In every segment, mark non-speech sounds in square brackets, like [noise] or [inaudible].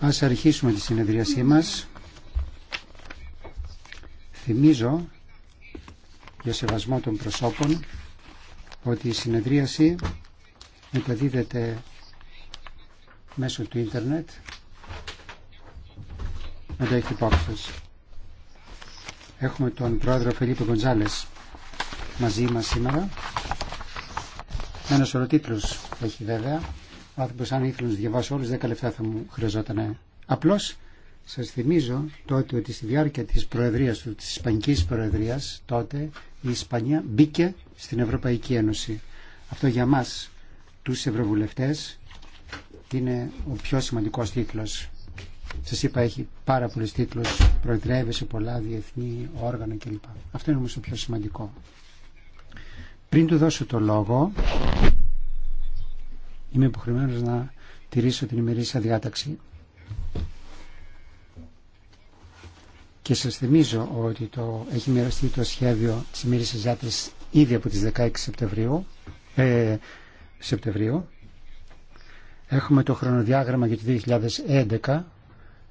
Ας αρχίσουμε τη συνεδρίασή μας. Θυμίζω, για σεβασμό των προσώπων, ότι η συνεδρίαση μεταδίδεται μέσω του ίντερνετ. με το έχετε Έχουμε τον πρόεδρο Φελίππο Γκοντζάλες μαζί μας σήμερα. Ένα έχει βέβαια. Ο άνθρωπο, αν ήθελε να διαβάσω όλου 10 λεπτά θα μου χρειαζόταν. απλώ. Σα θυμίζω τότε ότι στη διάρκεια τη προεδρία, του, τη Ισπανική Προεδρίας, τότε η Ισπανία μπήκε στην Ευρωπαϊκή Ένωση. Αυτό για μα, του ευρωβουλευτέ, είναι ο πιο σημαντικό τίτλο. σα είπα έχει πάρα πολλού τίτλου. προεδρεύει σε πολλά διεθνή όργανα κλπ. Αυτό είναι όμω το πιο σημαντικό. Πριν του δώσω το λόγο, είμαι υποχρεωμένος να τηρήσω την ημερήσια διάταξη. Και σας θυμίζω ότι το, έχει μοιραστεί το σχέδιο της ημερήσιας διάταξης ήδη από τις 16 Σεπτεμβρίου. Ε, Σεπτεμβρίου. Έχουμε το χρονοδιάγραμμα για το 2011,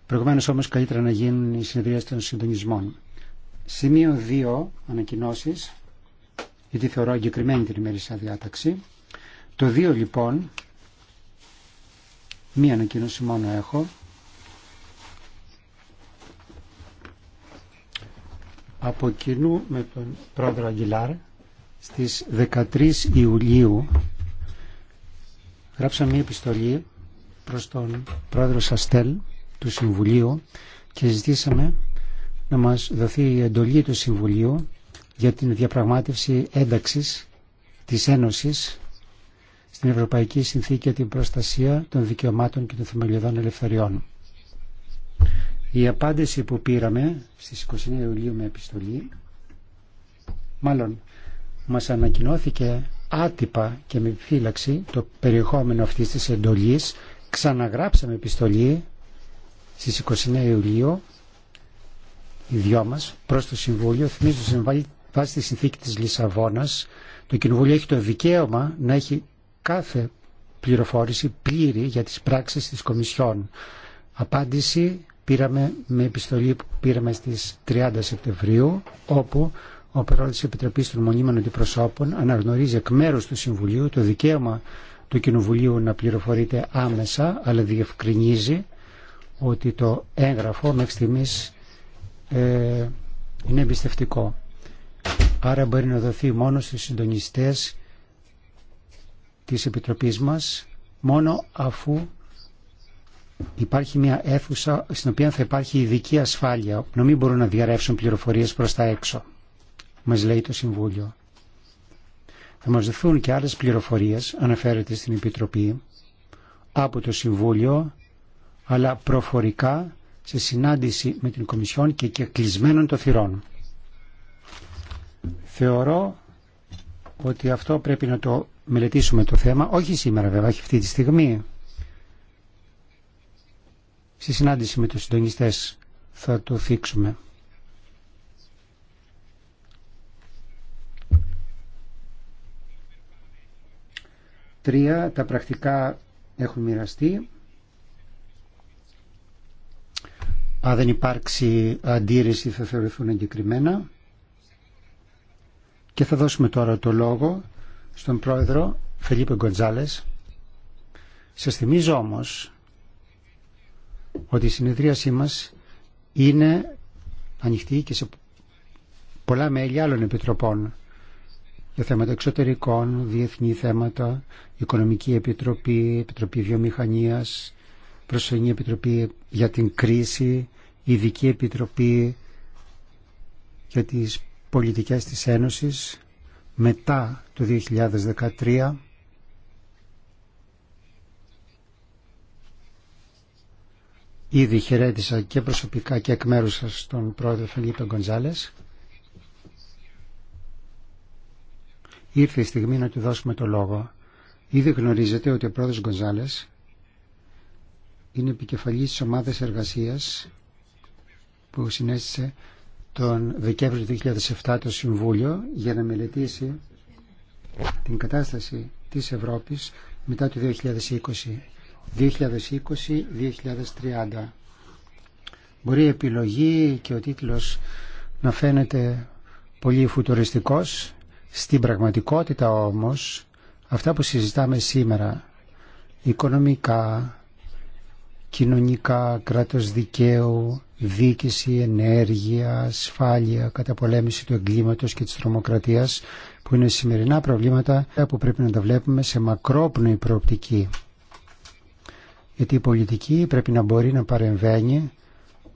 προηγουμένως όμως καλύτερα να γίνουν οι συνεδρίες των συντονισμών. Σημείο 2, ανακοινώσεις, γιατί θεωρώ εγκεκριμένη την ημερήσια διάταξη. Το 2 λοιπόν Μία ανακοίνωση μόνο έχω. Από κοινού με τον πρόεδρο Αγγιλάρ στις 13 Ιουλίου γράψα μία επιστολή προς τον πρόεδρο Σαστέλ του Συμβουλίου και ζητήσαμε να μας δοθεί η εντολή του Συμβουλίου για την διαπραγμάτευση ένταξης της Ένωσης στην Ευρωπαϊκή Συνθήκη για την Προστασία των Δικαιωμάτων και των Θεμελιωδών Ελευθεριών. Η απάντηση που πήραμε στις 29 Ιουλίου με επιστολή, μάλλον μας ανακοινώθηκε άτυπα και με φύλαξη το περιεχόμενο αυτής της εντολής, ξαναγράψαμε επιστολή στις 29 Ιουλίου, οι δυο μας, προς το Συμβούλιο, θυμίζω συμβάλλει βάσει τη συνθήκη της Λισαβόνας, το Κοινοβούλιο έχει το δικαίωμα να έχει κάθε πληροφόρηση πλήρη για τις πράξεις της Κομισιόν. Απάντηση πήραμε με επιστολή που πήραμε στις 30 Σεπτεμβρίου, όπου ο πρόεδρος της Επιτροπής των Μονίμων Αντιπροσώπων αναγνωρίζει εκ μέρους του Συμβουλίου το δικαίωμα του Κοινοβουλίου να πληροφορείται άμεσα, αλλά διευκρινίζει ότι το έγγραφο μέχρι στιγμής ε, είναι εμπιστευτικό. Άρα μπορεί να δοθεί μόνο στους συντονιστές της Επιτροπής μας μόνο αφού υπάρχει μια αίθουσα στην οποία θα υπάρχει ειδική ασφάλεια να μην μπορούν να διαρρεύσουν πληροφορίες προς τα έξω μας λέει το Συμβούλιο θα μας δοθούν και άλλες πληροφορίες αναφέρεται στην Επιτροπή από το Συμβούλιο αλλά προφορικά σε συνάντηση με την Κομισιόν και, και κλεισμένων των θυρών. Θεωρώ ότι αυτό πρέπει να το μελετήσουμε το θέμα, όχι σήμερα βέβαια, όχι αυτή τη στιγμή. Στη συνάντηση με τους συντονιστές θα το θίξουμε. Τρία, τα πρακτικά έχουν μοιραστεί. Αν δεν υπάρξει αντίρρηση θα θεωρηθούν εγκεκριμένα. Και θα δώσουμε τώρα το λόγο στον πρόεδρο Φελίπε Γκοντζάλες. Σας θυμίζω όμως ότι η συνεδρίασή μας είναι ανοιχτή και σε πολλά μέλη άλλων επιτροπών για θέματα εξωτερικών, διεθνή θέματα, Οικονομική Επιτροπή, Επιτροπή Βιομηχανίας, Προσωρινή Επιτροπή για την Κρίση, Ειδική Επιτροπή για τις πολιτικές της Ένωσης μετά το 2013 Ήδη χαιρέτησα και προσωπικά και εκ μέρους σας τον πρόεδρο Φελίπε Γκοντζάλες. Ήρθε η στιγμή να του δώσουμε το λόγο. Ήδη γνωρίζετε ότι ο πρόεδρος Γκοντζάλες είναι επικεφαλής της ομάδας εργασίας που συνέστησε τον Δεκέμβριο του 2007 το Συμβούλιο για να μελετήσει την κατάσταση της Ευρώπης μετά το 2020. 2020-2030. Μπορεί η επιλογή και ο τίτλος να φαίνεται πολύ φουτουριστικός. Στην πραγματικότητα όμως, αυτά που συζητάμε σήμερα, οικονομικά, κοινωνικά, κράτος δικαίου, δίκηση, ενέργεια, ασφάλεια, καταπολέμηση του εγκλήματος και της τρομοκρατίας που είναι σημερινά προβλήματα που πρέπει να τα βλέπουμε σε μακρόπνοη προοπτική. Γιατί η πολιτική πρέπει να μπορεί να παρεμβαίνει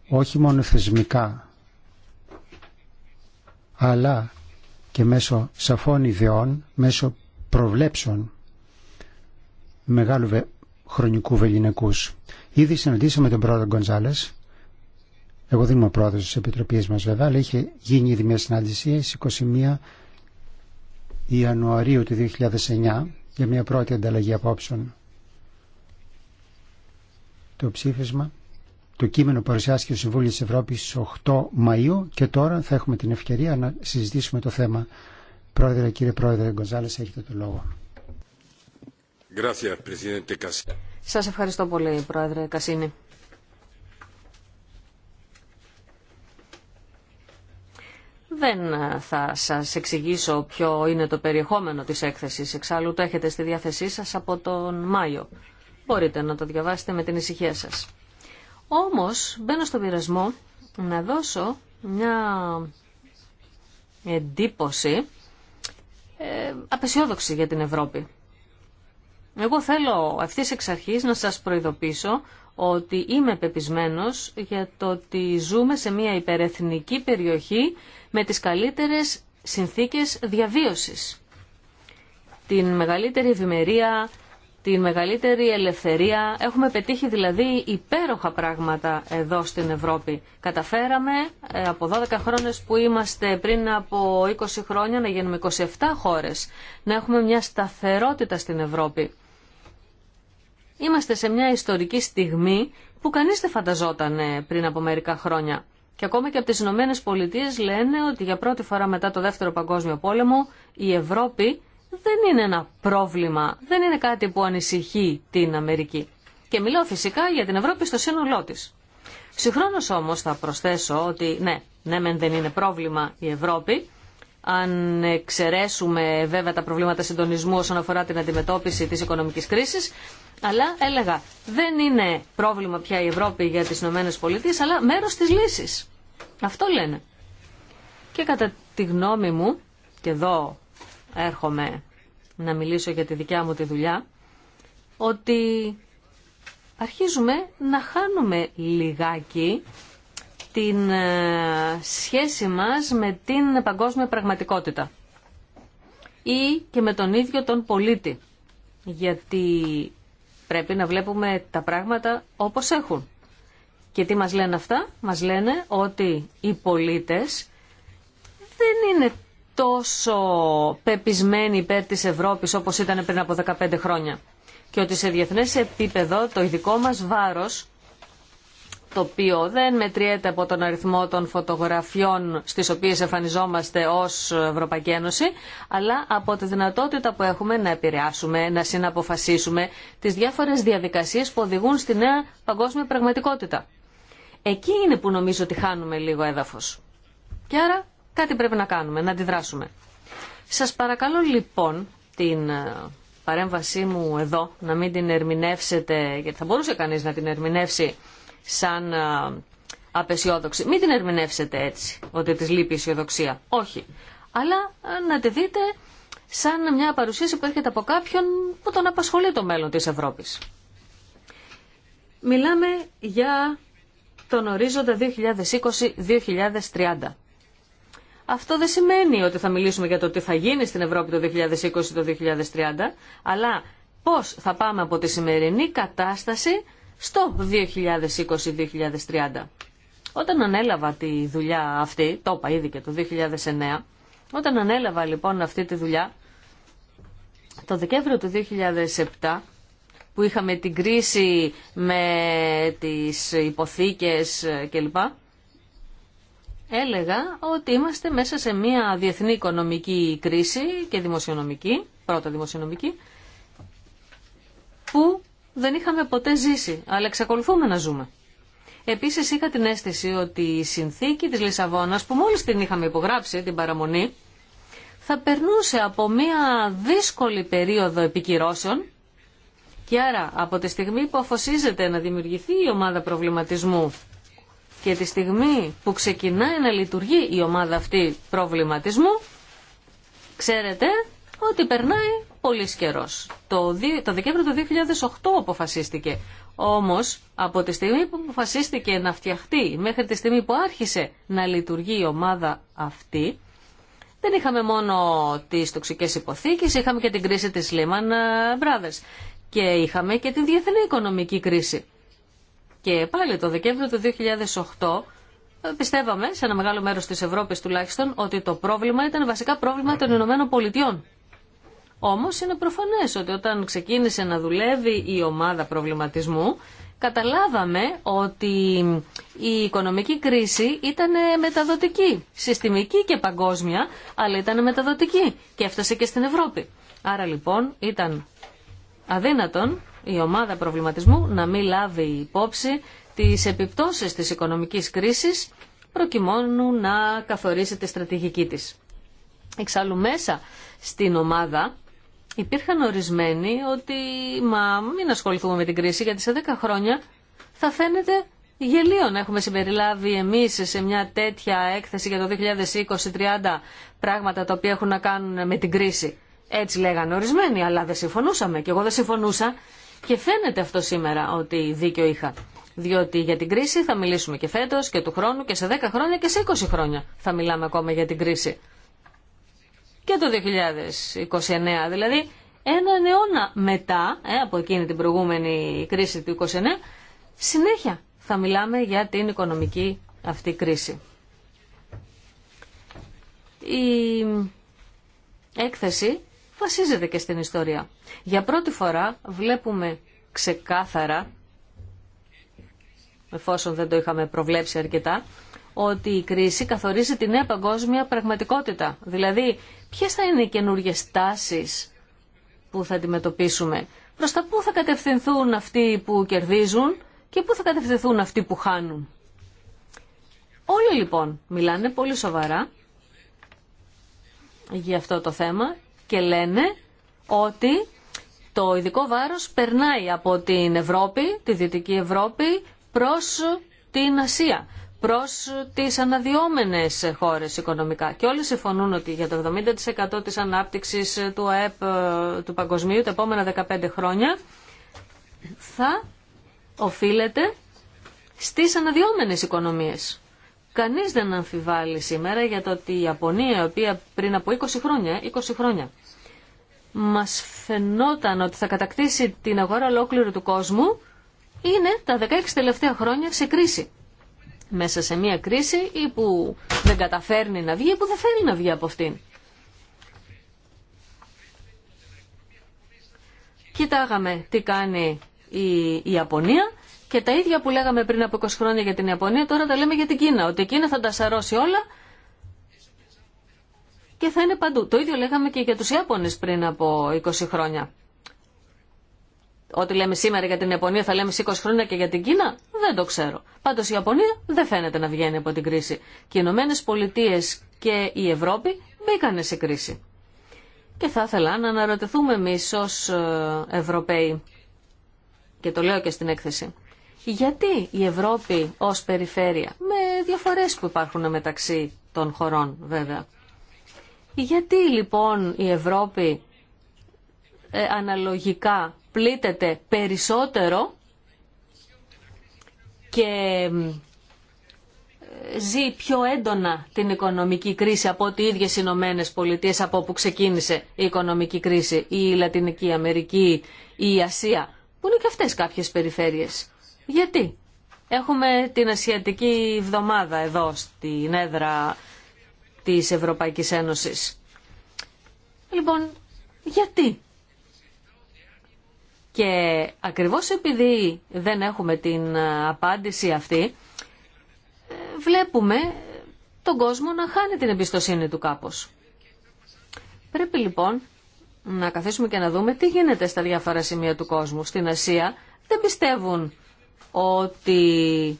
όχι μόνο θεσμικά αλλά και μέσω σαφών ιδεών, μέσω προβλέψεων μεγάλου χρονικού βεληνικού. Ήδη συναντήσαμε τον πρόεδρο Γκονζάλε. Εγώ δεν είμαι πρόεδρο τη Επιτροπή μα βέβαια, αλλά είχε γίνει ήδη μια συνάντηση στι 21 Ιανουαρίου του 2009 για μια πρώτη ανταλλαγή απόψεων. Το ψήφισμα, το κείμενο παρουσιάστηκε στο Συμβούλιο τη Ευρώπη στι 8 Μαου και τώρα θα έχουμε την ευκαιρία να συζητήσουμε το θέμα. Πρόεδρε, κύριε Πρόεδρε Γκονζάλε, έχετε το λόγο. Σας ευχαριστώ πολύ, Πρόεδρε Κασίνη. Δεν ε, θα σας εξηγήσω ποιο είναι το περιεχόμενο της έκθεσης. Εξάλλου το έχετε στη διάθεσή σας από τον Μάιο. Μπορείτε να το διαβάσετε με την ησυχία σας. Όμως μπαίνω στον πειρασμό να δώσω μια εντύπωση ε, απεσιόδοξη για την Ευρώπη. Εγώ θέλω αυτή εξ αρχή να σας προειδοποιήσω ότι είμαι πεπισμένος για το ότι ζούμε σε μια υπερεθνική περιοχή με τις καλύτερες συνθήκες διαβίωσης. Την μεγαλύτερη ευημερία, την μεγαλύτερη ελευθερία. Έχουμε πετύχει δηλαδή υπέροχα πράγματα εδώ στην Ευρώπη. Καταφέραμε ε, από 12 χρόνες που είμαστε πριν από 20 χρόνια να γίνουμε 27 χώρες. Να έχουμε μια σταθερότητα στην Ευρώπη. Είμαστε σε μια ιστορική στιγμή που κανείς δεν φανταζόταν πριν από μερικά χρόνια. Και ακόμα και από τις Ηνωμένε Πολιτείε λένε ότι για πρώτη φορά μετά το Δεύτερο Παγκόσμιο Πόλεμο η Ευρώπη δεν είναι ένα πρόβλημα, δεν είναι κάτι που ανησυχεί την Αμερική. Και μιλώ φυσικά για την Ευρώπη στο σύνολό της. Συγχρόνως όμως θα προσθέσω ότι ναι, ναι μεν δεν είναι πρόβλημα η Ευρώπη, αν εξαιρέσουμε βέβαια τα προβλήματα συντονισμού όσον αφορά την αντιμετώπιση της οικονομικής κρίσης, αλλά έλεγα δεν είναι πρόβλημα πια η Ευρώπη για τις Ηνωμένες Πολιτείες, αλλά μέρος της λύσης. Αυτό λένε. Και κατά τη γνώμη μου, και εδώ έρχομαι να μιλήσω για τη δικιά μου τη δουλειά, ότι αρχίζουμε να χάνουμε λιγάκι την ε, σχέση μας με την παγκόσμια πραγματικότητα ή και με τον ίδιο τον πολίτη. Γιατί πρέπει να βλέπουμε τα πράγματα όπως έχουν. Και τι μας λένε αυτά. Μας λένε ότι οι πολίτες δεν είναι τόσο πεπισμένοι υπέρ της Ευρώπης όπως ήταν πριν από 15 χρόνια. Και ότι σε διεθνές επίπεδο το ειδικό μας βάρος το οποίο δεν μετριέται από τον αριθμό των φωτογραφιών στις οποίες εμφανιζόμαστε ως Ευρωπαϊκή Ένωση, αλλά από τη δυνατότητα που έχουμε να επηρεάσουμε, να συναποφασίσουμε τις διάφορες διαδικασίες που οδηγούν στη νέα παγκόσμια πραγματικότητα. Εκεί είναι που νομίζω ότι χάνουμε λίγο έδαφος. Και άρα κάτι πρέπει να κάνουμε, να αντιδράσουμε. Σας παρακαλώ λοιπόν την ε, παρέμβασή μου εδώ, να μην την ερμηνεύσετε, γιατί θα μπορούσε κανείς να την ερμηνεύσει σαν απεσιόδοξη. Μην την ερμηνεύσετε έτσι, ότι της λείπει η αισιοδοξία. Όχι. Αλλά να τη δείτε σαν μια παρουσίαση που έρχεται από κάποιον που τον απασχολεί το μέλλον της Ευρώπης. Μιλάμε για τον ορίζοντα 2020-2030. Αυτό δεν σημαίνει ότι θα μιλήσουμε για το τι θα γίνει στην Ευρώπη το 2020-2030, αλλά πώς θα πάμε από τη σημερινή κατάσταση στο 2020-2030. Όταν ανέλαβα τη δουλειά αυτή, το είπα ήδη και το 2009, όταν ανέλαβα λοιπόν αυτή τη δουλειά, το Δεκέμβριο του 2007 που είχαμε την κρίση με τις υποθήκες κλπ. Έλεγα ότι είμαστε μέσα σε μια διεθνή οικονομική κρίση και δημοσιονομική, πρώτα δημοσιονομική, που δεν είχαμε ποτέ ζήσει, αλλά εξακολουθούμε να ζούμε. Επίσης είχα την αίσθηση ότι η συνθήκη της Λισαβόνας, που μόλις την είχαμε υπογράψει, την παραμονή, θα περνούσε από μια δύσκολη περίοδο επικυρώσεων και άρα από τη στιγμή που αφοσίζεται να δημιουργηθεί η ομάδα προβληματισμού και τη στιγμή που ξεκινάει να λειτουργεί η ομάδα αυτή προβληματισμού, ξέρετε ότι περνάει πολύ καιρό. Το, το Δεκέμβριο του 2008 αποφασίστηκε. Όμως, από τη στιγμή που αποφασίστηκε να φτιαχτεί μέχρι τη στιγμή που άρχισε να λειτουργεί η ομάδα αυτή, δεν είχαμε μόνο τις τοξικές υποθήκε, είχαμε και την κρίση της Lehman Brothers και είχαμε και την διεθνή οικονομική κρίση. Και πάλι το Δεκέμβριο του 2008 ε, πιστεύαμε, σε ένα μεγάλο μέρος της Ευρώπης τουλάχιστον, ότι το πρόβλημα ήταν βασικά πρόβλημα των Ηνωμένων Πολιτειών. Όμω είναι προφανέ ότι όταν ξεκίνησε να δουλεύει η ομάδα προβληματισμού, καταλάβαμε ότι η οικονομική κρίση ήταν μεταδοτική, συστημική και παγκόσμια, αλλά ήταν μεταδοτική και έφτασε και στην Ευρώπη. Άρα λοιπόν ήταν αδύνατον η ομάδα προβληματισμού να μην λάβει υπόψη τις επιπτώσεις της οικονομικής κρίσης προκειμένου να καθορίσει τη στρατηγική της. Εξάλλου μέσα στην ομάδα υπήρχαν ορισμένοι ότι μα μην ασχοληθούμε με την κρίση γιατί σε 10 χρόνια θα φαίνεται γελίο να έχουμε συμπεριλάβει εμείς σε μια τέτοια έκθεση για το 2020-30 πράγματα τα οποία έχουν να κάνουν με την κρίση. Έτσι λέγανε ορισμένοι, αλλά δεν συμφωνούσαμε και εγώ δεν συμφωνούσα και φαίνεται αυτό σήμερα ότι δίκιο είχα. Διότι για την κρίση θα μιλήσουμε και φέτος και του χρόνου και σε 10 χρόνια και σε 20 χρόνια θα μιλάμε ακόμα για την κρίση και το 2029. Δηλαδή έναν αιώνα μετά, ε, από εκείνη την προηγούμενη κρίση του 2029, συνέχεια θα μιλάμε για την οικονομική αυτή κρίση. Η έκθεση βασίζεται και στην ιστορία. Για πρώτη φορά βλέπουμε ξεκάθαρα, εφόσον δεν το είχαμε προβλέψει αρκετά, ότι η κρίση καθορίζει τη νέα παγκόσμια πραγματικότητα. Δηλαδή, ποιες θα είναι οι καινούργιες τάσεις που θα αντιμετωπίσουμε. Προς τα πού θα κατευθυνθούν αυτοί που κερδίζουν και πού θα κατευθυνθούν αυτοί που χάνουν. Όλοι λοιπόν μιλάνε πολύ σοβαρά για αυτό το θέμα και λένε ότι το ειδικό βάρος περνάει από την Ευρώπη, τη Δυτική Ευρώπη, προς την Ασία προς τις αναδυόμενες χώρες οικονομικά. Και όλοι συμφωνούν ότι για το 70% της ανάπτυξης του ΑΕΠ ε, του παγκοσμίου τα επόμενα 15 χρόνια θα οφείλεται στις αναδυόμενες οικονομίες. Κανείς δεν αμφιβάλλει σήμερα για το ότι η Ιαπωνία, η οποία πριν από 20 χρόνια, 20 χρόνια μας φαινόταν ότι θα κατακτήσει την αγορά ολόκληρου του κόσμου, είναι τα 16 τελευταία χρόνια σε κρίση μέσα σε μια κρίση ή που δεν καταφέρνει να βγει ή που δεν θέλει να βγει από αυτήν. Κοιτάγαμε τι κάνει η Ιαπωνία και τα ίδια που λέγαμε πριν από 20 χρόνια για την Ιαπωνία τώρα τα λέμε για την Κίνα. Ότι η Κίνα θα τα σαρώσει όλα και θα είναι παντού. Το ίδιο λέγαμε και για τους Ιάπωνες πριν από 20 χρόνια. Ό,τι λέμε σήμερα για την Ιαπωνία θα λέμε σε 20 χρόνια και για την Κίνα, δεν το ξέρω. Πάντω η Ιαπωνία δεν φαίνεται να βγαίνει από την κρίση. Και οι Ηνωμένε Πολιτείε και η Ευρώπη μπήκανε σε κρίση. Και θα ήθελα να αναρωτηθούμε εμεί ω ε, Ευρωπαίοι, και το λέω και στην έκθεση, γιατί η Ευρώπη ω περιφέρεια, με διαφορέ που υπάρχουν μεταξύ των χωρών βέβαια, γιατί λοιπόν η Ευρώπη ε, αναλογικά πλήτεται περισσότερο και ζει πιο έντονα την οικονομική κρίση από ότι οι ίδιες οι Ηνωμένε Πολιτείε από όπου ξεκίνησε η οικονομική κρίση, η Λατινική Αμερική, η Ασία, που είναι και αυτές κάποιες περιφέρειες. Γιατί έχουμε την Ασιατική Βδομάδα εδώ στην έδρα της Ευρωπαϊκής Ένωσης. Λοιπόν, γιατί και ακριβώς επειδή δεν έχουμε την ε, απάντηση αυτή, ε, βλέπουμε τον κόσμο να χάνει την εμπιστοσύνη του κάπως. Πρέπει λοιπόν να καθίσουμε και να δούμε τι γίνεται στα διάφορα σημεία του κόσμου. Στην Ασία δεν πιστεύουν ότι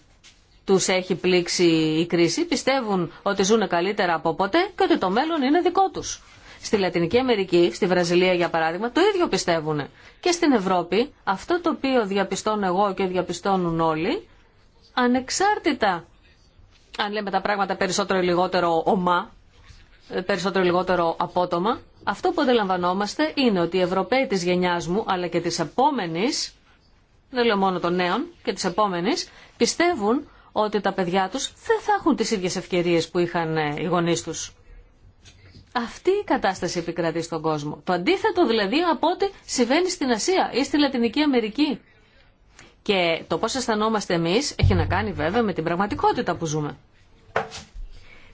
τους έχει πλήξει η κρίση, πιστεύουν ότι ζουν καλύτερα από ποτέ και ότι το μέλλον είναι δικό τους. Στη Λατινική Αμερική, στη Βραζιλία για παράδειγμα, το ίδιο πιστεύουν. Και στην Ευρώπη, αυτό το οποίο διαπιστώνω εγώ και διαπιστώνουν όλοι, ανεξάρτητα αν λέμε τα πράγματα περισσότερο ή λιγότερο ομά, ε, περισσότερο ή λιγότερο απότομα, αυτό που αντιλαμβανόμαστε είναι ότι οι Ευρωπαίοι της γενιάς μου, αλλά και της επόμενης, δεν λέω μόνο των νέων και τη επόμενη, πιστεύουν ότι τα παιδιά τους δεν θα έχουν τις ίδιες ευκαιρίες που είχαν ε, οι γονείς τους. Αυτή η κατάσταση επικρατεί στον κόσμο. Το αντίθετο δηλαδή από ό,τι συμβαίνει στην Ασία ή στη Λατινική Αμερική. Και το πώς αισθανόμαστε εμείς έχει να κάνει βέβαια με την πραγματικότητα που ζούμε.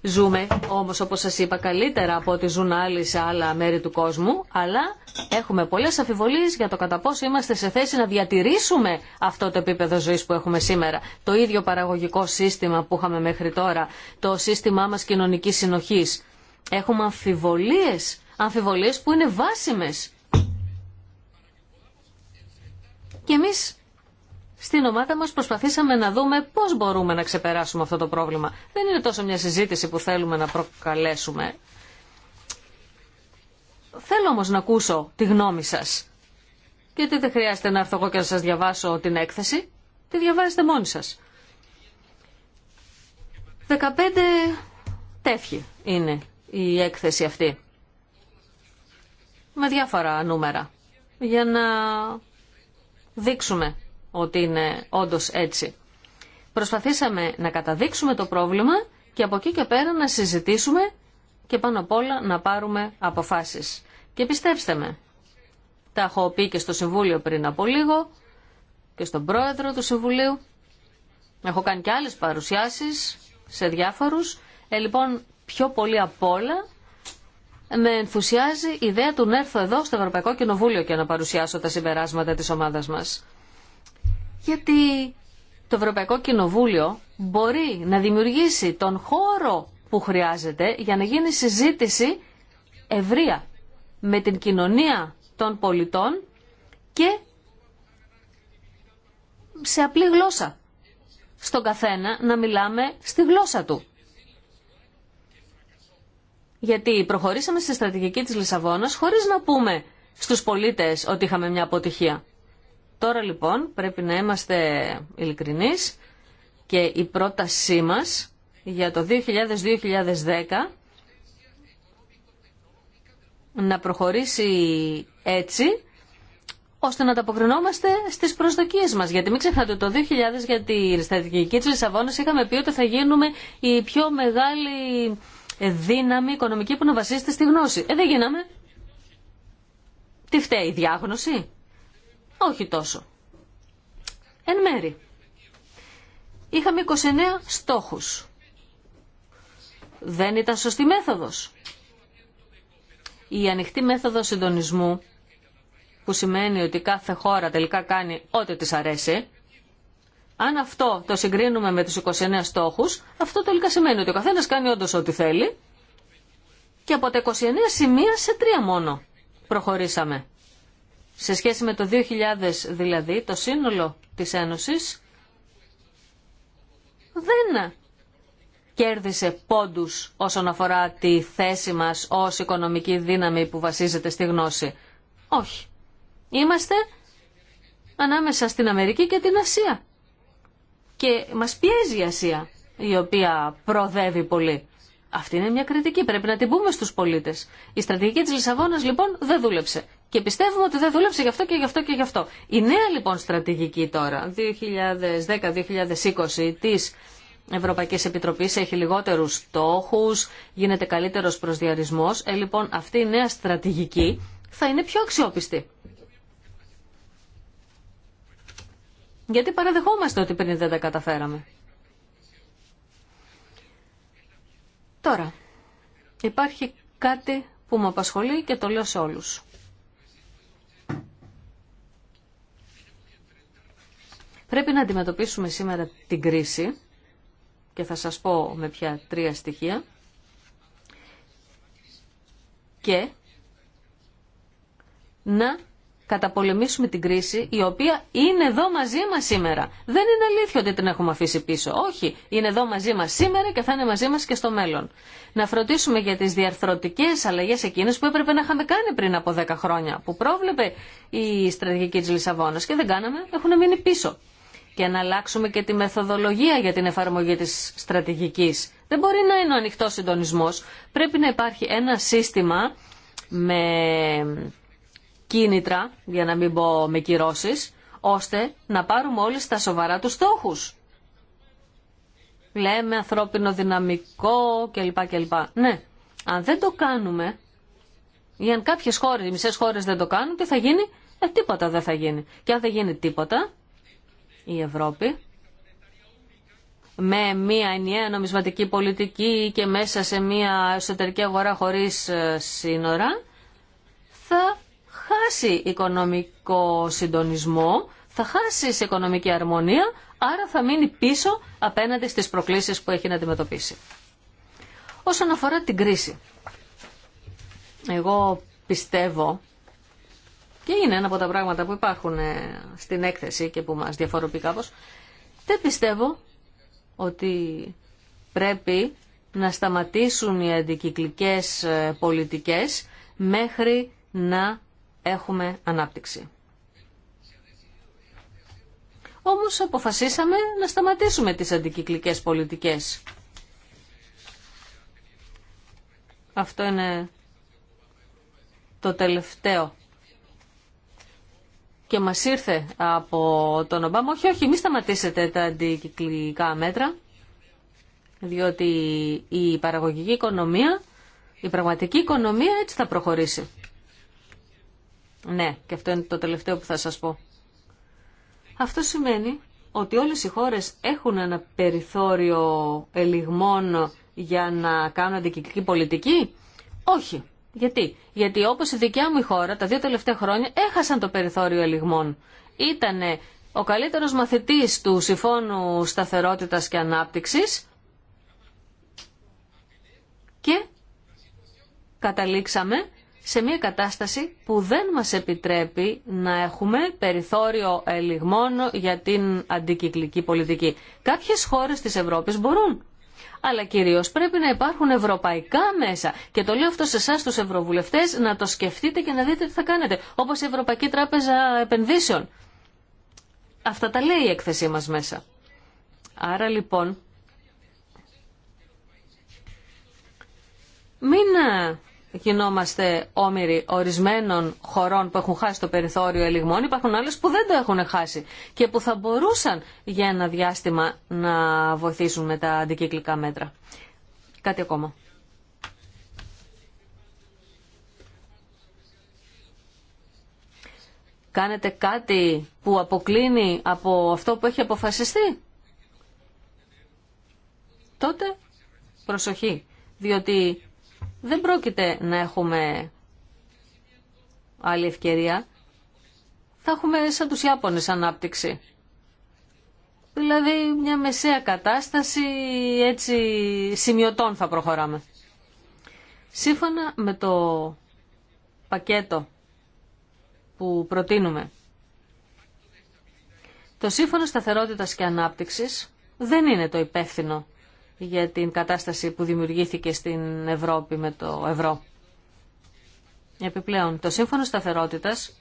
Ζούμε όμως όπως σας είπα καλύτερα από ό,τι ζουν άλλοι σε άλλα μέρη του κόσμου, αλλά έχουμε πολλές αφιβολίες για το κατά πόσο είμαστε σε θέση να διατηρήσουμε αυτό το επίπεδο ζωής που έχουμε σήμερα. Το ίδιο παραγωγικό σύστημα που είχαμε μέχρι τώρα, το σύστημά μας κοινωνικής συνοχής Έχουμε αμφιβολίες, αμφιβολίες που είναι βάσιμες. Και εμείς στην ομάδα μας προσπαθήσαμε να δούμε πώς μπορούμε να ξεπεράσουμε αυτό το πρόβλημα. Δεν είναι τόσο μια συζήτηση που θέλουμε να προκαλέσουμε. Θέλω όμως να ακούσω τη γνώμη σας. Γιατί δεν χρειάζεται να έρθω εγώ και να σας διαβάσω την έκθεση. Τη διαβάζετε μόνοι σας. 15 τέφχη είναι η έκθεση αυτή. Με διάφορα νούμερα. Για να δείξουμε ότι είναι όντως έτσι. Προσπαθήσαμε να καταδείξουμε το πρόβλημα και από εκεί και πέρα να συζητήσουμε και πάνω απ' όλα να πάρουμε αποφάσεις. Και πιστέψτε με, τα έχω πει και στο Συμβούλιο πριν από λίγο και στον Πρόεδρο του Συμβουλίου. Έχω κάνει και άλλες παρουσιάσεις σε διάφορους. Ε, λοιπόν, πιο πολύ απ' όλα με ενθουσιάζει η ιδέα του να έρθω εδώ στο Ευρωπαϊκό Κοινοβούλιο και να παρουσιάσω τα συμπεράσματα της ομάδας μας. Γιατί το Ευρωπαϊκό Κοινοβούλιο μπορεί να δημιουργήσει τον χώρο που χρειάζεται για να γίνει συζήτηση ευρεία με την κοινωνία των πολιτών και σε απλή γλώσσα. Στον καθένα να μιλάμε στη γλώσσα του. Γιατί προχωρήσαμε στη στρατηγική της Λισαβόνας χωρίς να πούμε στους πολίτες ότι είχαμε μια αποτυχία. Τώρα λοιπόν πρέπει να είμαστε ειλικρινεί και η πρότασή μας για το 2000-2010 να προχωρήσει έτσι ώστε να ανταποκρινόμαστε στις προσδοκίες μας. Γιατί μην ξεχνάτε το 2000 για τη στρατηγική της Λισαβόνας είχαμε πει ότι θα γίνουμε η πιο μεγάλη δύναμη οικονομική που να βασίζεται στη γνώση. Ε, δεν γίναμε. Τι φταίει, η διάγνωση. Όχι τόσο. Εν μέρη. Είχαμε 29 στόχους. Δεν ήταν σωστή μέθοδος. Η ανοιχτή μέθοδος συντονισμού, που σημαίνει ότι κάθε χώρα τελικά κάνει ό,τι της αρέσει, αν αυτό το συγκρίνουμε με τους 29 στόχους, αυτό τελικά σημαίνει ότι ο καθένας κάνει όντω ό,τι θέλει και από τα 29 σημεία σε τρία μόνο προχωρήσαμε. Σε σχέση με το 2000 δηλαδή, το σύνολο της Ένωσης δεν κέρδισε πόντους όσον αφορά τη θέση μας ως οικονομική δύναμη που βασίζεται στη γνώση. Όχι. Είμαστε ανάμεσα στην Αμερική και την Ασία. Και μας πιέζει η Ασία, η οποία προδεύει πολύ. Αυτή είναι μια κριτική, πρέπει να την πούμε στους πολίτες. Η στρατηγική της Λισαβόνας λοιπόν δεν δούλεψε. Και πιστεύουμε ότι δεν δούλεψε γι' αυτό και γι' αυτό και γι' αυτό. Η νέα λοιπόν στρατηγική τώρα, 2010-2020 της Ευρωπαϊκή Επιτροπή έχει λιγότερου στόχου, γίνεται καλύτερο προσδιαρισμός. Ε, λοιπόν, αυτή η νέα στρατηγική θα είναι πιο αξιόπιστη. Γιατί παραδεχόμαστε ότι πριν δεν τα καταφέραμε. Τώρα, υπάρχει κάτι που με απασχολεί και το λέω σε όλους. Πρέπει να αντιμετωπίσουμε σήμερα την κρίση και θα σας πω με ποια τρία στοιχεία και να καταπολεμήσουμε την κρίση η οποία είναι εδώ μαζί μας σήμερα. Δεν είναι αλήθεια ότι την έχουμε αφήσει πίσω. Όχι, είναι εδώ μαζί μας σήμερα και θα είναι μαζί μας και στο μέλλον. Να φροντίσουμε για τις διαρθρωτικές αλλαγές εκείνες που έπρεπε να είχαμε κάνει πριν από 10 χρόνια, που πρόβλεπε η στρατηγική της Λισαβόνας και δεν κάναμε, έχουν μείνει πίσω. Και να αλλάξουμε και τη μεθοδολογία για την εφαρμογή της στρατηγικής. Δεν μπορεί να είναι ο ανοιχτό συντονισμό. Πρέπει να υπάρχει ένα σύστημα με κίνητρα, για να μην πω με κυρώσει, ώστε να πάρουμε όλοι στα σοβαρά τους στόχους. Λέμε ανθρώπινο δυναμικό κλπ. κλπ. Ναι, αν δεν το κάνουμε, ή αν κάποιες χώρες, οι μισές χώρες δεν το κάνουν, τι θα γίνει, ε, τίποτα δεν θα γίνει. Και αν δεν γίνει τίποτα, η Ευρώπη με μια ενιαία νομισματική πολιτική και μέσα σε μια εσωτερική αγορά χωρίς ε, σύνορα θα χάσει οικονομικό συντονισμό, θα χάσει σε οικονομική αρμονία, άρα θα μείνει πίσω απέναντι στις προκλήσεις που έχει να αντιμετωπίσει. Όσον αφορά την κρίση, εγώ πιστεύω και είναι ένα από τα πράγματα που υπάρχουν ε, στην έκθεση και που μας διαφοροποιεί κάπως, δεν πιστεύω ότι πρέπει να σταματήσουν οι αντικυκλικές ε, πολιτικές μέχρι να έχουμε ανάπτυξη. Όμως αποφασίσαμε να σταματήσουμε τις αντικυκλικές πολιτικές. Αυτό είναι το τελευταίο. Και μας ήρθε από τον Ομπάμα, όχι, όχι, μη σταματήσετε τα αντικυκλικά μέτρα, διότι η παραγωγική οικονομία, η πραγματική οικονομία έτσι θα προχωρήσει. Ναι, και αυτό είναι το τελευταίο που θα σας πω. Αυτό σημαίνει ότι όλες οι χώρες έχουν ένα περιθώριο ελιγμών για να κάνουν αντικυκλική πολιτική. Όχι. Γιατί? Γιατί όπως η δικιά μου χώρα τα δύο τελευταία χρόνια έχασαν το περιθώριο ελιγμών. Ήτανε ο καλύτερος μαθητής του Συμφώνου Σταθερότητας και Ανάπτυξης και καταλήξαμε σε μια κατάσταση που δεν μας επιτρέπει να έχουμε περιθώριο ελιγμών για την αντικυκλική πολιτική. Κάποιες χώρες της Ευρώπης μπορούν. Αλλά κυρίως πρέπει να υπάρχουν ευρωπαϊκά μέσα. Και το λέω αυτό σε εσά τους ευρωβουλευτές να το σκεφτείτε και να δείτε τι θα κάνετε. Όπως η Ευρωπαϊκή Τράπεζα Επενδύσεων. Αυτά τα λέει η έκθεσή μας μέσα. Άρα λοιπόν... Μην γινόμαστε όμοιροι ορισμένων χωρών που έχουν χάσει το περιθώριο ελιγμών, υπάρχουν άλλες που δεν το έχουν χάσει και που θα μπορούσαν για ένα διάστημα να βοηθήσουν με τα αντικυκλικά μέτρα. Κάτι ακόμα. Κάνετε κάτι που αποκλίνει από αυτό που έχει αποφασιστεί. Τότε προσοχή, διότι δεν πρόκειται να έχουμε άλλη ευκαιρία. Θα έχουμε σαν τους Ιάπωνες ανάπτυξη. Δηλαδή μια μεσαία κατάσταση έτσι σημειωτών θα προχωράμε. Σύμφωνα με το πακέτο που προτείνουμε, το Σύμφωνο Σταθερότητας και Ανάπτυξης δεν είναι το υπεύθυνο για την κατάσταση που δημιουργήθηκε στην Ευρώπη με το ευρώ. Επιπλέον, το Σύμφωνο Σταθερότητας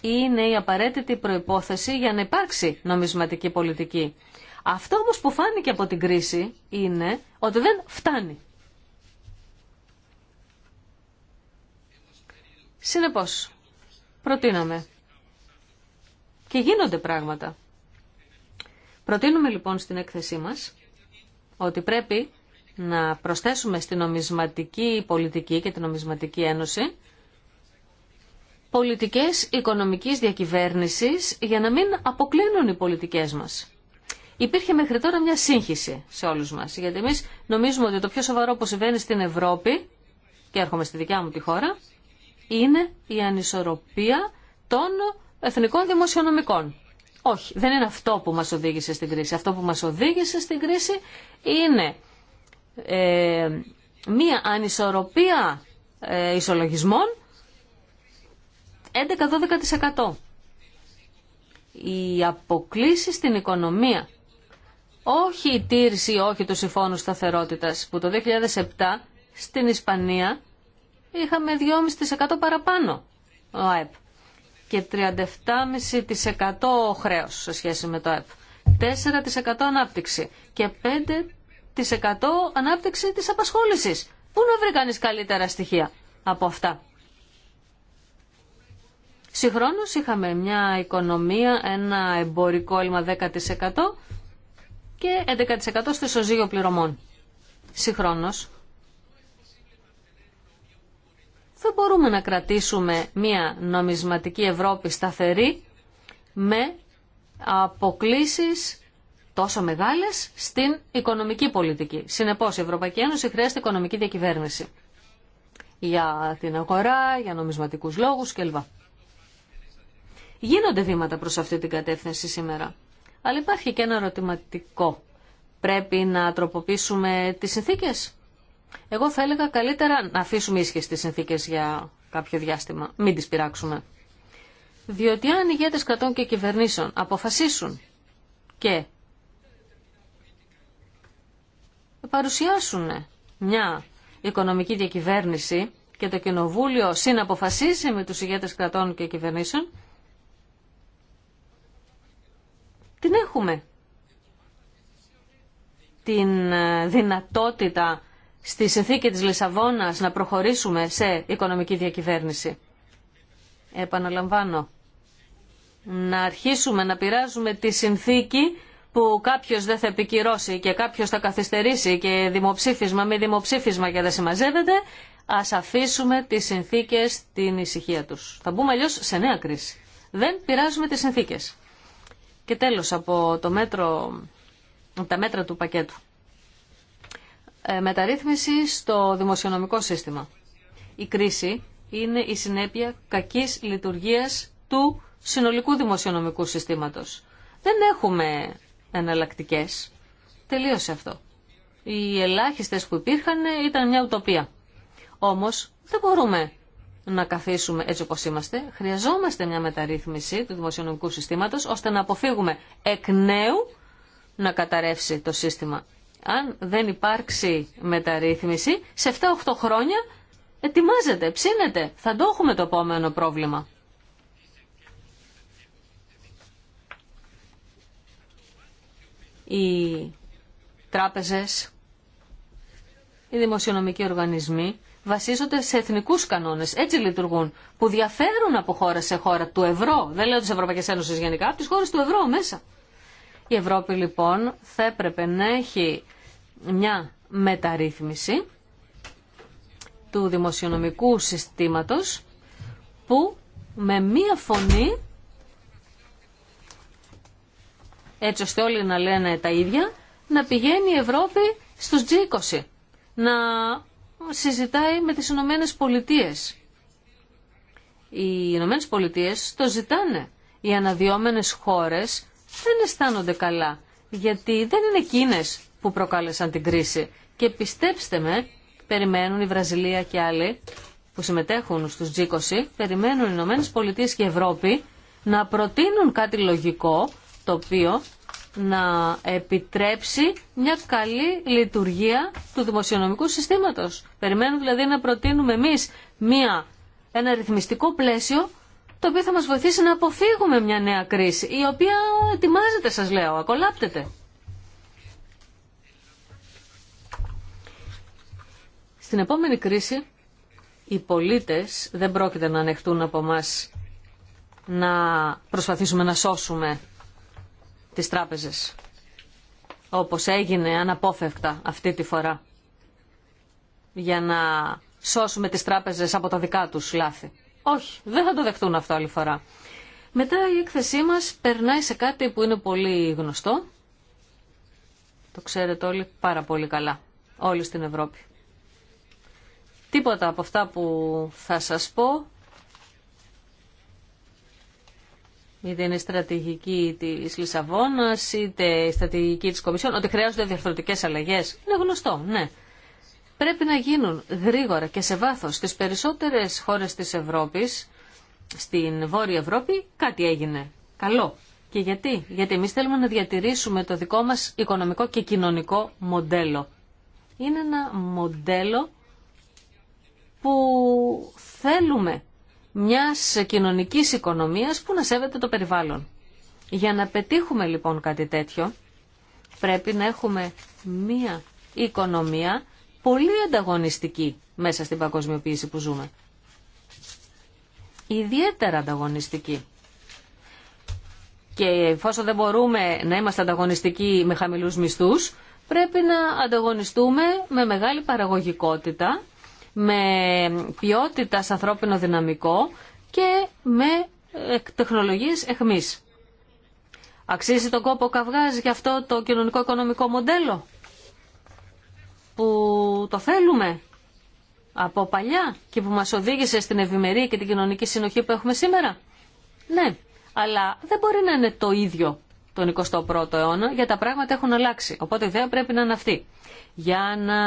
είναι η απαραίτητη προϋπόθεση για να υπάρξει νομισματική πολιτική. Αυτό όμως που φάνηκε από την κρίση είναι ότι δεν φτάνει. Συνεπώς, προτείναμε και γίνονται πράγματα. Προτείνουμε λοιπόν στην έκθεσή μας ότι πρέπει να προσθέσουμε στην νομισματική πολιτική και την νομισματική ένωση πολιτικές οικονομικής διακυβέρνησης για να μην αποκλίνουν οι πολιτικές μας. Υπήρχε μέχρι τώρα μια σύγχυση σε όλους μας, γιατί εμείς νομίζουμε ότι το πιο σοβαρό που συμβαίνει στην Ευρώπη, και έρχομαι στη δικιά μου τη χώρα, είναι η ανισορροπία των εθνικών δημοσιονομικών. Όχι, δεν είναι αυτό που μας οδήγησε στην κρίση. Αυτό που μας οδήγησε στην κρίση είναι ε, μία ανισορροπία ε, ισολογισμών 11-12%. Οι αποκλήσει στην οικονομία. Όχι η τήρηση, όχι του συμφώνου σταθερότητας που το 2007 στην Ισπανία είχαμε 2,5% παραπάνω ο ΑΕΠ και 37,5% χρέος σε σχέση με το ΕΠ. 4% ανάπτυξη και 5% ανάπτυξη της απασχόλησης. Πού να βρει κανείς καλύτερα στοιχεία από αυτά. Συγχρόνως είχαμε μια οικονομία, ένα εμπορικό έλλειμμα 10% και 11% στο ισοζύγιο πληρωμών. Συγχρόνως θα μπορούμε να κρατήσουμε μια νομισματική Ευρώπη σταθερή με αποκλίσεις τόσο μεγάλες στην οικονομική πολιτική. Συνεπώς η Ευρωπαϊκή Ένωση χρειάζεται οικονομική διακυβέρνηση για την αγορά, για νομισματικούς λόγους κλπ. Γίνονται βήματα προς αυτή την κατεύθυνση σήμερα. Αλλά υπάρχει και ένα ερωτηματικό. Πρέπει να τροποποιήσουμε τις συνθήκες εγώ θα έλεγα καλύτερα να αφήσουμε ίσχυες τις συνθήκες για κάποιο διάστημα. Μην τις πειράξουμε. Διότι αν οι ηγέτες κρατών και κυβερνήσεων αποφασίσουν και παρουσιάσουν μια οικονομική διακυβέρνηση και το Κοινοβούλιο συναποφασίσει με τους ηγέτες κρατών και κυβερνήσεων, την έχουμε την ε, δυνατότητα στη συνθήκη της Λισαβόνας να προχωρήσουμε σε οικονομική διακυβέρνηση. Επαναλαμβάνω, να αρχίσουμε να πειράζουμε τη συνθήκη που κάποιος δεν θα επικυρώσει και κάποιος θα καθυστερήσει και δημοψήφισμα με δημοψήφισμα και δεν συμμαζεύεται, ας αφήσουμε τις συνθήκες την ησυχία τους. Θα μπούμε αλλιώ σε νέα κρίση. Δεν πειράζουμε τις συνθήκες. Και τέλος από το μέτρο, από τα μέτρα του πακέτου. Ε, μεταρρύθμιση στο δημοσιονομικό σύστημα. Η κρίση είναι η συνέπεια κακής λειτουργίας του συνολικού δημοσιονομικού συστήματος. Δεν έχουμε εναλλακτικέ. Τελείωσε αυτό. Οι ελάχιστες που υπήρχαν ήταν μια ουτοπία. Όμως δεν μπορούμε να καθίσουμε έτσι όπως είμαστε. Χρειαζόμαστε μια μεταρρύθμιση του δημοσιονομικού συστήματος ώστε να αποφύγουμε εκ νέου να καταρρεύσει το σύστημα αν δεν υπάρξει μεταρρύθμιση, σε 7-8 χρόνια ετοιμάζεται, ψήνεται. Θα το έχουμε το επόμενο πρόβλημα. Οι τράπεζες, οι δημοσιονομικοί οργανισμοί βασίζονται σε εθνικούς κανόνες. Έτσι λειτουργούν, που διαφέρουν από χώρα σε χώρα του ευρώ. Δεν λέω της Ευρωπαϊκής Ένωσης γενικά, από τις χώρες του ευρώ μέσα. Η Ευρώπη λοιπόν θα έπρεπε να έχει μια μεταρρύθμιση του δημοσιονομικού συστήματος που με μία φωνή έτσι ώστε όλοι να λένε τα ίδια να πηγαίνει η Ευρώπη στους G20 να συζητάει με τις Ηνωμένε Πολιτείες. Οι Ηνωμένε Πολιτείες το ζητάνε. Οι αναδυόμενες χώρες δεν αισθάνονται καλά γιατί δεν είναι εκείνες που προκάλεσαν την κρίση. Και πιστέψτε με, περιμένουν η Βραζιλία και άλλοι που συμμετέχουν στους G20, περιμένουν οι Ηνωμένες Πολιτείες και Ευρώπη να προτείνουν κάτι λογικό το οποίο να επιτρέψει μια καλή λειτουργία του δημοσιονομικού συστήματος. Περιμένουν δηλαδή να προτείνουμε εμείς μια, ένα ρυθμιστικό πλαίσιο το οποίο θα μας βοηθήσει να αποφύγουμε μια νέα κρίση, η οποία ετοιμάζεται σας λέω, ακολάπτεται. Στην επόμενη κρίση οι πολίτες δεν πρόκειται να ανεχτούν από μας να προσπαθήσουμε να σώσουμε τις τράπεζες όπως έγινε αναπόφευκτα αυτή τη φορά για να σώσουμε τις τράπεζες από τα δικά τους λάθη. Όχι, δεν θα το δεχτούν αυτό άλλη φορά. Μετά η έκθεσή μας περνάει σε κάτι που είναι πολύ γνωστό. Το ξέρετε όλοι πάρα πολύ καλά, όλοι στην Ευρώπη. Τίποτα από αυτά που θα σας πω, είτε είναι η στρατηγική της Λισαβόνας, είτε η στρατηγική της Κομισιόν, ότι χρειάζονται διαφορετικές αλλαγές. Είναι γνωστό, ναι. Πρέπει να γίνουν γρήγορα και σε βάθος στις περισσότερες χώρες της Ευρώπης, στην Βόρεια Ευρώπη, κάτι έγινε. Καλό. Και γιατί. Γιατί εμείς θέλουμε να διατηρήσουμε το δικό μας οικονομικό και κοινωνικό μοντέλο. Είναι ένα μοντέλο που θέλουμε μιας κοινωνικής οικονομίας που να σέβεται το περιβάλλον. Για να πετύχουμε λοιπόν κάτι τέτοιο, πρέπει να έχουμε μία οικονομία πολύ ανταγωνιστική μέσα στην παγκοσμιοποίηση που ζούμε. Ιδιαίτερα ανταγωνιστική. Και εφόσον δεν μπορούμε να είμαστε ανταγωνιστικοί με χαμηλούς μισθούς, πρέπει να ανταγωνιστούμε με μεγάλη παραγωγικότητα με ποιότητα σε ανθρώπινο δυναμικό και με ε, τεχνολογίες εχμής. Αξίζει τον κόπο καυγάζει για αυτό το κοινωνικό-οικονομικό μοντέλο που το θέλουμε από παλιά και που μας οδήγησε στην ευημερία και την κοινωνική συνοχή που έχουμε σήμερα. Ναι, αλλά δεν μπορεί να είναι το ίδιο τον 21ο αιώνα, γιατί τα πράγματα έχουν αλλάξει. Οπότε η ιδέα πρέπει να είναι αυτή. Για να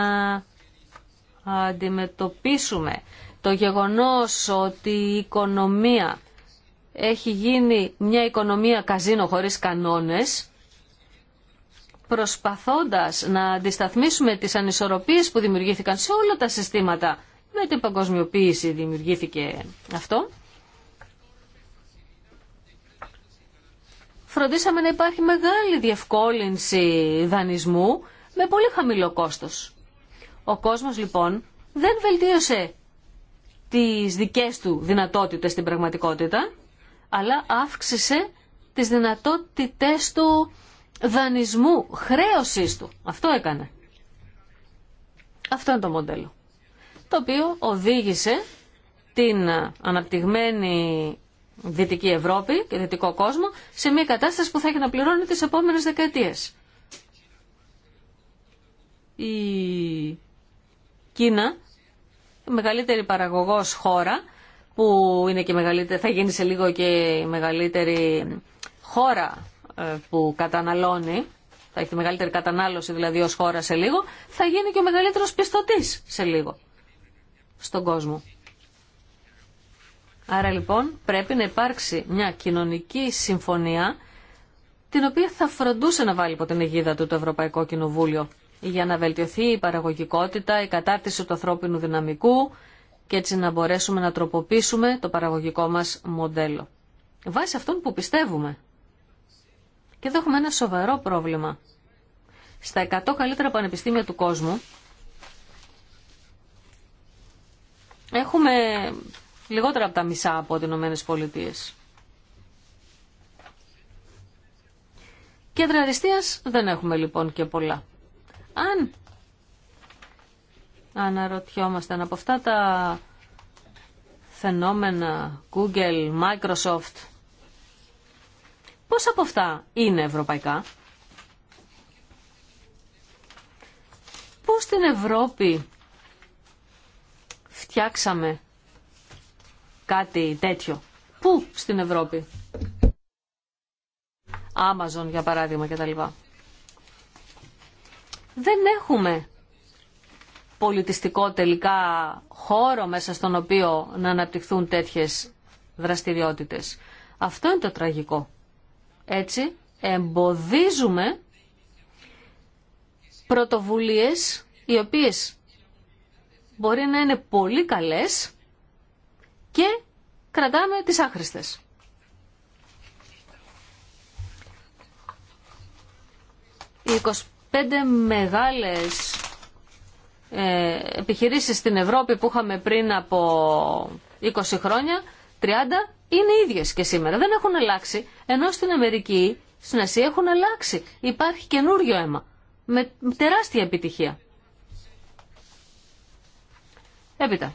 αντιμετωπίσουμε το γεγονός ότι η οικονομία έχει γίνει μια οικονομία καζίνο χωρίς κανόνες, προσπαθώντας να αντισταθμίσουμε τις ανισορροπίες που δημιουργήθηκαν σε όλα τα συστήματα. Με την παγκοσμιοποίηση δημιουργήθηκε αυτό. Φροντίσαμε να υπάρχει μεγάλη διευκόλυνση δανεισμού με πολύ χαμηλό κόστος. Ο κόσμος λοιπόν δεν βελτίωσε τις δικές του δυνατότητες στην πραγματικότητα, αλλά αύξησε τις δυνατότητες του δανεισμού, χρέωσης του. Αυτό έκανε. Αυτό είναι το μοντέλο. Το οποίο οδήγησε την αναπτυγμένη Δυτική Ευρώπη και Δυτικό κόσμο σε μια κατάσταση που θα έχει να πληρώνει τις επόμενες δεκαετίες. Κίνα, μεγαλύτερη παραγωγός χώρα, που είναι και μεγαλύτερη, θα γίνει σε λίγο και η μεγαλύτερη χώρα ε, που καταναλώνει, θα έχει τη μεγαλύτερη κατανάλωση δηλαδή ως χώρα σε λίγο, θα γίνει και ο μεγαλύτερος πιστωτής σε λίγο στον κόσμο. Άρα λοιπόν πρέπει να υπάρξει μια κοινωνική συμφωνία την οποία θα φροντούσε να βάλει από την αιγίδα του το Ευρωπαϊκό Κοινοβούλιο για να βελτιωθεί η παραγωγικότητα, η κατάρτιση του ανθρώπινου δυναμικού και έτσι να μπορέσουμε να τροποποιήσουμε το παραγωγικό μας μοντέλο. Βάσει αυτόν που πιστεύουμε. Και εδώ έχουμε ένα σοβαρό πρόβλημα. Στα 100 καλύτερα πανεπιστήμια του κόσμου έχουμε λιγότερα από τα μισά από τις Ηνωμένες Πολιτείες. Κέντρα αριστείας δεν έχουμε λοιπόν και πολλά. Αν αναρωτιόμασταν από αυτά τα φαινόμενα Google, Microsoft, πώς από αυτά είναι ευρωπαϊκά. Πώς στην Ευρώπη φτιάξαμε κάτι τέτοιο. Πού στην Ευρώπη. Amazon για παράδειγμα λοιπά δεν έχουμε πολιτιστικό τελικά χώρο μέσα στον οποίο να αναπτυχθούν τέτοιες δραστηριότητες. Αυτό είναι το τραγικό. Έτσι εμποδίζουμε πρωτοβουλίες οι οποίες μπορεί να είναι πολύ καλές και κρατάμε τις άχρηστες. Οι πέντε μεγάλες ε, επιχειρήσεις στην Ευρώπη που είχαμε πριν από 20 χρόνια, 30, είναι ίδιες και σήμερα. Δεν έχουν αλλάξει, ενώ στην Αμερική, στην Ασία έχουν αλλάξει. Υπάρχει καινούριο αίμα, με τεράστια επιτυχία. Έπειτα,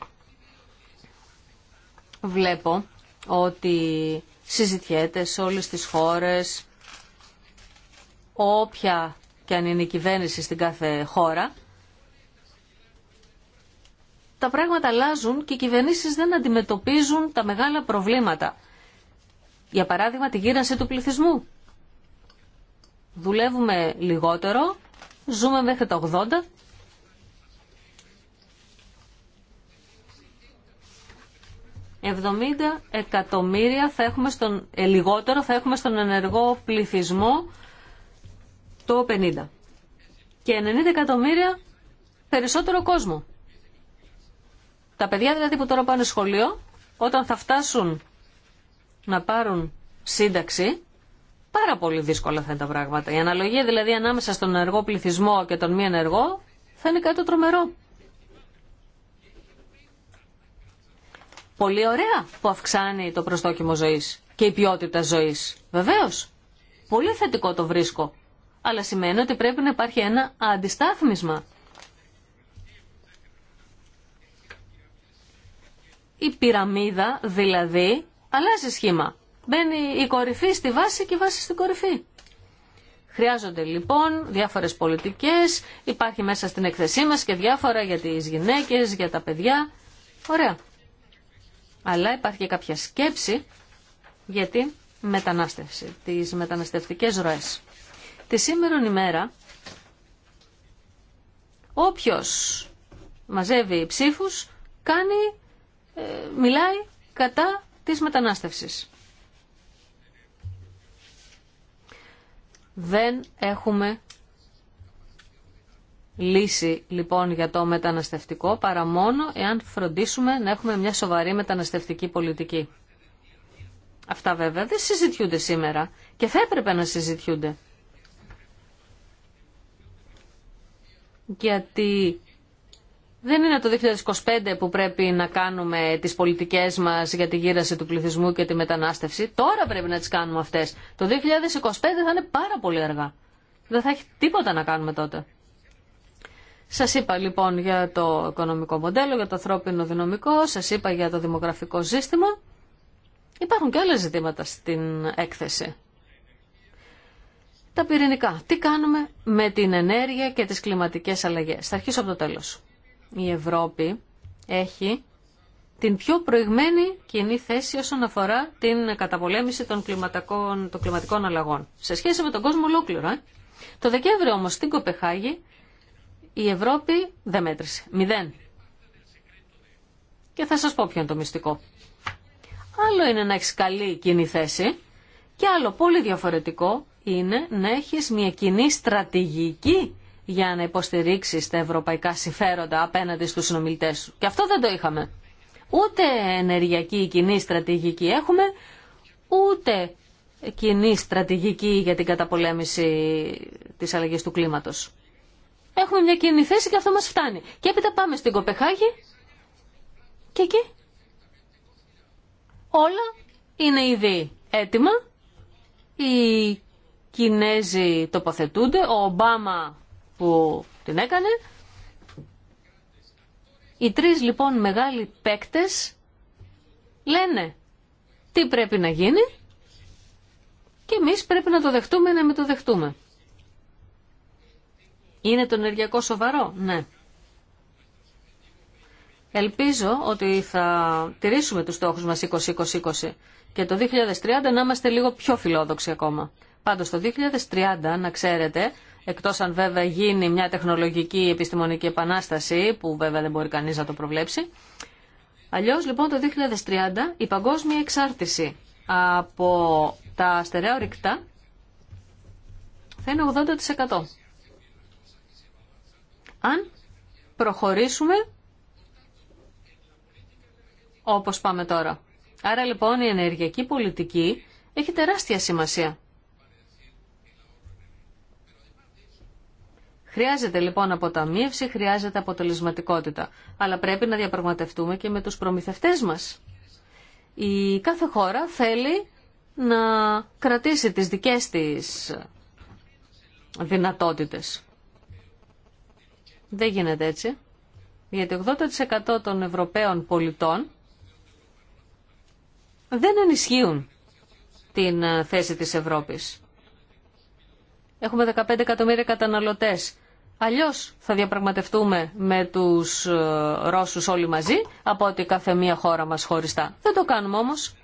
βλέπω ότι συζητιέται σε όλες τις χώρες όποια και αν είναι η κυβέρνηση στην κάθε χώρα, τα πράγματα αλλάζουν και οι κυβερνήσει δεν αντιμετωπίζουν τα μεγάλα προβλήματα. Για παράδειγμα, τη γύρανση του πληθυσμού. Δουλεύουμε λιγότερο, ζούμε μέχρι τα 80. ...70 εκατομμύρια θα έχουμε στον, ε, λιγότερο θα έχουμε στον ενεργό πληθυσμό το 50. Και 90 εκατομμύρια περισσότερο κόσμο. Τα παιδιά δηλαδή που τώρα πάνε σχολείο, όταν θα φτάσουν να πάρουν σύνταξη, πάρα πολύ δύσκολα θα είναι τα πράγματα. Η αναλογία δηλαδή ανάμεσα στον ενεργό πληθυσμό και τον μη ενεργό θα είναι κάτι τρομερό. Πολύ ωραία που αυξάνει το προστόκιμο ζωής και η ποιότητα ζωής. Βεβαίως, πολύ θετικό το βρίσκω αλλά σημαίνει ότι πρέπει να υπάρχει ένα αντιστάθμισμα. Η πυραμίδα δηλαδή αλλάζει σχήμα. Μπαίνει η κορυφή στη βάση και η βάση στην κορυφή. Χρειάζονται λοιπόν διάφορες πολιτικές, υπάρχει μέσα στην εκθεσή μας και διάφορα για τις γυναίκες, για τα παιδιά. Ωραία. Αλλά υπάρχει και κάποια σκέψη για τη μετανάστευση, τις μεταναστευτικές ροές. Τη σήμερον ημέρα, όποιος μαζεύει ψήφους, κάνει, ε, μιλάει κατά της μετανάστευσης. Δεν έχουμε λύση λοιπόν για το μεταναστευτικό παρά μόνο εάν φροντίσουμε να έχουμε μια σοβαρή μεταναστευτική πολιτική. Αυτά βέβαια δεν συζητιούνται σήμερα και θα έπρεπε να συζητιούνται. γιατί δεν είναι το 2025 που πρέπει να κάνουμε τις πολιτικές μας για τη γύραση του πληθυσμού και τη μετανάστευση. Τώρα πρέπει να τις κάνουμε αυτές. Το 2025 θα είναι πάρα πολύ αργά. Δεν θα έχει τίποτα να κάνουμε τότε. Σας είπα λοιπόν για το οικονομικό μοντέλο, για το ανθρώπινο δυναμικό, σας είπα για το δημογραφικό σύστημα. Υπάρχουν και άλλα ζητήματα στην έκθεση. Τα πυρηνικά. Τι κάνουμε με την ενέργεια και τις κλιματικές αλλαγές. Θα αρχίσω από το τέλος. Η Ευρώπη έχει την πιο προηγμένη κοινή θέση όσον αφορά την καταπολέμηση των, κλιματικών, των κλιματικών αλλαγών. Σε σχέση με τον κόσμο ολόκληρο. Ε. Το Δεκέμβριο όμως στην Κοπεχάγη η Ευρώπη δεν μέτρησε. Μηδέν. Και θα σας πω ποιο είναι το μυστικό. Άλλο είναι να έχει καλή κοινή θέση και άλλο πολύ διαφορετικό είναι να έχεις μια κοινή στρατηγική για να υποστηρίξεις τα ευρωπαϊκά συμφέροντα απέναντι στους συνομιλητές σου. Και αυτό δεν το είχαμε. Ούτε ενεργειακή κοινή στρατηγική έχουμε, ούτε κοινή στρατηγική για την καταπολέμηση της αλλαγής του κλίματος. Έχουμε μια κοινή θέση και αυτό μας φτάνει. Και έπειτα πάμε στην Κοπεχάγη και εκεί όλα είναι ήδη έτοιμα. Η Κινέζοι τοποθετούνται, ο Ομπάμα που την έκανε. Οι τρεις λοιπόν μεγάλοι παίκτες λένε τι πρέπει να γίνει και εμείς πρέπει να το δεχτούμε ή να μην το δεχτούμε. Είναι το ενεργειακό σοβαρό, ναι. Ελπίζω ότι θα τηρήσουμε τους στόχους μας 2020 και το 2030 να είμαστε λίγο πιο φιλόδοξοι ακόμα. Πάντως το 2030, να ξέρετε, εκτός αν βέβαια γίνει μια τεχνολογική επιστημονική επανάσταση, που βέβαια δεν μπορεί κανείς να το προβλέψει. Αλλιώς λοιπόν το 2030 η παγκόσμια εξάρτηση από τα στερεά ορυκτά θα είναι 80%. Αν προχωρήσουμε όπως πάμε τώρα. Άρα λοιπόν η ενεργειακή πολιτική έχει τεράστια σημασία. Χρειάζεται λοιπόν αποταμίευση, χρειάζεται αποτελεσματικότητα. Αλλά πρέπει να διαπραγματευτούμε και με τους προμηθευτές μας. Η κάθε χώρα θέλει να κρατήσει τις δικές της δυνατότητες. Δεν γίνεται έτσι. Γιατί 80% των Ευρωπαίων πολιτών δεν ενισχύουν την ε, θέση της Ευρώπης. Έχουμε 15 εκατομμύρια καταναλωτές. Αλλιώς θα διαπραγματευτούμε με τους ε, Ρώσους όλοι μαζί από ότι κάθε μία χώρα μας χωριστά. Δεν το κάνουμε όμως.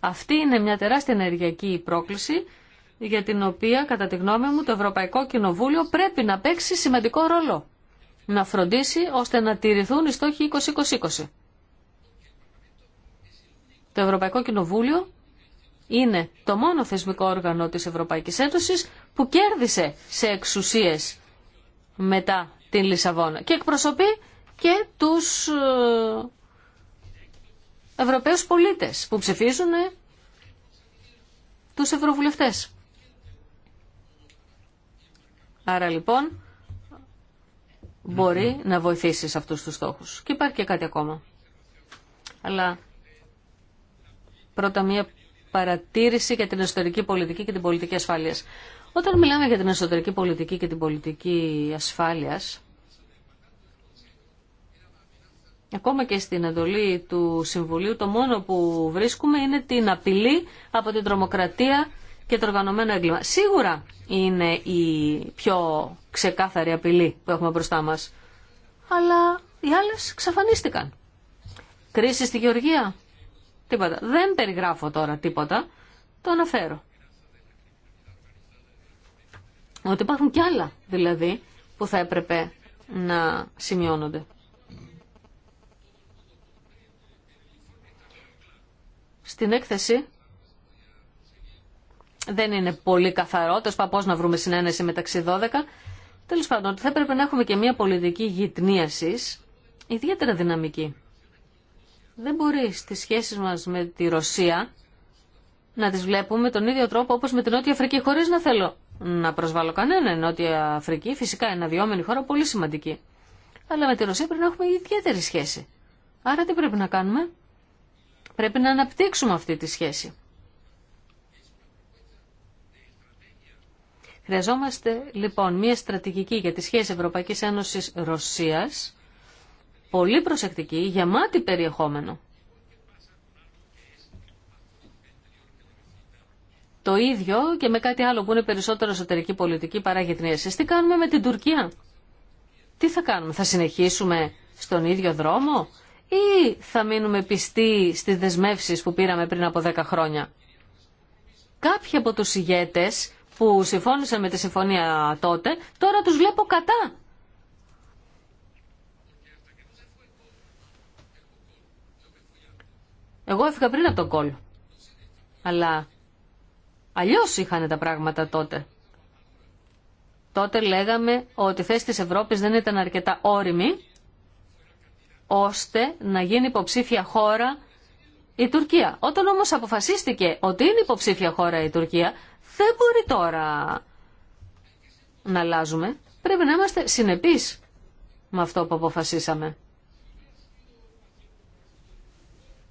Αυτή είναι μια τεράστια ενεργειακή πρόκληση για την οποία κατά τη γνώμη μου το Ευρωπαϊκό Κοινοβούλιο πρέπει να παίξει σημαντικό ρόλο. Να φροντίσει ώστε να τηρηθούν οι στόχοι 2020. Το Ευρωπαϊκό Κοινοβούλιο είναι το μόνο θεσμικό όργανο της Ευρωπαϊκής Ένωσης που κέρδισε σε εξουσίες μετά την Λισαβόνα και εκπροσωπεί και τους ε, Ευρωπαίους πολίτες που ψηφίζουν ε, τους Ευρωβουλευτές. Άρα λοιπόν μπορεί να βοηθήσει σε αυτούς τους στόχους. Και υπάρχει και κάτι ακόμα. Αλλά πρώτα μία παρατήρηση για την εσωτερική πολιτική και την πολιτική ασφάλειας. Όταν μιλάμε για την εσωτερική πολιτική και την πολιτική ασφάλειας, ακόμα και στην εντολή του Συμβουλίου, το μόνο που βρίσκουμε είναι την απειλή από την τρομοκρατία και το οργανωμένο έγκλημα. Σίγουρα είναι η πιο ξεκάθαρη απειλή που έχουμε μπροστά μας. Αλλά οι άλλες ξαφανίστηκαν. Κρίση στη Γεωργία. Τίποτα. Δεν περιγράφω τώρα τίποτα. Το αναφέρω ότι υπάρχουν κι άλλα δηλαδή που θα έπρεπε να σημειώνονται. Στην έκθεση δεν είναι πολύ καθαρό, τέλος πάντων να βρούμε συνένεση μεταξύ 12. Τέλος πάντων, θα έπρεπε να έχουμε και μια πολιτική γυτνίασης, ιδιαίτερα δυναμική. Δεν μπορεί στις σχέσεις μας με τη Ρωσία να τις βλέπουμε τον ίδιο τρόπο όπως με την Νότια Αφρική, χωρίς να θέλω να προσβάλλω κανένα, η Νότια Αφρική φυσικά είναι αδειόμενη χώρα πολύ σημαντική. Αλλά με τη Ρωσία πρέπει να έχουμε ιδιαίτερη σχέση. Άρα τι πρέπει να κάνουμε. Πρέπει να αναπτύξουμε αυτή τη σχέση. Χρειαζόμαστε λοιπόν μια στρατηγική για τη σχέση Ευρωπαϊκής Ένωσης Ρωσίας, πολύ προσεκτική, γεμάτη περιεχόμενο. το ίδιο και με κάτι άλλο που είναι περισσότερο εσωτερική πολιτική παρά γετνίαση. Τι κάνουμε με την Τουρκία. Τι θα κάνουμε, θα συνεχίσουμε στον ίδιο δρόμο ή θα μείνουμε πιστοί στις δεσμεύσεις που πήραμε πριν από 10 χρόνια. Κάποιοι από τους ηγέτες που συμφώνησαν με τη συμφωνία τότε, τώρα τους βλέπω κατά. Εγώ έφυγα πριν από τον κόλ. Αλλά Αλλιώς είχαν τα πράγματα τότε. Τότε λέγαμε ότι η θέση της Ευρώπης δεν ήταν αρκετά όρημη ώστε να γίνει υποψήφια χώρα η Τουρκία. Όταν όμως αποφασίστηκε ότι είναι υποψήφια χώρα η Τουρκία, δεν μπορεί τώρα να αλλάζουμε. Πρέπει να είμαστε συνεπείς με αυτό που αποφασίσαμε.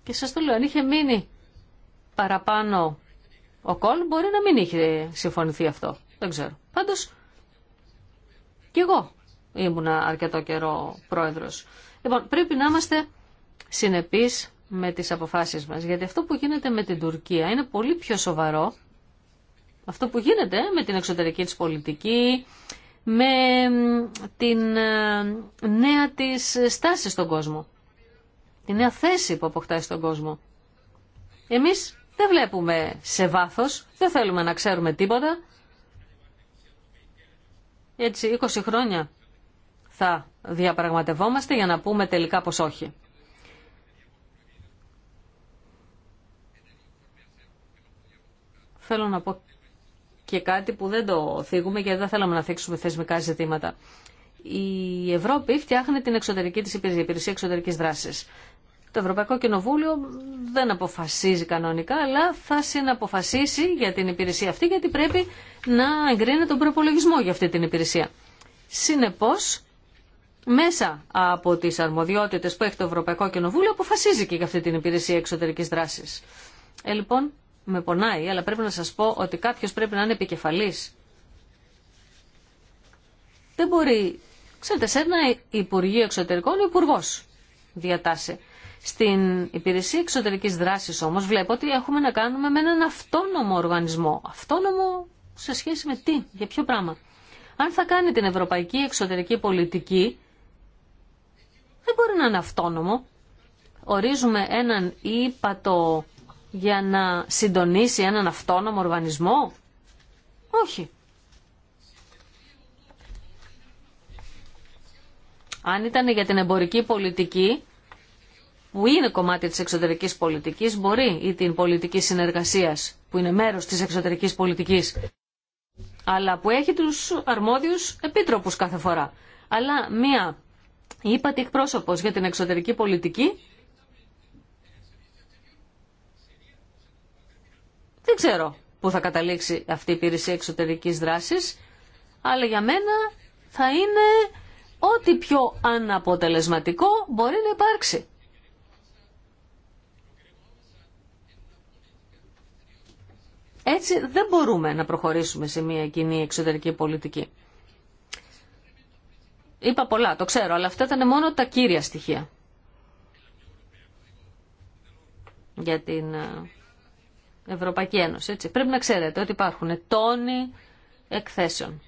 Και σας το λέω, αν είχε μείνει παραπάνω ο Κολ μπορεί να μην είχε συμφωνηθεί αυτό. Δεν ξέρω. Πάντως, κι εγώ ήμουνα αρκετό καιρό πρόεδρος. Λοιπόν, πρέπει να είμαστε συνεπείς με τις αποφάσεις μας. Γιατί αυτό που γίνεται με την Τουρκία είναι πολύ πιο σοβαρό. Αυτό που γίνεται με την εξωτερική της πολιτική, με την ε, νέα της στάση στον κόσμο. Τη νέα θέση που αποκτάει στον κόσμο. Εμείς δεν βλέπουμε σε βάθος, δεν θέλουμε να ξέρουμε τίποτα. Έτσι, 20 χρόνια θα διαπραγματευόμαστε για να πούμε τελικά πως όχι. Θέλω να πω και κάτι που δεν το θίγουμε γιατί δεν θέλαμε να θίξουμε θεσμικά ζητήματα. Η Ευρώπη φτιάχνει την εξωτερική της υπηρεσία, υπηρεσία εξωτερικής δράσης. Το Ευρωπαϊκό Κοινοβούλιο δεν αποφασίζει κανονικά, αλλά θα συναποφασίσει για την υπηρεσία αυτή, γιατί πρέπει να εγκρίνει τον προπολογισμό για αυτή την υπηρεσία. Συνεπώς, μέσα από τις αρμοδιότητες που έχει το Ευρωπαϊκό Κοινοβούλιο, αποφασίζει και για αυτή την υπηρεσία εξωτερικής δράσης. Ε, λοιπόν, με πονάει, αλλά πρέπει να σας πω ότι κάποιος πρέπει να είναι επικεφαλής. Δεν μπορεί, ξέρετε, σε ένα Υπουργείο Εξωτερικών ο Υπουργός διατάσσει. Στην υπηρεσία εξωτερικής δράσης όμως βλέπω ότι έχουμε να κάνουμε με έναν αυτόνομο οργανισμό. Αυτόνομο σε σχέση με τι, για ποιο πράγμα. Αν θα κάνει την ευρωπαϊκή εξωτερική πολιτική, δεν μπορεί να είναι αυτόνομο. Ορίζουμε έναν ύπατο για να συντονίσει έναν αυτόνομο οργανισμό. Όχι. Αν ήταν για την εμπορική πολιτική, που είναι κομμάτι της εξωτερικής πολιτικής μπορεί ή την πολιτική συνεργασίας που είναι μέρος της εξωτερικής πολιτικής αλλά που έχει τους αρμόδιους επίτροπους κάθε φορά. Αλλά μία είπατε εκπρόσωπο για την εξωτερική πολιτική δεν ξέρω που θα καταλήξει αυτή η υπηρεσία εξωτερικής δράσης αλλά για μένα θα είναι ό,τι πιο αναποτελεσματικό μπορεί να υπάρξει. Έτσι δεν μπορούμε να προχωρήσουμε σε μια κοινή εξωτερική πολιτική. Είπα πολλά, το ξέρω, αλλά αυτά ήταν μόνο τα κύρια στοιχεία. Για την ε, Ευρωπαϊκή Ένωση, έτσι. Πρέπει να ξέρετε ότι υπάρχουν τόνοι εκθέσεων,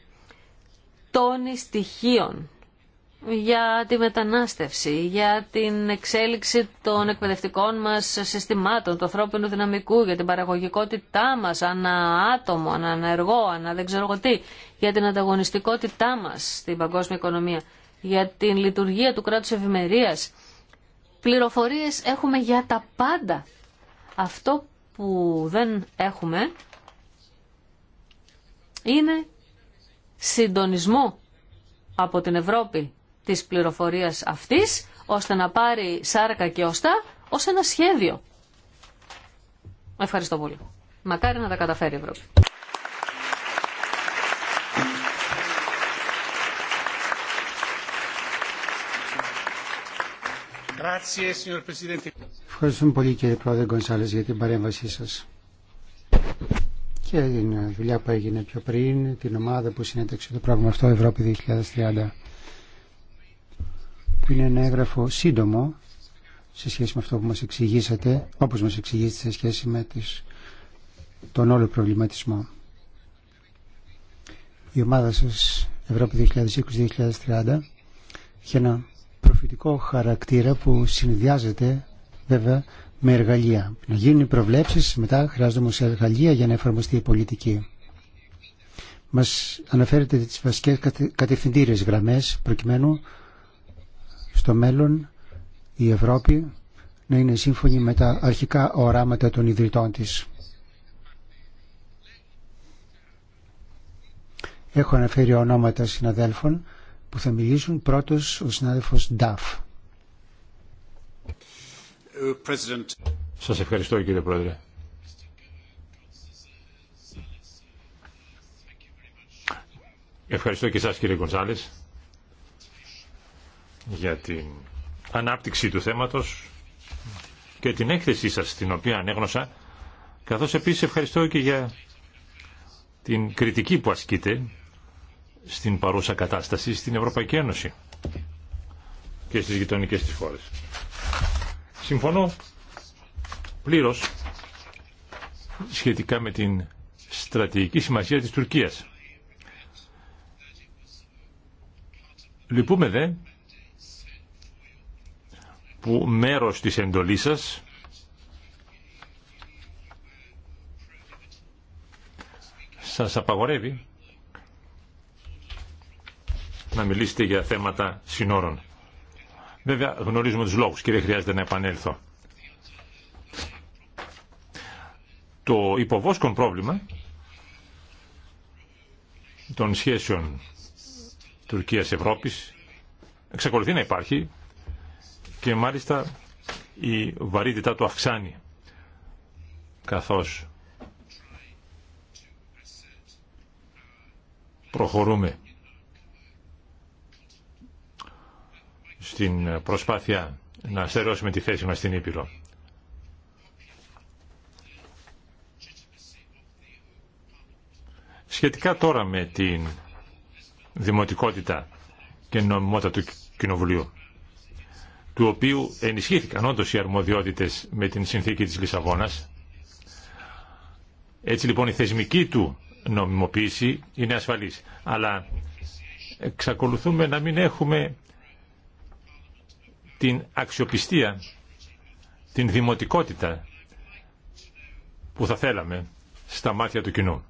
τόνοι στοιχείων για τη μετανάστευση, για την εξέλιξη των εκπαιδευτικών μας συστημάτων, του ανθρώπινου δυναμικού, για την παραγωγικότητά μας, ανά άτομο, ανά ενεργό, ανά δεν ξέρω τι, για την ανταγωνιστικότητά μας στην παγκόσμια οικονομία, για την λειτουργία του κράτους ευημερία. Πληροφορίες έχουμε για τα πάντα. Αυτό που δεν έχουμε είναι συντονισμό από την Ευρώπη της πληροφορίας αυτής, ώστε να πάρει σάρκα και ώστα ως ένα σχέδιο. Ευχαριστώ πολύ. Μακάρι να τα καταφέρει η Ευρώπη. Ευχαριστούμε πολύ κύριε Πρόεδρε Γκονσάλες για την παρέμβασή σας και την δουλειά που έγινε πιο πριν, την ομάδα που συνέταξε το πρόγραμμα αυτό Ευρώπη 2030 που είναι ένα έγγραφο σύντομο σε σχέση με αυτό που μας εξηγήσατε, όπως μας εξηγήσατε σε σχέση με τις, τον όλο προβληματισμό. Η ομάδα σας Ευρώπη 2020-2030 έχει ένα προφητικό χαρακτήρα που συνδυάζεται βέβαια με εργαλεία. Να γίνουν οι προβλέψεις, μετά χρειάζονται όμως εργαλεία για να εφαρμοστεί η πολιτική. Μας αναφέρετε τις βασικές κατευθυντήριες γραμμές προκειμένου στο μέλλον η Ευρώπη να είναι σύμφωνη με τα αρχικά οράματα των ιδρυτών της. Έχω αναφέρει ονόματα συναδέλφων που θα μιλήσουν πρώτος ο συνάδελφος Νταφ. Σας ευχαριστώ κύριε Πρόεδρε. Ευχαριστώ και εσάς κύριε Κονσάλης για την ανάπτυξη του θέματος και την έκθεσή σας την οποία ανέγνωσα καθώς επίσης ευχαριστώ και για την κριτική που ασκείται στην παρούσα κατάσταση στην Ευρωπαϊκή Ένωση και στις γειτονικές της χώρες. Συμφωνώ πλήρως σχετικά με την στρατηγική σημασία της Τουρκίας. Λυπούμε δε που μέρος της εντολής σας σας απαγορεύει να μιλήσετε για θέματα συνόρων. Βέβαια γνωρίζουμε τους λόγους και δεν χρειάζεται να επανέλθω. Το υποβόσκον πρόβλημα των σχέσεων Τουρκίας-Ευρώπης εξακολουθεί να υπάρχει και μάλιστα η βαρύτητά του αυξάνει καθώς προχωρούμε στην προσπάθεια να στερεώσουμε τη θέση μας στην Ήπειρο. Σχετικά τώρα με την δημοτικότητα και νομιμότητα του Κοινοβουλίου του οποίου ενισχύθηκαν όντω οι αρμοδιότητες με την συνθήκη της Λισαβόνας. Έτσι λοιπόν η θεσμική του νομιμοποίηση είναι ασφαλής. Αλλά εξακολουθούμε να μην έχουμε την αξιοπιστία, την δημοτικότητα που θα θέλαμε στα μάτια του κοινού.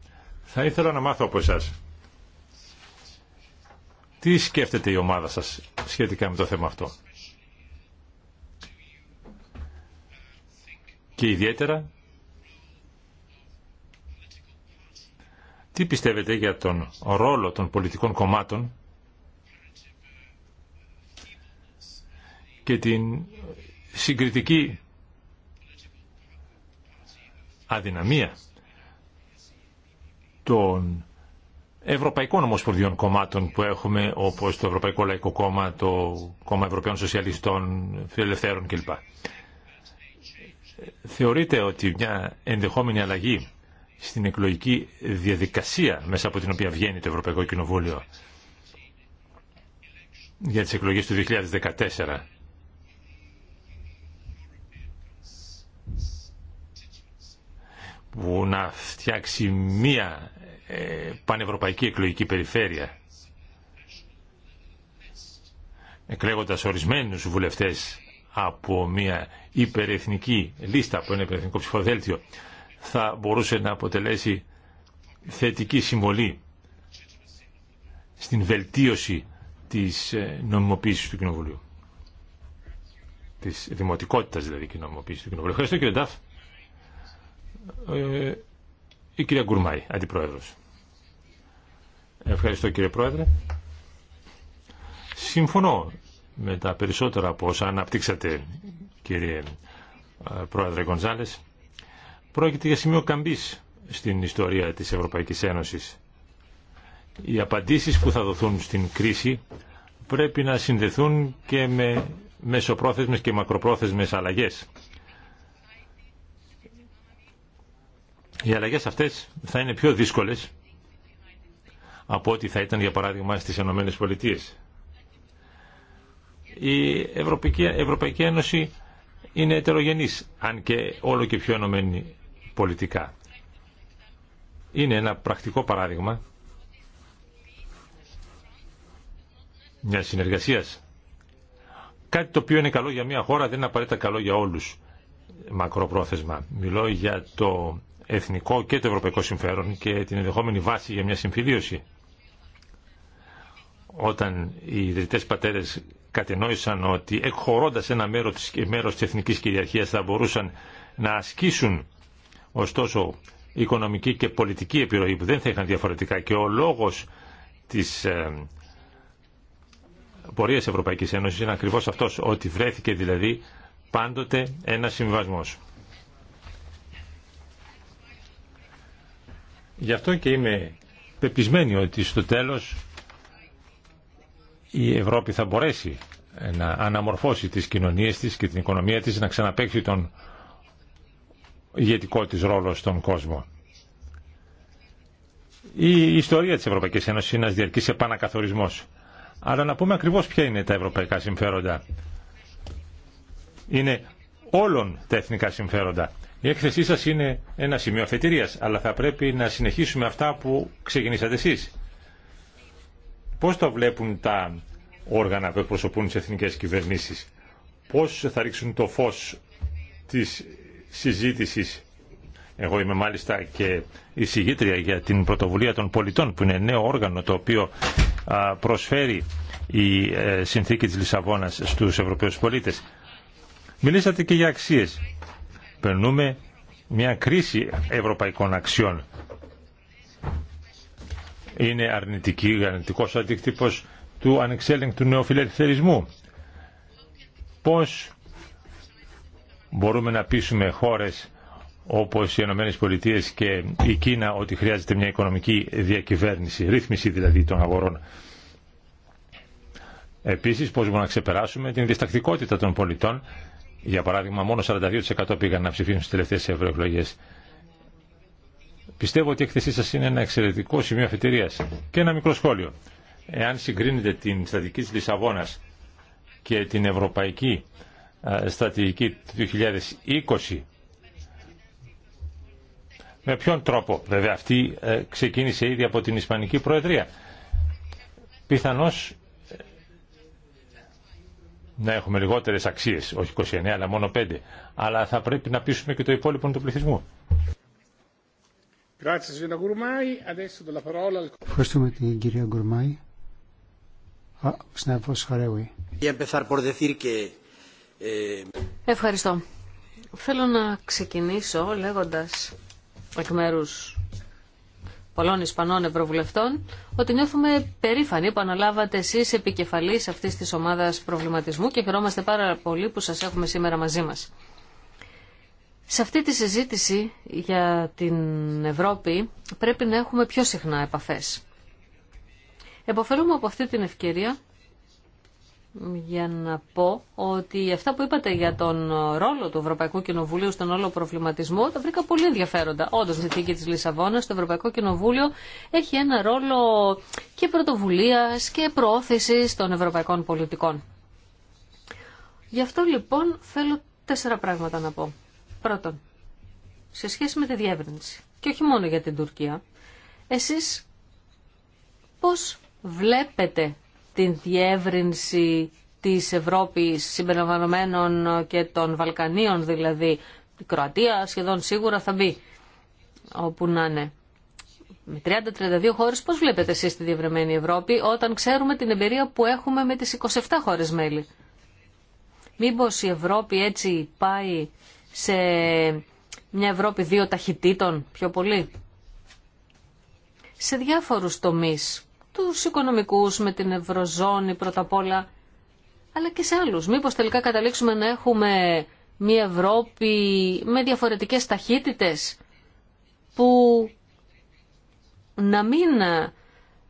Θα ήθελα να μάθω από εσάς. Τι σκέφτεται η ομάδα σας σχετικά με το θέμα αυτό. και ιδιαίτερα τι πιστεύετε για τον ρόλο των πολιτικών κομμάτων και την συγκριτική αδυναμία των ευρωπαϊκών ομοσπονδιών κομμάτων που έχουμε όπως το Ευρωπαϊκό Λαϊκό Κόμμα, το Κόμμα Ευρωπαίων Σοσιαλιστών, Φιλελευθέρων κλπ. Θεωρείτε ότι μια ενδεχόμενη αλλαγή στην εκλογική διαδικασία μέσα από την οποία βγαίνει το Ευρωπαϊκό Κοινοβούλιο για τις εκλογές του 2014 που να φτιάξει μία ε, πανευρωπαϊκή εκλογική περιφέρεια εκλέγοντας ορισμένους βουλευτές από μια υπερεθνική λίστα, από ένα υπερεθνικό ψηφοδέλτιο, θα μπορούσε να αποτελέσει θετική συμβολή στην βελτίωση της ε, νομιμοποίησης του Κοινοβουλίου. Της δημοτικότητας δηλαδή και νομιμοποίησης του Κοινοβουλίου. Ευχαριστώ κύριε Ντάφ. Ε, η κυρία Γκουρμάη, Αντιπρόεδρος. Ευχαριστώ κύριε Πρόεδρε. Συμφωνώ με τα περισσότερα από όσα αναπτύξατε κύριε ε, Πρόεδρε Γκονζάλες. Πρόκειται για σημείο καμπής στην ιστορία της Ευρωπαϊκής Ένωσης. Οι απαντήσεις που θα δοθούν στην κρίση πρέπει να συνδεθούν και με μεσοπρόθεσμες και μακροπρόθεσμες αλλαγές. Οι αλλαγές αυτές θα είναι πιο δύσκολες από ό,τι θα ήταν για παράδειγμα στις ΗΠΑ η Ευρωπαϊκή, Ευρωπαϊκή Ένωση είναι ετερογενής, αν και όλο και πιο ενωμένη πολιτικά. Είναι ένα πρακτικό παράδειγμα μια συνεργασίας. Κάτι το οποίο είναι καλό για μια χώρα δεν είναι απαραίτητα καλό για όλους μακροπρόθεσμα. Μιλώ για το εθνικό και το ευρωπαϊκό συμφέρον και την ενδεχόμενη βάση για μια συμφιλίωση. Όταν οι ιδρυτές πατέρες κατενόησαν ότι εκχωρώντας ένα μέρος της, μέρος της εθνικής κυριαρχίας θα μπορούσαν να ασκήσουν ωστόσο οικονομική και πολιτική επιρροή που δεν θα είχαν διαφορετικά και ο λόγος της ε, πορείας Ευρωπαϊκής Ένωσης είναι ακριβώς αυτός ότι βρέθηκε δηλαδή πάντοτε ένα συμβασμός. Γι' αυτό και είμαι πεπισμένη ότι στο τέλος η Ευρώπη θα μπορέσει να αναμορφώσει τις κοινωνίες της και την οικονομία της να ξαναπαίξει τον ηγετικό της ρόλο στον κόσμο. Η ιστορία της Ευρωπαϊκής Ένωσης είναι ένας διαρκής επανακαθορισμός. Αλλά να πούμε ακριβώς ποια είναι τα ευρωπαϊκά συμφέροντα. Είναι όλων τα εθνικά συμφέροντα. Η έκθεσή σας είναι ένα σημείο αφετηρίας, αλλά θα πρέπει να συνεχίσουμε αυτά που ξεκινήσατε εσείς. Πώς το βλέπουν τα όργανα που εκπροσωπούν τις εθνικές κυβερνήσεις. Πώς θα ρίξουν το φως της συζήτησης. Εγώ είμαι μάλιστα και εισηγήτρια για την πρωτοβουλία των πολιτών που είναι νέο όργανο το οποίο προσφέρει η ε, συνθήκη της Λισαβόνας στους Ευρωπαίους πολίτες. Μιλήσατε και για αξίες. Περνούμε μια κρίση ευρωπαϊκών αξιών είναι αρνητική, αρνητικός αντίκτυπος του ανεξέλεγκτου νεοφιλελευθερισμού. Πώς μπορούμε να πείσουμε χώρες όπως οι ΗΠΑ και η Κίνα ότι χρειάζεται μια οικονομική διακυβέρνηση, ρύθμιση δηλαδή των αγορών. Επίσης, πώς μπορούμε να ξεπεράσουμε την διστακτικότητα των πολιτών. Για παράδειγμα, μόνο 42% πήγαν να ψηφίσουν στις τελευταίες ευρωεκλογές. Πιστεύω ότι η έκθεσή σας είναι ένα εξαιρετικό σημείο αφετηρίας. Και ένα μικρό σχόλιο. Εάν συγκρίνετε την στρατηγική τη Λισαβόνα και την ευρωπαϊκή στρατηγική του 2020, με ποιον τρόπο, βέβαια αυτή ε, ξεκίνησε ήδη από την Ισπανική Προεδρία. Πιθανώς ε, να έχουμε λιγότερες αξίες, όχι 29 αλλά μόνο 5, αλλά θα πρέπει να πείσουμε και το υπόλοιπο του πληθυσμού. Ευχαριστούμε την κυρία Γκουρμάη. Ε, Ευχαριστώ. Θέλω να ξεκινήσω λέγοντας εκ μέρου πολλών Ισπανών Ευρωβουλευτών ότι νιώθουμε περήφανοι που αναλάβατε εσεί επικεφαλή αυτής της ομάδας προβληματισμού και χαιρόμαστε πάρα πολύ που σας έχουμε σήμερα μαζί μας. Σε αυτή τη συζήτηση για την Ευρώπη πρέπει να έχουμε πιο συχνά επαφές. Εποφελούμε από αυτή την ευκαιρία για να πω ότι αυτά που είπατε για τον ρόλο του Ευρωπαϊκού Κοινοβουλίου στον όλο προβληματισμό τα βρήκα πολύ ενδιαφέροντα. Όντω, η θήκη τη Λισαβόνα, το Ευρωπαϊκό Κοινοβούλιο έχει ένα ρόλο και πρωτοβουλία και προώθηση των ευρωπαϊκών πολιτικών. Γι' αυτό λοιπόν θέλω τέσσερα πράγματα να πω. Πρώτον, σε σχέση με τη διεύρυνση και όχι μόνο για την Τουρκία, εσείς πώς βλέπετε την διεύρυνση της Ευρώπης συμπεριλαμβανομένων και των Βαλκανίων δηλαδή, η Κροατία σχεδόν σίγουρα θα μπει όπου να είναι. Με 30-32 χώρες πώς βλέπετε εσείς τη διευρεμένη Ευρώπη όταν ξέρουμε την εμπειρία που έχουμε με τις 27 χώρες μέλη. Μήπως η Ευρώπη έτσι πάει σε μια Ευρώπη δύο ταχυτήτων πιο πολύ. Σε διάφορους τομείς, τους οικονομικούς με την Ευρωζώνη πρώτα απ' όλα, αλλά και σε άλλους. Μήπως τελικά καταλήξουμε να έχουμε μια Ευρώπη με διαφορετικές ταχύτητες που να μην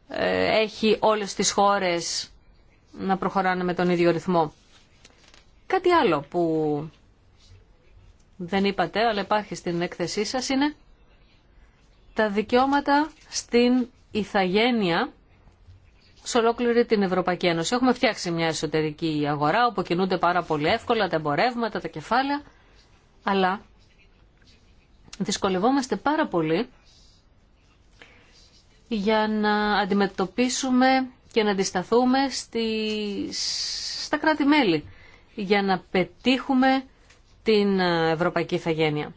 ε, έχει όλες τις χώρες να προχωράνε με τον ίδιο ρυθμό. Κάτι άλλο που δεν είπατε, αλλά υπάρχει στην έκθεσή σας, είναι τα δικαιώματα στην ηθαγένεια σε ολόκληρη την Ευρωπαϊκή Ένωση. Έχουμε φτιάξει μια εσωτερική αγορά όπου κινούνται πάρα πολύ εύκολα τα εμπορεύματα, τα κεφάλαια, αλλά δυσκολευόμαστε πάρα πολύ για να αντιμετωπίσουμε και να αντισταθούμε στις... στα κράτη-μέλη, για να πετύχουμε την ε, ευρωπαϊκή ηθαγένεια.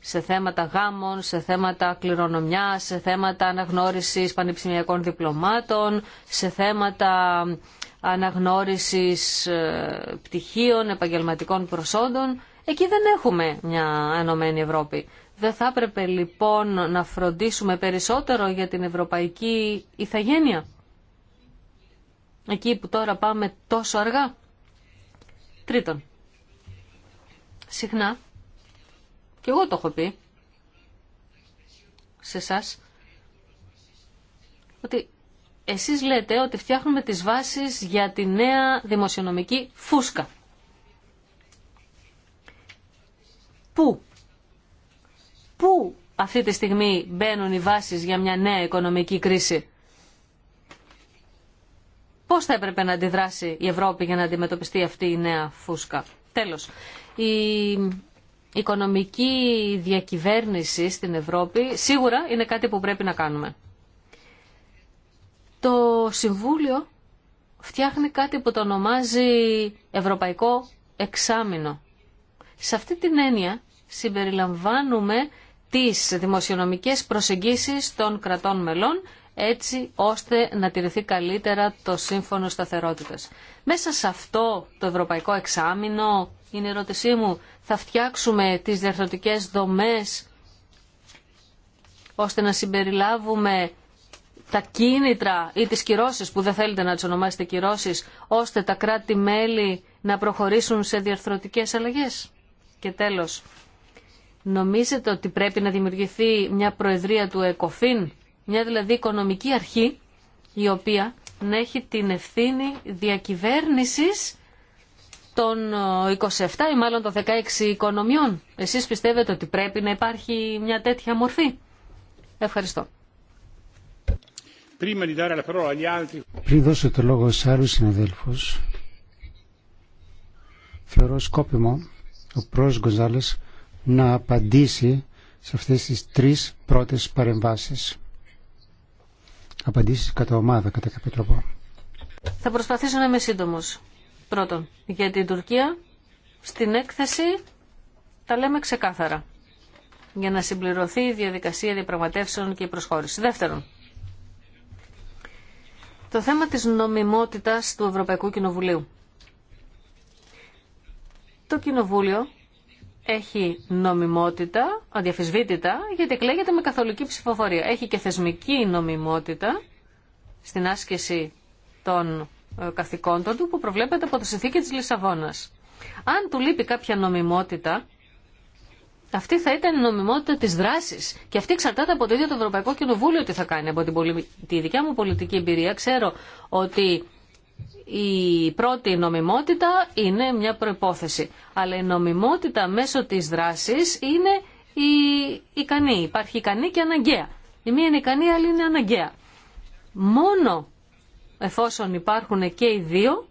Σε θέματα γάμων, σε θέματα κληρονομιά, σε θέματα αναγνώρισης πανεπιστημιακών διπλωμάτων, σε θέματα ε, αναγνώρισης ε, πτυχίων, επαγγελματικών προσόντων. Εκεί δεν έχουμε μια ενωμένη Ευρώπη. Δεν θα έπρεπε λοιπόν να φροντίσουμε περισσότερο για την ευρωπαϊκή ηθαγένεια. Εκεί που τώρα πάμε τόσο αργά. Τρίτον, συχνά, και εγώ το έχω πει σε εσά, ότι εσείς λέτε ότι φτιάχνουμε τις βάσεις για τη νέα δημοσιονομική φούσκα. Πού? Πού αυτή τη στιγμή μπαίνουν οι βάσεις για μια νέα οικονομική κρίση. Πώς θα έπρεπε να αντιδράσει η Ευρώπη για να αντιμετωπιστεί αυτή η νέα φούσκα. Τέλος, η οικονομική διακυβέρνηση στην Ευρώπη σίγουρα είναι κάτι που πρέπει να κάνουμε. Το Συμβούλιο φτιάχνει κάτι που το ονομάζει Ευρωπαϊκό Εξάμεινο. Σε αυτή την έννοια συμπεριλαμβάνουμε τις δημοσιονομικές προσεγγίσεις των κρατών μελών έτσι ώστε να τηρηθεί καλύτερα το σύμφωνο σταθερότητας. Μέσα σε αυτό το ευρωπαϊκό εξάμεινο, είναι η ερώτησή μου, θα φτιάξουμε τις διαρθρωτικές δομές ώστε να συμπεριλάβουμε τα κίνητρα ή τις κυρώσεις που δεν θέλετε να τις ονομάσετε κυρώσεις, ώστε τα κράτη-μέλη να προχωρήσουν σε διαρθρωτικές αλλαγές. Και τέλος, νομίζετε ότι πρέπει να δημιουργηθεί μια προεδρία του ΕΚΟΦΗΝ, μια δηλαδή οικονομική αρχή η οποία να έχει την ευθύνη διακυβέρνησης των 27 ε, ή μάλλον των 16 οικονομιών. Εσείς πιστεύετε ότι πρέπει να υπάρχει μια τέτοια μορφή. Ευχαριστώ. Πριν δώσω το λόγο σε άλλους συναδέλφους, θεωρώ σκόπιμο ο πρόεδρος Γκοζάλης να απαντήσει σε αυτές τις τρεις πρώτες παρεμβάσεις. Απαντήσει κατά ομάδα, κατά κάποιο τρόπο. Θα προσπαθήσω να είμαι σύντομο. Πρώτον, για την Τουρκία, στην έκθεση τα λέμε ξεκάθαρα για να συμπληρωθεί η διαδικασία διαπραγματεύσεων και η προσχώρηση. Δεύτερον, το θέμα της νομιμότητας του Ευρωπαϊκού Κοινοβουλίου. Το Κοινοβούλιο έχει νομιμότητα, αδιαφυσβήτητα, γιατί εκλέγεται με καθολική ψηφοφορία. Έχει και θεσμική νομιμότητα στην άσκηση των ε, καθηκόντων του που προβλέπεται από το συνθήκη της Λισαβόνας. Αν του λείπει κάποια νομιμότητα, αυτή θα ήταν η νομιμότητα της δράσης. Και αυτή εξαρτάται από το ίδιο το Ευρωπαϊκό Κοινοβούλιο τι θα κάνει. Από την, τη δικιά μου πολιτική εμπειρία ξέρω ότι η πρώτη νομιμότητα είναι μια προϋπόθεση. Αλλά η νομιμότητα μέσω της δράσης είναι η ικανή. Υπάρχει ικανή και αναγκαία. Η μία είναι ικανή, η άλλη είναι αναγκαία. Μόνο εφόσον υπάρχουν και οι δύο,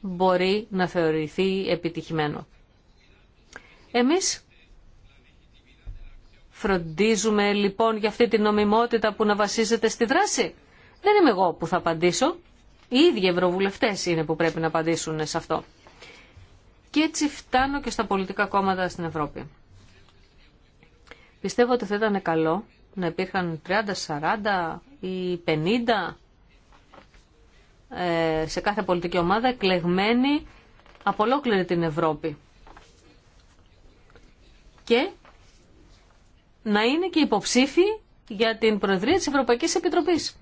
μπορεί να θεωρηθεί επιτυχημένο. Εμείς φροντίζουμε λοιπόν για αυτή τη νομιμότητα που να βασίζεται στη δράση. Δεν είμαι εγώ που θα απαντήσω. Οι ίδιοι ευρωβουλευτές είναι που πρέπει να απαντήσουν σε αυτό. Και έτσι φτάνω και στα πολιτικά κόμματα στην Ευρώπη. Πιστεύω ότι θα ήταν καλό να υπήρχαν 30, 40 ή 50 ε, σε κάθε πολιτική ομάδα εκλεγμένοι από ολόκληρη την Ευρώπη. Και να είναι και υποψήφοι για την Προεδρία της Ευρωπαϊκής Επιτροπής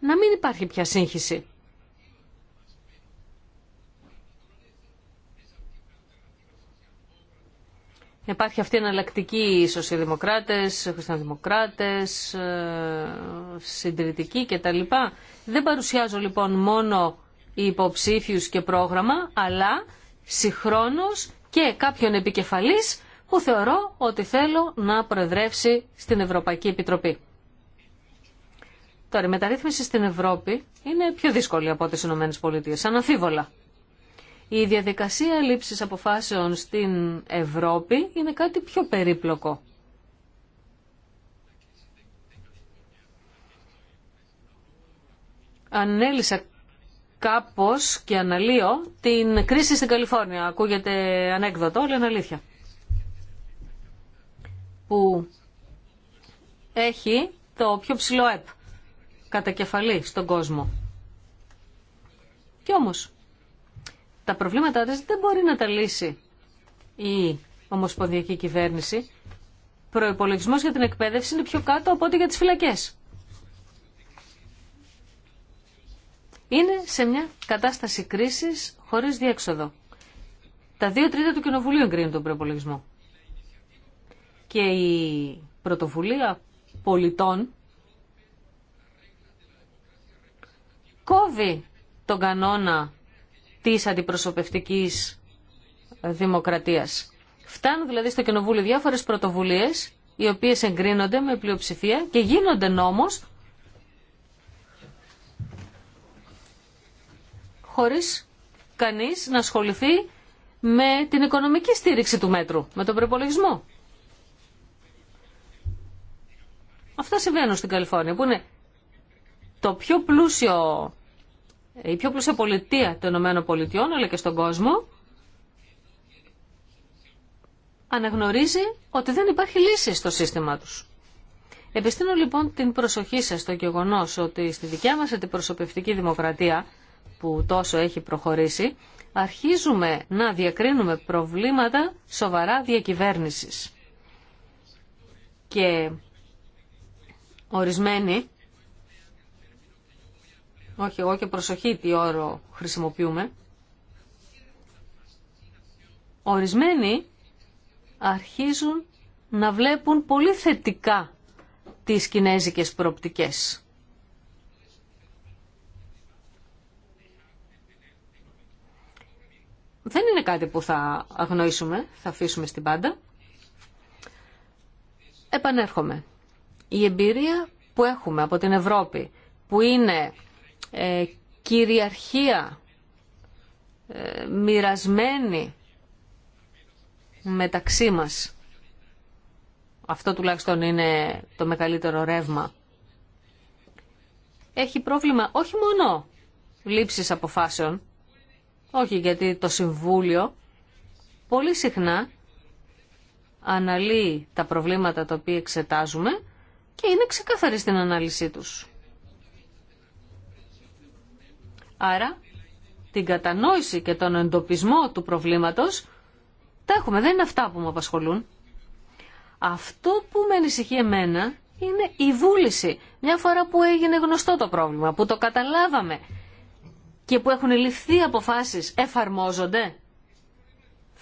να μην υπάρχει πια σύγχυση. Υπάρχει αυτή η εναλλακτική σοσιαλδημοκράτες, χριστιανοδημοκράτες, ε, συντηρητικοί κτλ. Δεν παρουσιάζω λοιπόν μόνο υποψήφιους και πρόγραμμα, αλλά συγχρόνως και κάποιον επικεφαλής που θεωρώ ότι θέλω να προεδρεύσει στην Ευρωπαϊκή Επιτροπή. Τώρα, η μεταρρύθμιση στην Ευρώπη είναι πιο δύσκολη από τις Ηνωμένες Πολιτείες, αναφίβολα. Η διαδικασία λήψη αποφάσεων στην Ευρώπη είναι κάτι πιο περίπλοκο. Ανέλησα κάπως και αναλύω την κρίση στην Καλιφόρνια. Ακούγεται ανέκδοτο, αλλά είναι αλήθεια. Που έχει το πιο ψηλό ΕΠ κατά κεφαλή στον κόσμο. Κι όμως, τα προβλήματά της δεν μπορεί να τα λύσει η ομοσπονδιακή κυβέρνηση. Προϋπολογισμός για την εκπαίδευση είναι πιο κάτω από ό,τι για τις φυλακές. Είναι σε μια κατάσταση κρίσης χωρίς διέξοδο. Τα δύο τρίτα του Κοινοβουλίου εγκρίνουν τον προπολογισμό. Και η πρωτοβουλία πολιτών κόβει τον κανόνα της αντιπροσωπευτικής δημοκρατίας. Φτάνουν δηλαδή στο Κοινοβούλιο διάφορες πρωτοβουλίες οι οποίες εγκρίνονται με πλειοψηφία και γίνονται νόμος χωρίς κανείς να ασχοληθεί με την οικονομική στήριξη του μέτρου, με τον προπολογισμό. Αυτά συμβαίνουν στην Καλιφόρνια, που είναι το πιο πλούσιο η πιο πλούσια πολιτεία των Ηνωμένων αλλά και στον κόσμο, αναγνωρίζει ότι δεν υπάρχει λύση στο σύστημα τους. Επιστήνω λοιπόν την προσοχή σας στο γεγονός ότι στη δικιά μας αντιπροσωπευτική δημοκρατία, που τόσο έχει προχωρήσει, αρχίζουμε να διακρίνουμε προβλήματα σοβαρά διακυβέρνησης. Και ορισμένοι όχι εγώ και προσοχή τι όρο χρησιμοποιούμε, ορισμένοι αρχίζουν να βλέπουν πολύ θετικά τις κινέζικες προοπτικές. Δεν είναι κάτι που θα αγνοήσουμε, θα αφήσουμε στην πάντα. Επανέρχομαι. Η εμπειρία που έχουμε από την Ευρώπη, που είναι ε, κυριαρχία ε, μοιρασμένη μεταξύ μας. Αυτό τουλάχιστον είναι το μεγαλύτερο ρεύμα. Έχει πρόβλημα όχι μόνο λήψης αποφάσεων, όχι γιατί το Συμβούλιο πολύ συχνά αναλύει τα προβλήματα τα οποία εξετάζουμε και είναι ξεκαθαρή στην ανάλυση τους. Άρα την κατανόηση και τον εντοπισμό του προβλήματος τα έχουμε, δεν είναι αυτά που με απασχολούν. Αυτό που με ανησυχεί εμένα είναι η βούληση. Μια φορά που έγινε γνωστό το πρόβλημα, που το καταλάβαμε και που έχουν ληφθεί αποφάσεις, εφαρμόζονται.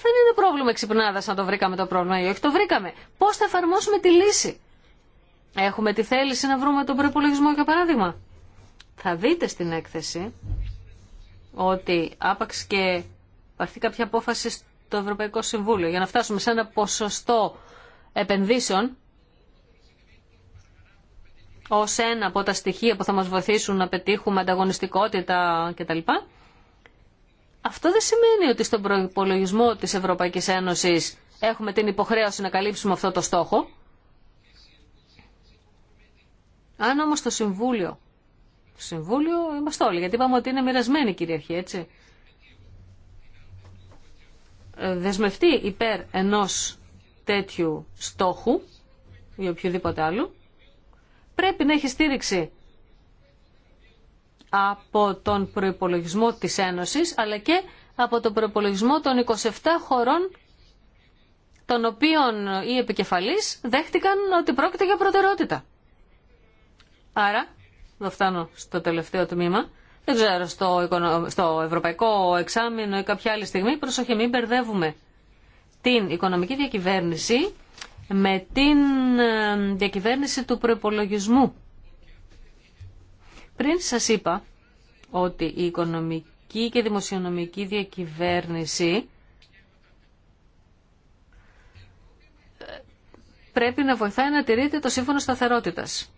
Δεν είναι πρόβλημα εξυπνάδας να το βρήκαμε το πρόβλημα ή όχι, το βρήκαμε. Πώς θα εφαρμόσουμε τη λύση. Έχουμε τη θέληση να βρούμε τον προπολογισμό για παράδειγμα. Θα δείτε στην έκθεση ότι άπαξ και πάρθει κάποια απόφαση στο Ευρωπαϊκό Συμβούλιο για να φτάσουμε σε ένα ποσοστό επενδύσεων ως ένα από τα στοιχεία που θα μας βοηθήσουν να πετύχουμε ανταγωνιστικότητα κτλ. Αυτό δεν σημαίνει ότι στον προπολογισμό της Ευρωπαϊκής Ένωσης έχουμε την υποχρέωση να καλύψουμε αυτό το στόχο. Αν όμως το Συμβούλιο Συμβούλιο είμαστε όλοι, γιατί είπαμε ότι είναι μοιρασμένη η κυριαρχία, έτσι. Ε, δεσμευτεί υπέρ ενός τέτοιου στόχου ή οποιοδήποτε άλλου, πρέπει να έχει στήριξη από τον προϋπολογισμό της Ένωσης, αλλά και από τον προϋπολογισμό των 27 χωρών των οποίων οι επικεφαλείς δέχτηκαν ότι πρόκειται για προτεραιότητα. Άρα δεν φτάνω στο τελευταίο τμήμα, δεν ξέρω, στο, ευρωπαϊκό εξάμεινο ή κάποια άλλη στιγμή, προσοχή, μην μπερδεύουμε την οικονομική διακυβέρνηση με την ε, διακυβέρνηση του προπολογισμού. Πριν σας είπα ότι η οικονομική και δημοσιονομική διακυβέρνηση ε, πρέπει να βοηθάει να τηρείται το σύμφωνο σταθερότητας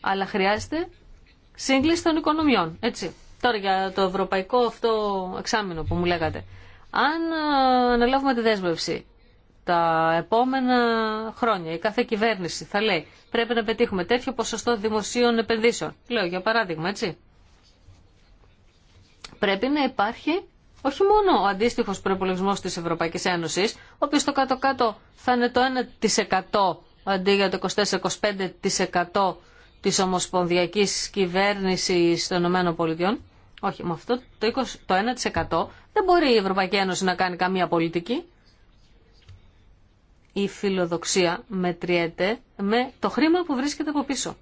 αλλά χρειάζεται σύγκληση των οικονομιών. Έτσι. Τώρα για το ευρωπαϊκό αυτό εξάμεινο που μου λέγατε. Αν ε, αναλάβουμε τη δέσμευση τα επόμενα χρόνια η κάθε κυβέρνηση θα λέει πρέπει να πετύχουμε τέτοιο ποσοστό δημοσίων επενδύσεων. Λέω για παράδειγμα έτσι. Πρέπει να υπάρχει όχι μόνο ο αντίστοιχος προπολογισμός της Ευρωπαϊκής Ένωσης, ο οποίος στο κάτω-κάτω θα είναι το 1% αντί για το 24-25% της ομοσπονδιακής κυβέρνησης των Πολιτειών. Όχι, με αυτό το, 20, το 1% δεν μπορεί η Ευρωπαϊκή Ένωση να κάνει καμία πολιτική. Η φιλοδοξία μετριέται με το χρήμα που βρίσκεται από πίσω.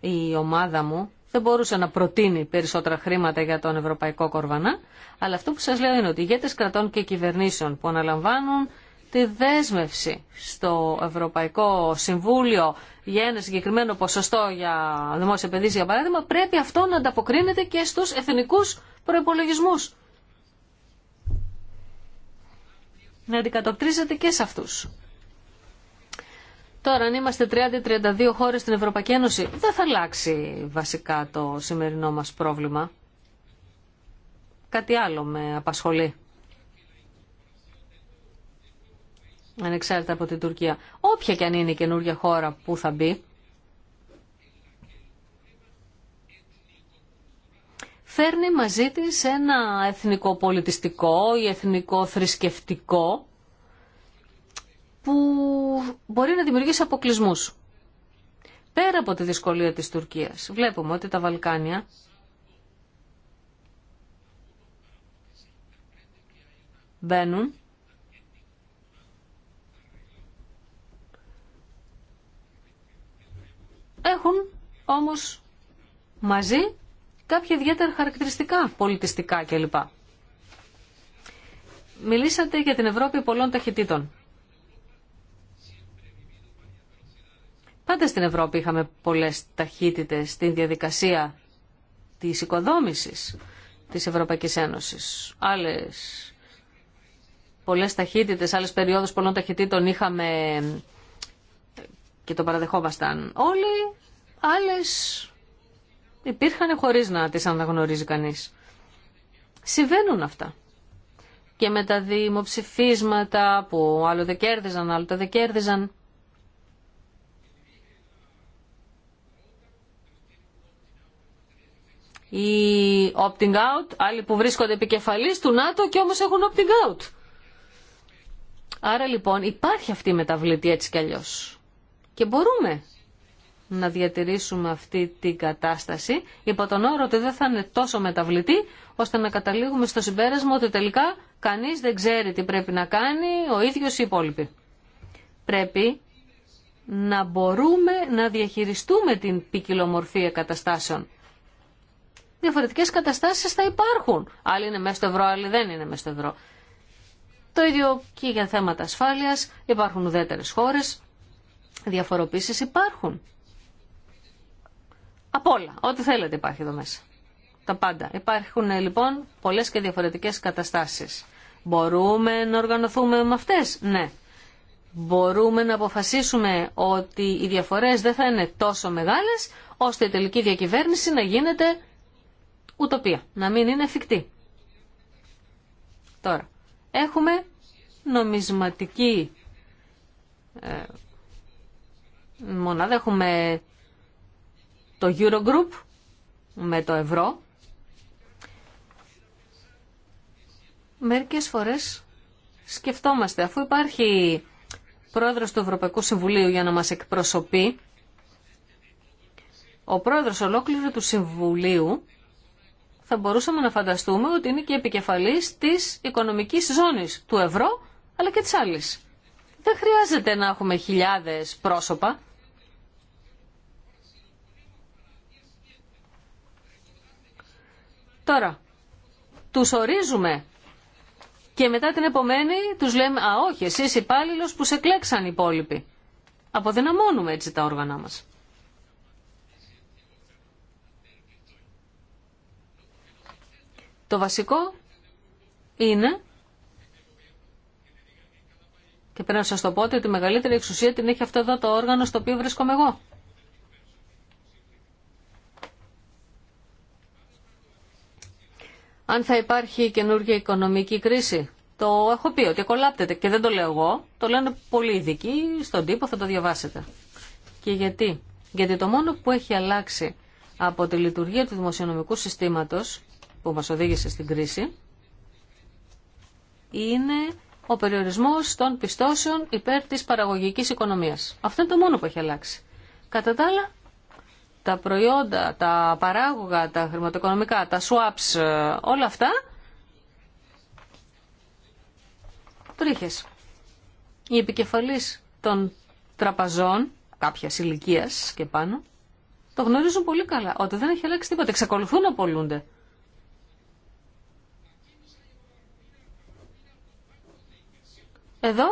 Η ομάδα μου δεν μπορούσε να προτείνει περισσότερα χρήματα για τον Ευρωπαϊκό Κορβανά, αλλά αυτό που σας λέω είναι ότι οι ηγέτες κρατών και κυβερνήσεων που αναλαμβάνουν τη δέσμευση στο Ευρωπαϊκό Συμβούλιο για ένα συγκεκριμένο ποσοστό για δημόσια επενδύσει, για παράδειγμα, πρέπει αυτό να ανταποκρίνεται και στους εθνικούς προπολογισμού. Να αντικατοπτρίζεται και σε αυτού. Τώρα, αν είμαστε 30-32 χώρες στην Ευρωπαϊκή Ένωση, δεν θα αλλάξει βασικά το σημερινό μας πρόβλημα. Κάτι άλλο με απασχολεί. ανεξάρτητα από την Τουρκία. Όποια και αν είναι η καινούργια χώρα που θα μπει, φέρνει μαζί της ένα εθνικό πολιτιστικό ή εθνικό θρησκευτικό που μπορεί να δημιουργήσει αποκλεισμού. Πέρα από τη δυσκολία της Τουρκίας, βλέπουμε ότι τα Βαλκάνια μπαίνουν Έχουν όμως μαζί κάποια ιδιαίτερα χαρακτηριστικά πολιτιστικά κλπ. Μιλήσατε για την Ευρώπη πολλών ταχυτήτων. Πάντα στην Ευρώπη είχαμε πολλές ταχύτητες στην διαδικασία της οικοδόμησης της Ευρωπαϊκής Ένωσης. Άλλες πολλές ταχύτητες, άλλες περιόδους πολλών ταχυτήτων είχαμε και το παραδεχόμασταν όλοι, άλλες υπήρχαν χωρίς να τις αναγνωρίζει κανείς. Συμβαίνουν αυτά. Και με τα δημοψηφίσματα που άλλο δεν κέρδιζαν, άλλο δεν κέρδιζαν. Οι opting out, άλλοι που βρίσκονται επικεφαλής του ΝΑΤΟ και όμως έχουν opting out. Άρα λοιπόν υπάρχει αυτή η μεταβλητή έτσι κι αλλιώς. Και μπορούμε να διατηρήσουμε αυτή την κατάσταση υπό τον όρο ότι δεν θα είναι τόσο μεταβλητή ώστε να καταλήγουμε στο συμπέρασμα ότι τελικά κανείς δεν ξέρει τι πρέπει να κάνει ο ίδιος ή οι υπόλοιποι. Πρέπει να μπορούμε να διαχειριστούμε την ποικιλομορφία καταστάσεων. Διαφορετικές καταστάσεις θα υπάρχουν. Άλλοι είναι μέσα στο ευρώ, άλλοι δεν είναι μέσα στο ευρώ. Το ίδιο και για θέματα ασφάλειας. Υπάρχουν ουδέτερες χώρες διαφοροποίησεις υπάρχουν. Από όλα, ό,τι θέλετε υπάρχει εδώ μέσα. Τα πάντα. Υπάρχουν ε, λοιπόν πολλές και διαφορετικές καταστάσεις. Μπορούμε να οργανωθούμε με αυτές, ναι. Μπορούμε να αποφασίσουμε ότι οι διαφορές δεν θα είναι τόσο μεγάλες, ώστε η τελική διακυβέρνηση να γίνεται ουτοπία, να μην είναι εφικτή. Τώρα, έχουμε νομισματική ε, μονάδα. Έχουμε το Eurogroup με το ευρώ. Μερικές φορές σκεφτόμαστε, αφού υπάρχει πρόεδρος του Ευρωπαϊκού Συμβουλίου για να μας εκπροσωπεί, ο πρόεδρος ολόκληρου του Συμβουλίου θα μπορούσαμε να φανταστούμε ότι είναι και επικεφαλής της οικονομικής ζώνης του ευρώ αλλά και της άλλης. Δεν χρειάζεται να έχουμε χιλιάδες πρόσωπα. Τώρα, του ορίζουμε και μετά την επομένη τους λέμε «Α, όχι, εσύ υπάλληλο που σε κλέξαν οι υπόλοιποι». Αποδυναμώνουμε έτσι τα όργανα μας. Το βασικό είναι, και πρέπει να σας το πω, ότι τη μεγαλύτερη εξουσία την έχει αυτό εδώ το όργανο στο οποίο βρίσκομαι εγώ. αν θα υπάρχει καινούργια οικονομική κρίση. Το έχω πει ότι κολλάπτεται και δεν το λέω εγώ, το λένε πολλοί ειδικοί, στον τύπο θα το διαβάσετε. Και γιατί. Γιατί το μόνο που έχει αλλάξει από τη λειτουργία του δημοσιονομικού συστήματος που μας οδήγησε στην κρίση είναι ο περιορισμός των πιστώσεων υπέρ της παραγωγικής οικονομίας. Αυτό είναι το μόνο που έχει αλλάξει. Κατά τα άλλα τα προϊόντα, τα παράγωγα, τα χρηματοοικονομικά, τα swaps, ε, όλα αυτά, τρίχες. Οι επικεφαλής των τραπαζών, κάποια ηλικία και πάνω, το γνωρίζουν πολύ καλά, ότι δεν έχει αλλάξει τίποτα, εξακολουθούν να πολλούνται. Εδώ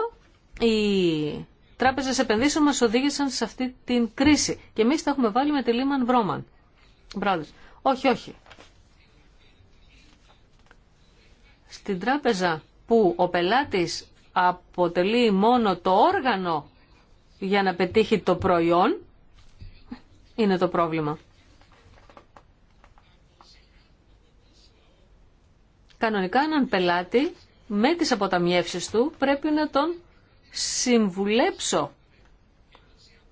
η τράπεζες επενδύσεων μα οδήγησαν σε αυτή την κρίση. Και εμεί τα έχουμε βάλει με τη Lehman βρόμαν, Brothers. Όχι, όχι. Στην τράπεζα που ο πελάτης αποτελεί μόνο το όργανο για να πετύχει το προϊόν, είναι το πρόβλημα. Κανονικά έναν πελάτη με τις αποταμιεύσεις του πρέπει να τον συμβουλέψω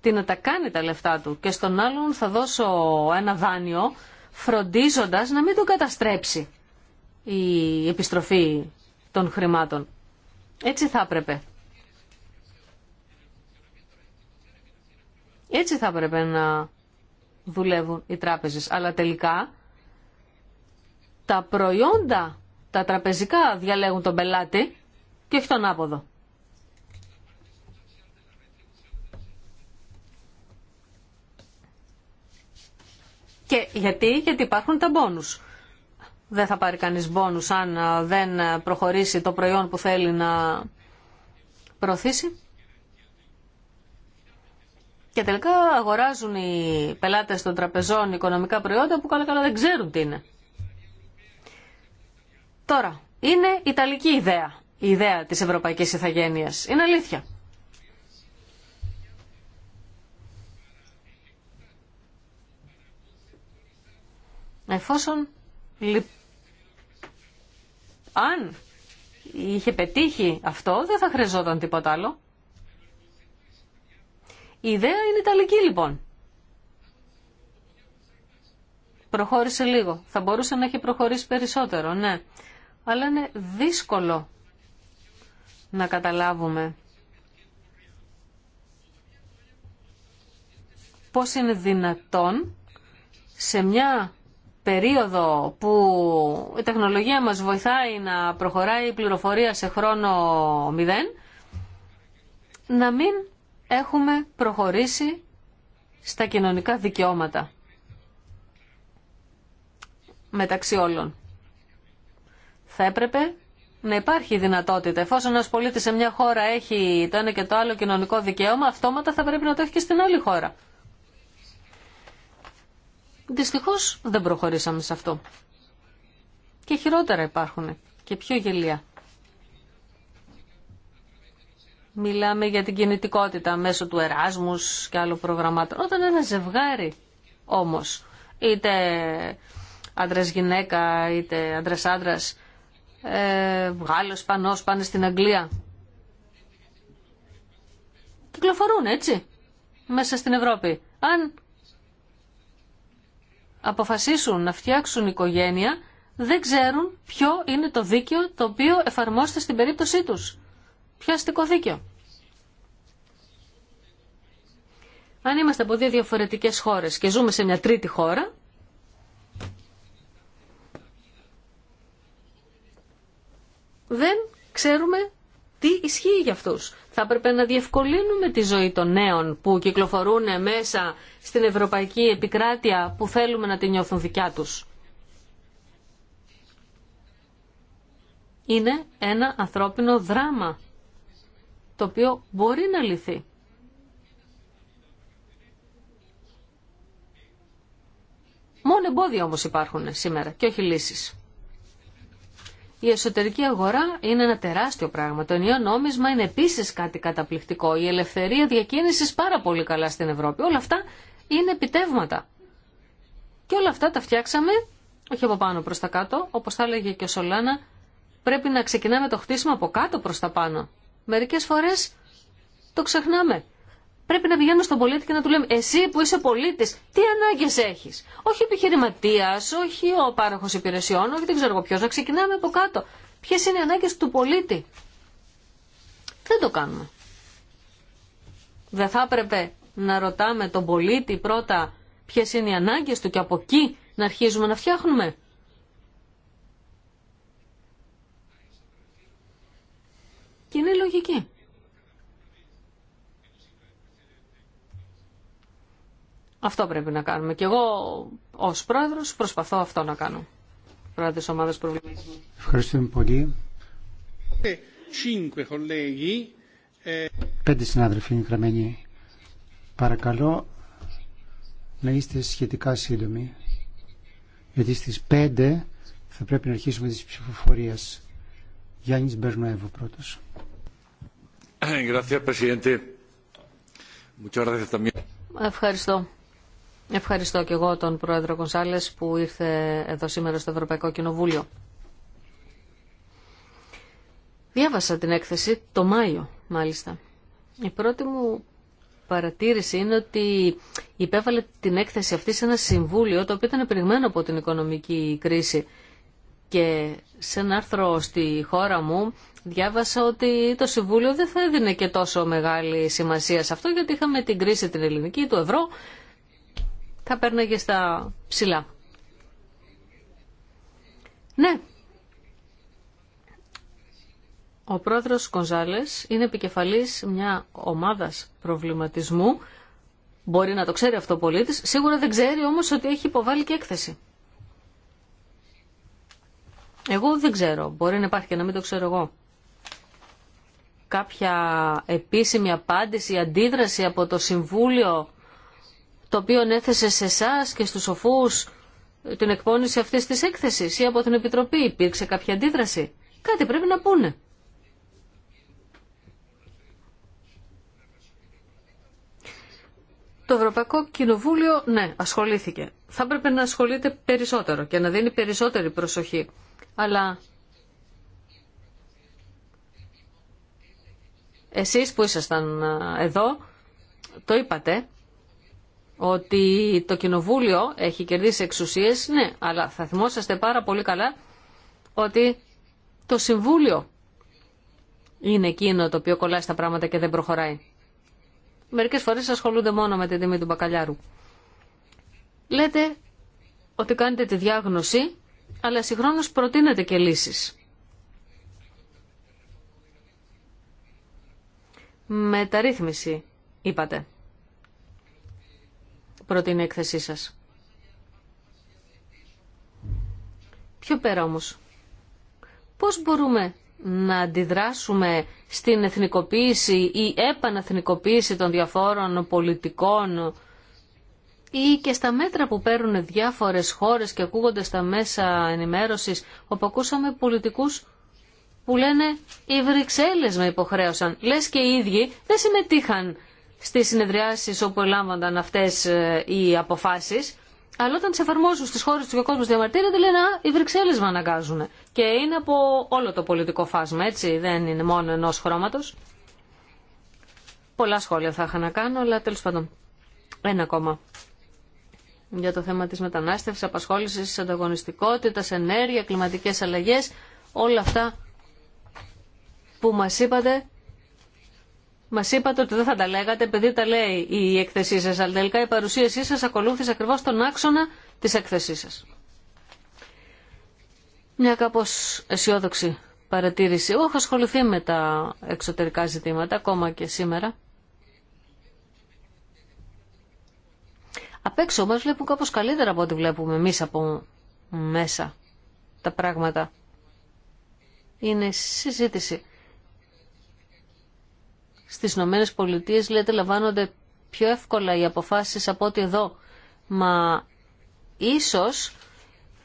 τι να τα κάνει τα λεφτά του και στον άλλον θα δώσω ένα δάνειο φροντίζοντας να μην τον καταστρέψει η επιστροφή των χρημάτων. Έτσι θα έπρεπε. Έτσι θα έπρεπε να δουλεύουν οι τράπεζες. Αλλά τελικά τα προϊόντα, τα τραπεζικά διαλέγουν τον πελάτη και έχει τον άποδο. Και γιατί, γιατί υπάρχουν τα μπόνους. Δεν θα πάρει κανείς μπόνους αν ε, δεν ε, προχωρήσει το προϊόν που θέλει να προωθήσει. Και τελικά αγοράζουν οι πελάτες των τραπεζών οικονομικά προϊόντα που καλά καλά δεν ξέρουν τι είναι. Τώρα, είναι ιταλική ιδέα, η ιδέα της ευρωπαϊκής ιθαγένειας, Είναι αλήθεια. Εφόσον, αν είχε πετύχει αυτό, δεν θα χρειαζόταν τίποτα άλλο. Η ιδέα είναι ταλική, λοιπόν. Προχώρησε λίγο. Θα μπορούσε να έχει προχωρήσει περισσότερο, ναι. Αλλά είναι δύσκολο να καταλάβουμε πώς είναι δυνατόν σε μια περίοδο που η τεχνολογία μας βοηθάει να προχωράει η πληροφορία σε χρόνο μηδέν, να μην έχουμε προχωρήσει στα κοινωνικά δικαιώματα μεταξύ όλων. Θα έπρεπε να υπάρχει δυνατότητα. Εφόσον ένα πολίτη σε μια χώρα έχει το ένα και το άλλο κοινωνικό δικαίωμα, αυτόματα θα πρέπει να το έχει και στην άλλη χώρα. Δυστυχώς δεν προχωρήσαμε σε αυτό. Και χειρότερα υπάρχουν και πιο γελία. Μιλάμε για την κινητικότητα μέσω του Εράσμους και άλλων προγραμμάτων. Όταν ένα ζευγάρι όμως, είτε άντρα γυναίκα, είτε άντρα άντρας, ε, Γάλλος, Πανός, πάνε στην Αγγλία. Κυκλοφορούν έτσι, μέσα στην Ευρώπη. Αν αποφασίσουν να φτιάξουν οικογένεια δεν ξέρουν ποιο είναι το δίκαιο το οποίο εφαρμόζεται στην περίπτωσή τους. Ποιο αστικό δίκαιο. Αν είμαστε από δύο διαφορετικές χώρες και ζούμε σε μια τρίτη χώρα, δεν ξέρουμε τι ισχύει για αυτούς. Θα έπρεπε να διευκολύνουμε τη ζωή των νέων που κυκλοφορούν μέσα στην ευρωπαϊκή επικράτεια που θέλουμε να την νιώθουν δικιά τους. Είναι ένα ανθρώπινο δράμα το οποίο μπορεί να λυθεί. Μόνο εμπόδια όμως υπάρχουν σήμερα και όχι λύσεις. Η εσωτερική αγορά είναι ένα τεράστιο πράγμα. Το νέο νόμισμα είναι επίση κάτι καταπληκτικό. Η ελευθερία διακίνηση πάρα πολύ καλά στην Ευρώπη. Όλα αυτά είναι επιτεύγματα. Και όλα αυτά τα φτιάξαμε, όχι από πάνω προ τα κάτω, όπω θα έλεγε και ο Σολάνα, πρέπει να ξεκινάμε το χτίσμα από κάτω προ τα πάνω. Μερικέ φορέ το ξεχνάμε πρέπει να πηγαίνουμε στον πολίτη και να του λέμε Εσύ που είσαι πολίτη, τι ανάγκε έχει. Όχι επιχειρηματία, όχι ο πάροχο υπηρεσιών, όχι δεν ξέρω εγώ ποιο. Να ξεκινάμε από κάτω. Ποιε είναι οι ανάγκε του πολίτη. Δεν το κάνουμε. Δεν θα έπρεπε να ρωτάμε τον πολίτη πρώτα ποιε είναι οι ανάγκε του και από εκεί να αρχίζουμε να φτιάχνουμε. Και είναι λογική. Αυτό πρέπει να κάνουμε. Και εγώ ω πρόεδρο προσπαθώ αυτό να κάνω. Πρόεδρο προβληματισμού. Ευχαριστούμε πολύ. Ε, ε, πέντε συνάδελφοι είναι γραμμένοι. Παρακαλώ να είστε σχετικά σύντομοι. Γιατί στι πέντε θα πρέπει να αρχίσουμε τις ψηφοφορία Γιάννης Μπερνοεύο πρώτος. Ε, Ευχαριστώ. Ευχαριστώ και εγώ τον Πρόεδρο Κονσάλες που ήρθε εδώ σήμερα στο Ευρωπαϊκό Κοινοβούλιο. Διάβασα την έκθεση το Μάιο, μάλιστα. Η πρώτη μου παρατήρηση είναι ότι υπέβαλε την έκθεση αυτή σε ένα συμβούλιο το οποίο ήταν περιγμένο από την οικονομική κρίση. Και σε ένα άρθρο στη χώρα μου διάβασα ότι το Συμβούλιο δεν θα έδινε και τόσο μεγάλη σημασία σε αυτό γιατί είχαμε την κρίση την ελληνική του ευρώ θα παίρναγε στα ψηλά. Ναι. Ο πρόεδρος Κονζάλες είναι επικεφαλής μια ομάδας προβληματισμού. Μπορεί να το ξέρει αυτό ο πολίτης. Σίγουρα δεν ξέρει όμως ότι έχει υποβάλει και έκθεση. Εγώ δεν ξέρω. Μπορεί να υπάρχει και να μην το ξέρω εγώ. Κάποια επίσημη απάντηση, αντίδραση από το Συμβούλιο το οποίο έθεσε σε εσά και στους σοφούς την εκπόνηση αυτής της έκθεσης ή από την Επιτροπή. Υπήρξε κάποια αντίδραση. Κάτι πρέπει να πούνε. Το Ευρωπαϊκό Κοινοβούλιο, ναι, ασχολήθηκε. Θα έπρεπε να ασχολείται περισσότερο και να δίνει περισσότερη προσοχή. Αλλά εσείς που ήσασταν ε, εδώ, το είπατε, ότι το Κοινοβούλιο έχει κερδίσει εξουσίες, ναι, αλλά θα θυμόσαστε πάρα πολύ καλά ότι το Συμβούλιο είναι εκείνο το οποίο κολλάει στα πράγματα και δεν προχωράει. Μερικές φορές ασχολούνται μόνο με την τιμή του μπακαλιάρου. Λέτε ότι κάνετε τη διάγνωση, αλλά συγχρόνως προτείνετε και λύσεις. Μεταρρύθμιση, είπατε προτείνει η έκθεσή σας. Πιο πέρα όμως, πώς μπορούμε να αντιδράσουμε στην εθνικοποίηση ή επαναθνικοποίηση των διαφόρων πολιτικών ή και στα μέτρα που παίρνουν διάφορες χώρες και ακούγονται στα μέσα ενημέρωσης όπου ακούσαμε πολιτικούς που λένε οι Βρυξέλλες με υποχρέωσαν. Λες και οι ίδιοι δεν συμμετείχαν στις συνεδριάσεις όπου ελάμβανταν αυτές ε, οι αποφάσεις, αλλά όταν τι εφαρμόζουν στις χώρες του και ο κόσμο διαμαρτύρεται, λένε Α, οι Βρυξέλλες με αναγκάζουν. Και είναι από όλο το πολιτικό φάσμα, έτσι. Δεν είναι μόνο ενό χρώματο. Πολλά σχόλια θα είχα να κάνω, αλλά τέλος πάντων. Ένα ακόμα. Για το θέμα της μετανάστευση, απασχόλησης, ανταγωνιστικότητας ενέργεια, κλιματικές αλλαγές Όλα αυτά που μας είπατε Μα είπατε ότι δεν θα τα λέγατε επειδή τα λέει η έκθεσή σα, αλλά τελικά η παρουσίασή σα ακολούθησε ακριβώ τον άξονα τη έκθεσή σα. Μια κάπω αισιόδοξη παρατήρηση. Εγώ έχω ασχοληθεί με τα εξωτερικά ζητήματα, ακόμα και σήμερα. Απ' έξω μας βλέπουν κάπως καλύτερα από ό,τι βλέπουμε εμείς από μέσα τα πράγματα. Είναι συζήτηση στις Ηνωμένες Πολιτείες λέτε λαμβάνονται πιο εύκολα οι αποφάσεις από ό,τι εδώ. Μα ίσως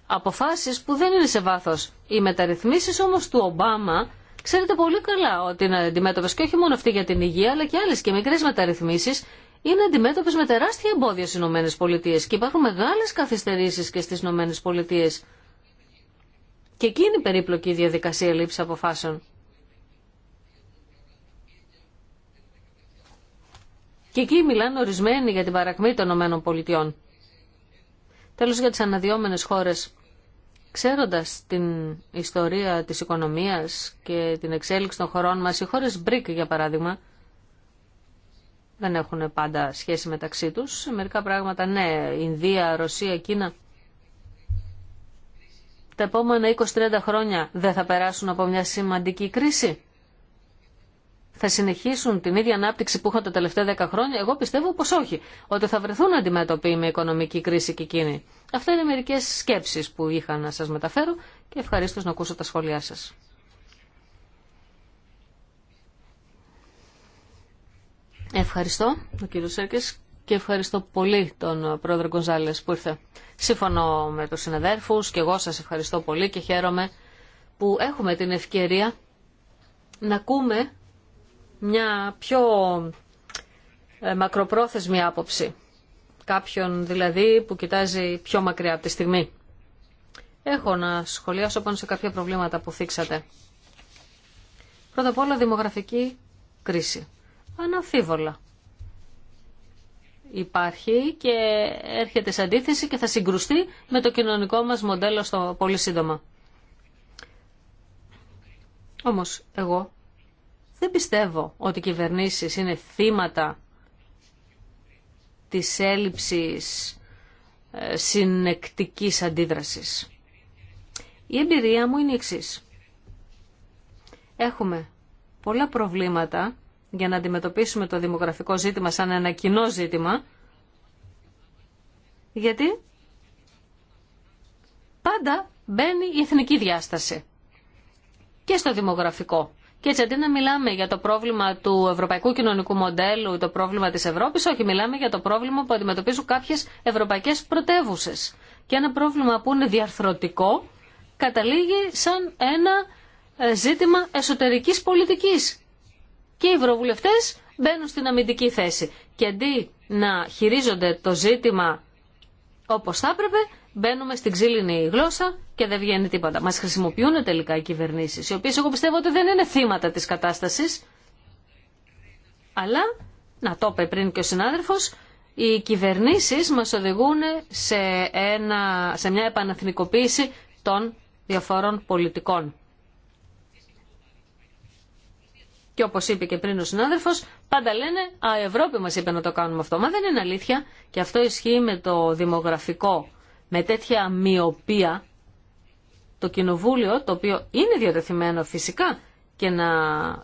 αποφάσεις που δεν είναι σε βάθος. Οι μεταρρυθμίσεις όμως του Ομπάμα ξέρετε πολύ καλά ότι είναι αντιμέτωπε και όχι μόνο αυτή για την υγεία αλλά και άλλες και μικρές μεταρρυθμίσεις είναι αντιμέτωπε με τεράστια εμπόδια στι Ηνωμένε Πολιτείε και υπάρχουν μεγάλε καθυστερήσει και στι Ηνωμένε Πολιτείε. Και εκεί είναι περίπλοκη διαδικασία λήψη αποφάσεων. Και εκεί μιλάνε ορισμένοι για την παρακμή των ΗΠΑ. Τέλος για τις αναδυόμενες χώρες. Ξέροντας την ιστορία της οικονομίας και την εξέλιξη των χωρών μας, οι χώρες BRIC για παράδειγμα, δεν έχουν πάντα σχέση μεταξύ τους. Μερικά πράγματα ναι, Ινδία, Ρωσία, Κίνα. Τα επόμενα 20-30 χρόνια δεν θα περάσουν από μια σημαντική κρίση θα συνεχίσουν την ίδια ανάπτυξη που είχαν τα τελευταία 10 χρόνια, εγώ πιστεύω πως όχι. Ότι θα βρεθούν αντιμέτωποι με οικονομική κρίση και εκείνη. Αυτά είναι μερικέ σκέψεις που είχα να σας μεταφέρω και ευχαρίστω να ακούσω τα σχόλιά σα. Ευχαριστώ, ο κύριο Σέρκες, και ευχαριστώ πολύ τον πρόεδρο Γκονζάλες που ήρθε. Σύμφωνο με του συναδέρφους και εγώ σα ευχαριστώ πολύ και χαίρομαι που έχουμε την ευκαιρία να ακούμε μια πιο ε, μακροπρόθεσμη άποψη. Κάποιον δηλαδή που κοιτάζει πιο μακριά από τη στιγμή. Έχω να σχολιάσω πάνω σε κάποια προβλήματα που θίξατε. Πρώτα απ' όλα δημογραφική κρίση. Αναμφίβολα. Υπάρχει και έρχεται σε αντίθεση και θα συγκρουστεί με το κοινωνικό μας μοντέλο στο πολύ σύντομα. Όμως εγώ δεν πιστεύω ότι οι κυβερνήσεις είναι θύματα της έλλειψης ε, συνεκτικής αντίδρασης. Η εμπειρία μου είναι η εξής. Έχουμε πολλά προβλήματα για να αντιμετωπίσουμε το δημογραφικό ζήτημα σαν ένα κοινό ζήτημα. Γιατί πάντα μπαίνει η εθνική διάσταση και στο δημογραφικό. Και έτσι αντί να μιλάμε για το πρόβλημα του ευρωπαϊκού κοινωνικού μοντέλου ή το πρόβλημα της Ευρώπης, όχι μιλάμε για το πρόβλημα που αντιμετωπίζουν κάποιες ευρωπαϊκές πρωτεύουσε. Και ένα πρόβλημα που είναι διαρθρωτικό καταλήγει σαν ένα ε, ζήτημα εσωτερικής πολιτικής. Και οι ευρωβουλευτές μπαίνουν στην αμυντική θέση. Και αντί να χειρίζονται το ζήτημα όπως θα έπρεπε, μπαίνουμε στην ξύλινη γλώσσα και δεν βγαίνει τίποτα. Μα χρησιμοποιούν τελικά οι κυβερνήσει. οι οποίε εγώ πιστεύω ότι δεν είναι θύματα τη κατάσταση. αλλά, να το είπε πριν και ο συνάδελφος, οι κυβερνήσει μα οδηγούν σε, μια επαναθνικοποίηση των διαφόρων πολιτικών. Και όπως είπε και πριν ο συνάδελφος, πάντα λένε «Α, η Ευρώπη μας είπε να το κάνουμε αυτό». Μα δεν είναι αλήθεια. Και αυτό ισχύει με το δημογραφικό με τέτοια μοιοπία το κοινοβούλιο, το οποίο είναι διατεθειμένο φυσικά και να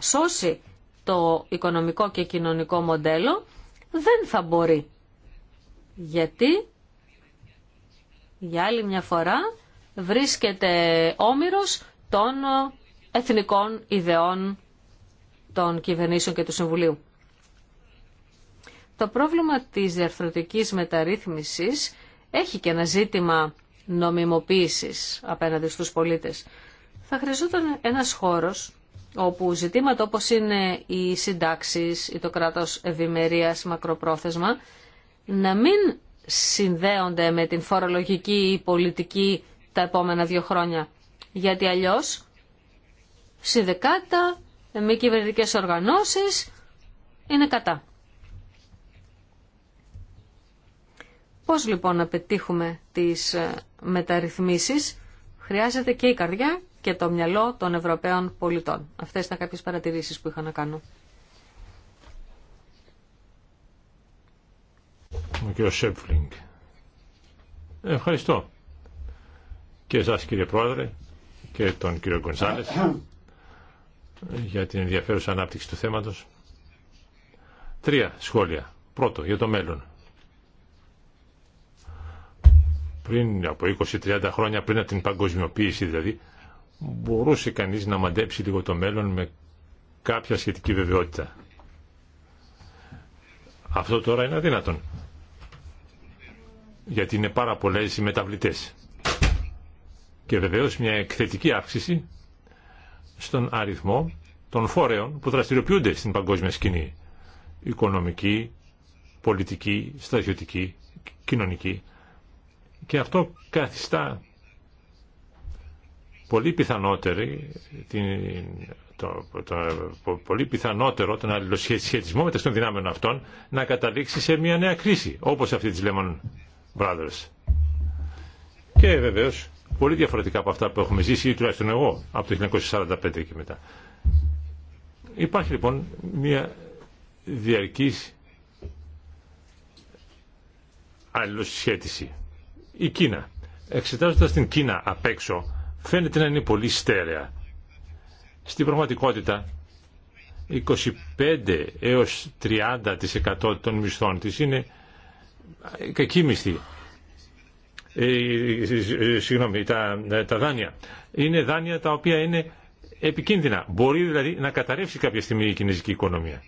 σώσει το οικονομικό και κοινωνικό μοντέλο, δεν θα μπορεί. Γιατί, για άλλη μια φορά, βρίσκεται όμοιρος των εθνικών ιδεών των κυβερνήσεων και του Συμβουλίου. Το πρόβλημα της διαρθρωτικής μεταρρύθμισης έχει και ένα ζήτημα νομιμοποίησης απέναντι στους πολίτες. Θα χρειαζόταν ένας χώρος όπου ζητήματα όπως είναι οι συντάξεις ή το κράτος ευημερία μακροπρόθεσμα να μην συνδέονται με την φορολογική ή πολιτική τα επόμενα δύο χρόνια. Γιατί αλλιώς συνδεκάτα, μη κυβερνητικέ οργανώσεις είναι κατά. Πώς λοιπόν να πετύχουμε τις ε, μεταρρυθμίσεις χρειάζεται και η καρδιά και το μυαλό των Ευρωπαίων πολιτών. Αυτές ήταν κάποιες παρατηρήσεις που είχα να κάνω. Ο ε, Ευχαριστώ. Και σας κύριε Πρόεδρε και τον κύριο Γκονσάλες για την ενδιαφέρουσα ανάπτυξη του θέματος. Τρία σχόλια. Πρώτο, για το μέλλον. πριν από 20-30 χρόνια, πριν από την παγκοσμιοποίηση δηλαδή, μπορούσε κανείς να μαντέψει λίγο το μέλλον με κάποια σχετική βεβαιότητα. Αυτό τώρα είναι αδύνατον, γιατί είναι πάρα πολλές οι μεταβλητές. Και βεβαίως μια εκθετική αύξηση στον αριθμό των φόρεων που δραστηριοποιούνται στην παγκόσμια σκηνή. Οικονομική, πολιτική, στρατιωτική, κοινωνική. Και αυτό καθιστά πολύ πιθανότερη την, το, πολύ πιθανότερο τον αλληλοσχετισμό μεταξύ των δυνάμεων αυτών να καταλήξει σε μια νέα κρίση όπως αυτή της Lehman Brothers. Και βεβαίως πολύ διαφορετικά από αυτά που έχουμε ζήσει ή τουλάχιστον εγώ από το 1945 και μετά. Υπάρχει λοιπόν μια διαρκής αλληλοσχέτιση. Η Κίνα. Εξετάζοντας την Κίνα απ' έξω, φαίνεται να είναι πολύ στέρεα. Στην πραγματικότητα, 25 έως 30% των μισθών της είναι κακή μισθή. Ε, ε, ε, συγγνώμη, τα, τα δάνεια. Είναι δάνεια τα οποία είναι επικίνδυνα. Μπορεί δηλαδή να καταρρεύσει κάποια στιγμή η κινέζικη οικονομία.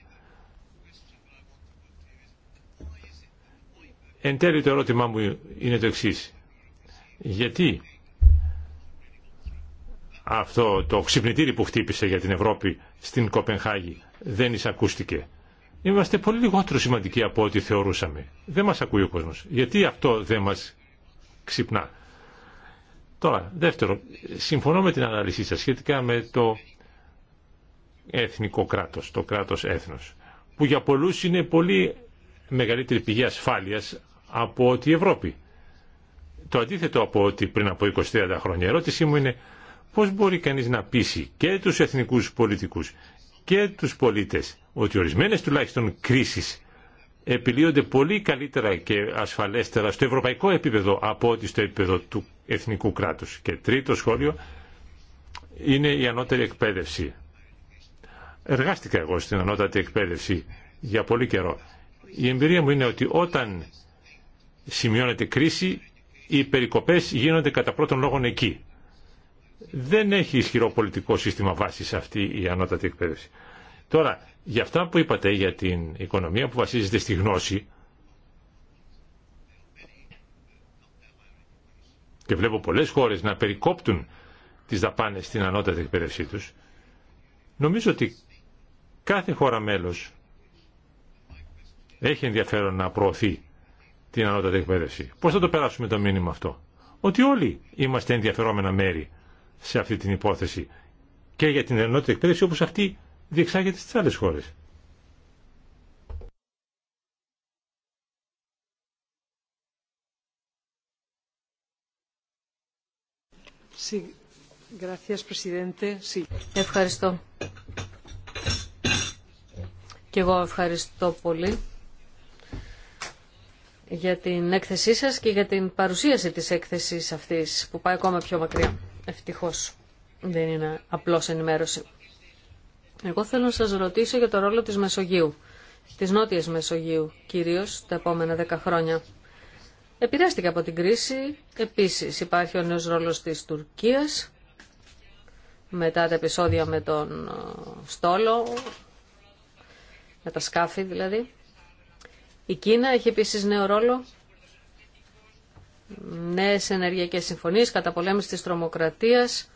Εν τέλει το ερώτημά μου είναι το εξή. Γιατί αυτό το ξυπνητήρι που χτύπησε για την Ευρώπη στην Κοπενχάγη δεν εισακούστηκε. Είμαστε πολύ λιγότερο σημαντικοί από ό,τι θεωρούσαμε. Δεν μας ακούει ο κόσμος. Γιατί αυτό δεν μας ξυπνά. Τώρα, δεύτερο, συμφωνώ με την ανάλυση σας σχετικά με το εθνικό κράτος, το κράτος έθνος, που για πολλούς είναι πολύ μεγαλύτερη πηγή ασφάλειας από ότι η Ευρώπη. Το αντίθετο από ότι πριν από 20-30 χρόνια. Η ερώτησή μου είναι πώς μπορεί κανείς να πείσει και τους εθνικούς πολιτικούς και τους πολίτες ότι ορισμένες τουλάχιστον κρίσεις επιλύονται πολύ καλύτερα και ασφαλέστερα στο ευρωπαϊκό επίπεδο από ότι στο επίπεδο του εθνικού κράτους. Και τρίτο σχόλιο είναι η ανώτερη εκπαίδευση. Εργάστηκα εγώ στην ανώτατη εκπαίδευση για πολύ καιρό. Η εμπειρία μου είναι ότι όταν σημειώνεται κρίση, οι περικοπές γίνονται κατά πρώτον λόγον εκεί. Δεν έχει ισχυρό πολιτικό σύστημα βάσης αυτή η ανώτατη εκπαίδευση. Τώρα, για αυτά που είπατε για την οικονομία που βασίζεται στη γνώση, και βλέπω πολλές χώρες να περικόπτουν τις δαπάνες στην ανώτατη εκπαίδευσή τους, νομίζω ότι κάθε χώρα μέλος έχει ενδιαφέρον να προωθεί την ανώτατη εκπαίδευση. Πώ θα το περάσουμε το μήνυμα αυτό. Ότι όλοι είμαστε ενδιαφερόμενα μέρη σε αυτή την υπόθεση και για την ενότητα εκπαίδευση όπω αυτή διεξάγεται στι άλλες χώρες. Ευχαριστώ. Και εγώ ευχαριστώ πολύ για την έκθεσή σας και για την παρουσίαση της έκθεσης αυτής που πάει ακόμα πιο μακριά. Ευτυχώς δεν είναι απλώς ενημέρωση. Εγώ θέλω να σας ρωτήσω για το ρόλο της Μεσογείου, της Νότιας Μεσογείου κυρίως τα επόμενα δέκα χρόνια. Επηρεάστηκε από την κρίση, επίσης υπάρχει ο νέος ρόλος της Τουρκίας, μετά τα επεισόδια με τον ε, στόλο, με τα σκάφη δηλαδή. Η Κίνα έχει επίση νέο ρόλο. Νέες ενεργειακές συμφωνίες, καταπολέμηση της τρομοκρατίας,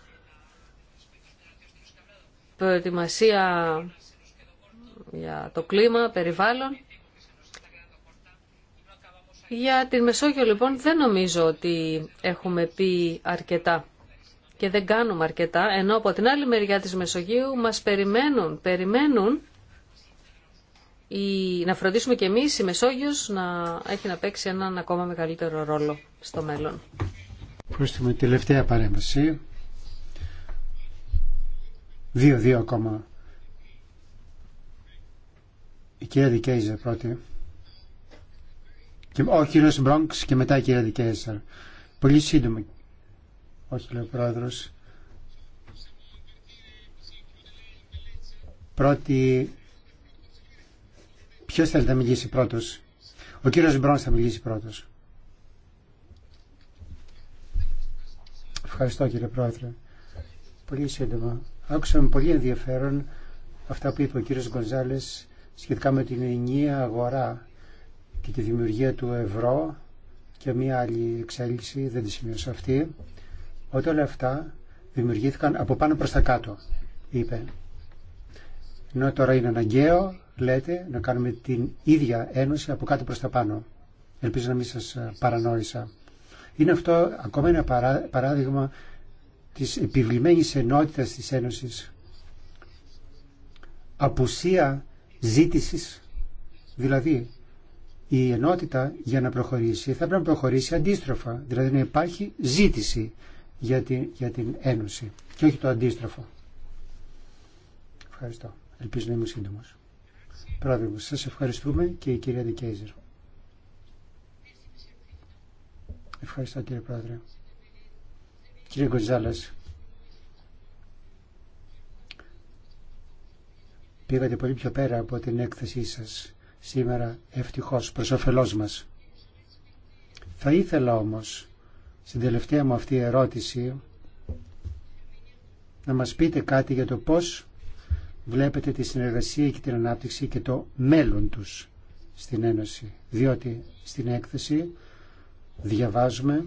προετοιμασία για το κλίμα, περιβάλλον. Για την Μεσόγειο λοιπόν δεν νομίζω ότι έχουμε πει αρκετά και δεν κάνουμε αρκετά, ενώ από την άλλη μεριά της Μεσογείου μας περιμένουν, περιμένουν η, να φροντίσουμε και εμείς η Μεσόγειος να έχει να παίξει έναν ακόμα μεγαλύτερο ρόλο στο μέλλον. Ευχαριστούμε. Τελευταία παρέμβαση. Δύο, δύο ακόμα. Η κυρία Δικέιζερ πρώτη. Και, ο κύριο Μπρόγκ και μετά η κυρία Δικέιζερ. Πολύ σύντομα. Όχι, λέει ο πρόεδρο. Πρώτη Ποιος θέλει να μιλήσει πρώτος. Ο κύριος Μπρόνς θα μιλήσει πρώτος. Ευχαριστώ κύριε Πρόεδρε. Πολύ σύντομα. Άκουσα με πολύ ενδιαφέρον αυτά που είπε ο κύριος Γκονζάλης σχετικά με την ενιαία αγορά και τη δημιουργία του ευρώ και μία άλλη εξέλιξη, δεν τη σημειώσα αυτή, ότι όλα αυτά δημιουργήθηκαν από πάνω προς τα κάτω, είπε. Ενώ τώρα είναι αναγκαίο, λέτε, να κάνουμε την ίδια ένωση από κάτω προς τα πάνω. Ελπίζω να μην σας ε, παρανόησα. Είναι αυτό ακόμα ένα παράδειγμα της επιβλημένης ενότητας της Ένωσης. Απουσία ζήτησης, δηλαδή η ενότητα για να προχωρήσει θα πρέπει να προχωρήσει αντίστροφα, δηλαδή να υπάρχει ζήτηση για την, για την Ένωση και όχι το αντίστροφο. Ευχαριστώ. Ελπίζω να είμαι σύντομο. Πρόεδρο, σα ευχαριστούμε και η κυρία Δικέιζερ. Ευχαριστώ κύριε Πρόεδρε. Κύριε Γκοντζάλα, πήγατε πολύ πιο πέρα από την έκθεσή σας σήμερα ευτυχώς προ όφελό μα. Θα ήθελα όμως στην τελευταία μου αυτή ερώτηση να μας πείτε κάτι για το πώς βλέπετε τη συνεργασία και την ανάπτυξη και το μέλλον τους στην Ένωση. Διότι στην έκθεση διαβάζουμε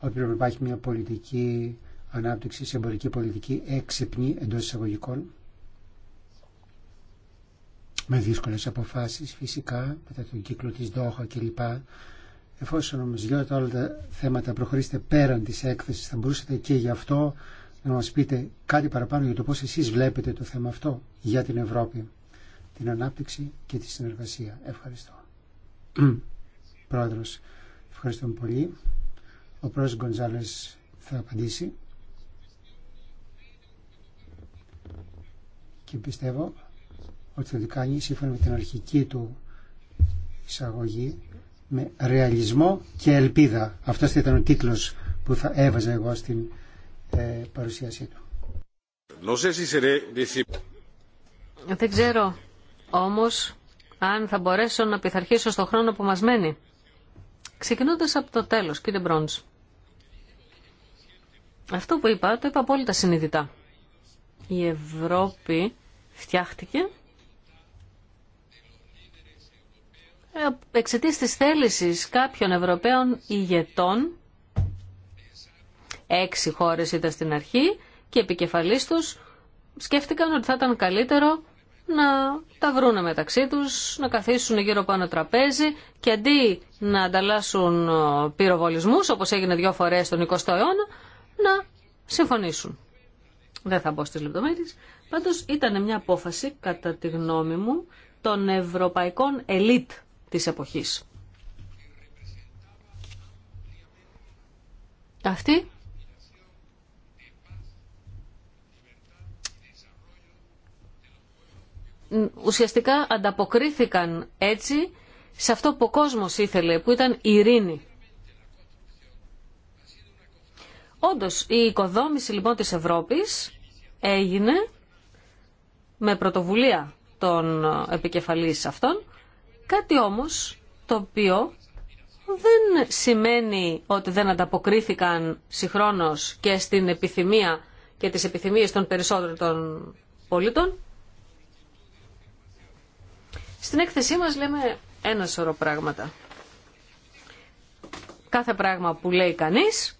ότι πρέπει να υπάρχει μια πολιτική ανάπτυξη, σε εμπορική πολιτική έξυπνη εντό εισαγωγικών με δύσκολε αποφάσει φυσικά μετά τον κύκλο της Δόχα κλπ. Εφόσον όμως για όλα τα θέματα προχωρήσετε πέραν της έκθεση θα μπορούσατε και γι' αυτό να μας πείτε κάτι παραπάνω για το πώς εσείς βλέπετε το θέμα αυτό για την Ευρώπη, την ανάπτυξη και τη συνεργασία. Ευχαριστώ. [clears throat] Πρόεδρος, ευχαριστώ πολύ. Ο πρόεδρος Γκονζάλες θα απαντήσει. Και πιστεύω ότι θα το κάνει σύμφωνα με την αρχική του εισαγωγή με ρεαλισμό και ελπίδα. Αυτός θα ήταν ο τίτλος που θα έβαζα εγώ στην ε, Δεν ξέρω όμως αν θα μπορέσω να πειθαρχήσω στο χρόνο που μας μένει. Ξεκινώντας από το τέλος, κύριε Μπρόντς. Αυτό που είπα, το είπα απόλυτα συνειδητά. Η Ευρώπη φτιάχτηκε ε, εξαιτίας της θέλησης κάποιων Ευρωπαίων ηγετών Έξι χώρες ήταν στην αρχή και επικεφαλής τους σκέφτηκαν ότι θα ήταν καλύτερο να τα βρούνε μεταξύ τους, να καθίσουν γύρω πάνω τραπέζι και αντί να ανταλλάσσουν ε, πυροβολισμούς, όπως έγινε δύο φορές τον 20ο αιώνα, να συμφωνήσουν. Δεν θα μπω στις λεπτομέρειες. Πάντως ήταν μια απόφαση, κατά τη γνώμη μου, των ευρωπαϊκών ελίτ της εποχής. Αυτή ουσιαστικά ανταποκρίθηκαν έτσι σε αυτό που ο κόσμος ήθελε, που ήταν ειρήνη. Όντως, η οικοδόμηση λοιπόν της Ευρώπης έγινε με πρωτοβουλία των επικεφαλής αυτών, κάτι όμως το οποίο δεν σημαίνει ότι δεν ανταποκρίθηκαν συγχρόνως και στην επιθυμία και τις επιθυμίες των περισσότερων των πολίτων, στην έκθεσή μας λέμε ένα σωρό πράγματα. Κάθε πράγμα που λέει κανείς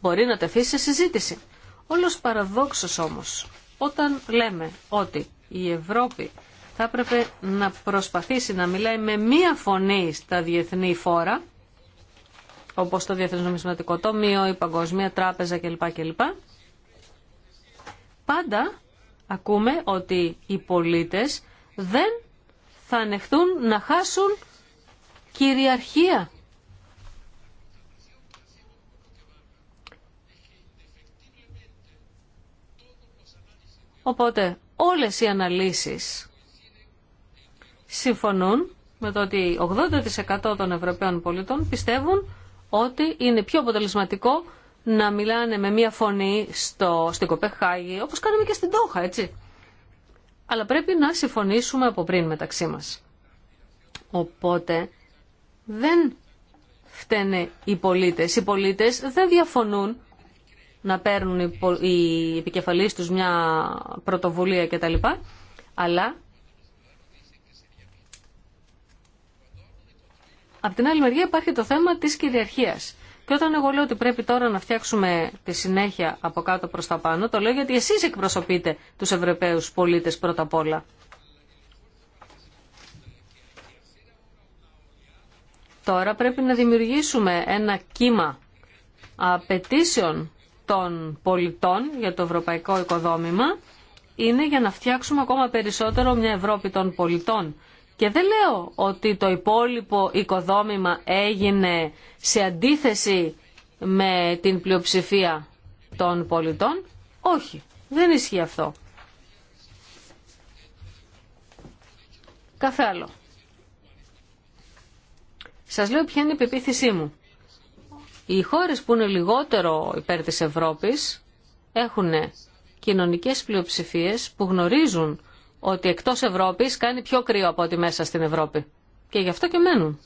μπορεί να τεθεί σε συζήτηση. Όλος παραδόξος όμως, όταν λέμε ότι η Ευρώπη θα έπρεπε να προσπαθήσει να μιλάει με μία φωνή στα διεθνή φόρα, όπως το Διεθνές Νομισματικό τομείο, η Παγκοσμία Τράπεζα κλπ. κλπ. Πάντα ακούμε ότι οι πολίτες δεν θα ανεχθούν να χάσουν κυριαρχία. Οπότε όλες οι αναλύσεις συμφωνούν με το ότι 80% των Ευρωπαίων πολιτών πιστεύουν ότι είναι πιο αποτελεσματικό να μιλάνε με μία φωνή στο, στην Κοπεχάγη, όπως κάνουμε και στην Τόχα, έτσι αλλά πρέπει να συμφωνήσουμε από πριν μεταξύ μας. Οπότε δεν φταίνε οι πολίτες. Οι πολίτες δεν διαφωνούν να παίρνουν οι επικεφαλείς τους μια πρωτοβουλία κτλ. Αλλά από την άλλη μεριά υπάρχει το θέμα της κυριαρχίας. Και όταν εγώ λέω ότι πρέπει τώρα να φτιάξουμε τη συνέχεια από κάτω προς τα πάνω, το λέω γιατί εσείς εκπροσωπείτε τους Ευρωπαίους πολίτες πρώτα απ' όλα. Τώρα πρέπει να δημιουργήσουμε ένα κύμα απαιτήσεων των πολιτών για το ευρωπαϊκό οικοδόμημα είναι για να φτιάξουμε ακόμα περισσότερο μια Ευρώπη των πολιτών και δεν λέω ότι το υπόλοιπο οικοδόμημα έγινε σε αντίθεση με την πλειοψηφία των πολιτών. Όχι, δεν ισχύει αυτό. Καφέ άλλο. Σας λέω ποια είναι η πεποίθησή μου. Οι χώρες που είναι λιγότερο υπέρ της Ευρώπης έχουν κοινωνικές πλειοψηφίες που γνωρίζουν ότι εκτός Ευρώπης κάνει πιο κρύο από ότι μέσα στην Ευρώπη. Και γι' αυτό και μένουν.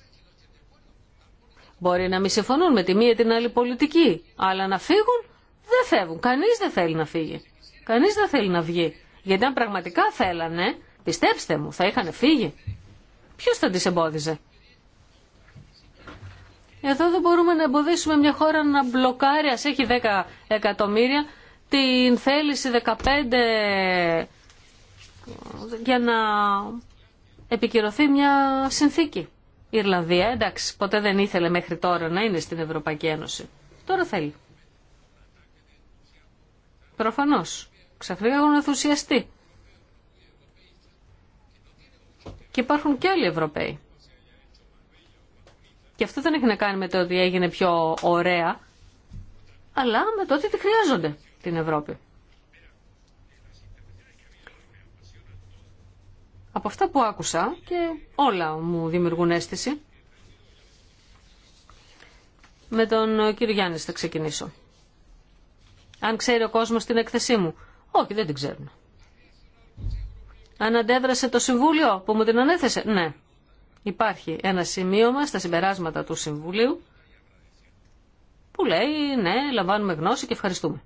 Μπορεί να μην συμφωνούν με τη μία ή την άλλη πολιτική, αλλά να φύγουν δεν φεύγουν. Κανείς δεν θέλει να φύγει. Κανείς δεν θέλει να βγει. Γιατί αν πραγματικά θέλανε, πιστέψτε μου, θα είχαν φύγει. Ποιος θα τις εμπόδιζε. Εδώ δεν μπορούμε να εμποδίσουμε μια χώρα να μπλοκάρει, ας έχει 10 εκατομμύρια, την θέληση 15 για να επικυρωθεί μια συνθήκη. Η Ιρλανδία, εντάξει, ποτέ δεν ήθελε μέχρι τώρα να είναι στην Ευρωπαϊκή Ένωση. Τώρα θέλει. Προφανώς. Ξαφνικά έχουν ενθουσιαστεί. Και υπάρχουν και άλλοι Ευρωπαίοι. Και αυτό δεν έχει να κάνει με το ότι έγινε πιο ωραία, αλλά με το ότι τη χρειάζονται την Ευρώπη. Από αυτά που άκουσα και όλα μου δημιουργούν αίσθηση. Με τον ε, κύριο Γιάννη θα ξεκινήσω. Αν ξέρει ο κόσμος την έκθεσή μου. Όχι, δεν την ξέρουν. Αν αντέδρασε το Συμβούλιο που μου την ανέθεσε. Ναι. Υπάρχει ένα σημείωμα στα συμπεράσματα του Συμβουλίου που λέει ναι, λαμβάνουμε γνώση και ευχαριστούμε.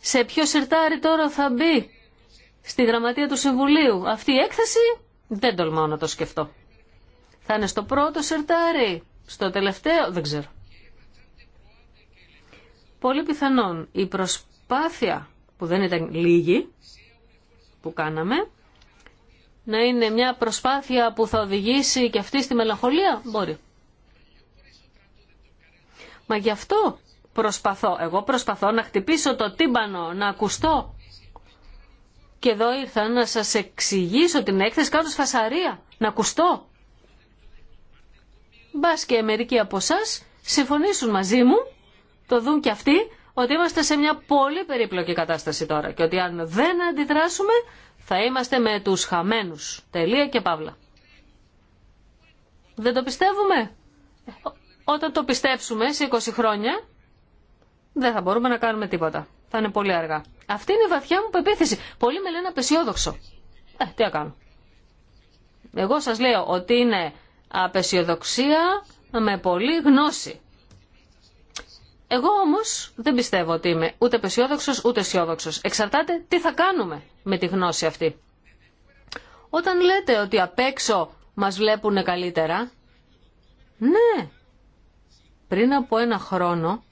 Σε ποιο σιρτάρι τώρα θα μπει στη γραμματεία του Συμβουλίου. Αυτή η έκθεση δεν τολμάω να το σκεφτώ. Θα είναι στο πρώτο σερτάρι, στο τελευταίο, δεν ξέρω. Πολύ πιθανόν η προσπάθεια που δεν ήταν λίγη που κάναμε, να είναι μια προσπάθεια που θα οδηγήσει και αυτή στη μελαγχολία, μπορεί. Μα γι' αυτό προσπαθώ. Εγώ προσπαθώ να χτυπήσω το τύμπανο, να ακουστώ και εδώ ήρθα να σας εξηγήσω την έκθεση κάτω φασαρία, να ακουστώ. Μπα και μερικοί από εσά συμφωνήσουν μαζί μου, το δουν και αυτοί, ότι είμαστε σε μια πολύ περίπλοκη κατάσταση τώρα και ότι αν δεν αντιδράσουμε θα είμαστε με τους χαμένους. Τελεία και παύλα. Δεν το πιστεύουμε. Όταν το πιστέψουμε σε 20 χρόνια δεν θα μπορούμε να κάνουμε τίποτα. Θα είναι πολύ αργά. Αυτή είναι η βαθιά μου πεποίθηση. Πολλοί με λένε απεσιόδοξο. Ε, τι θα κάνω. Εγώ σας λέω ότι είναι απεσιοδοξία με πολλή γνώση. Εγώ όμως δεν πιστεύω ότι είμαι ούτε απεσιόδοξος ούτε αισιόδοξο. Εξαρτάται τι θα κάνουμε με τη γνώση αυτή. Όταν λέτε ότι απ' έξω μας βλέπουν καλύτερα, ναι, πριν από ένα χρόνο,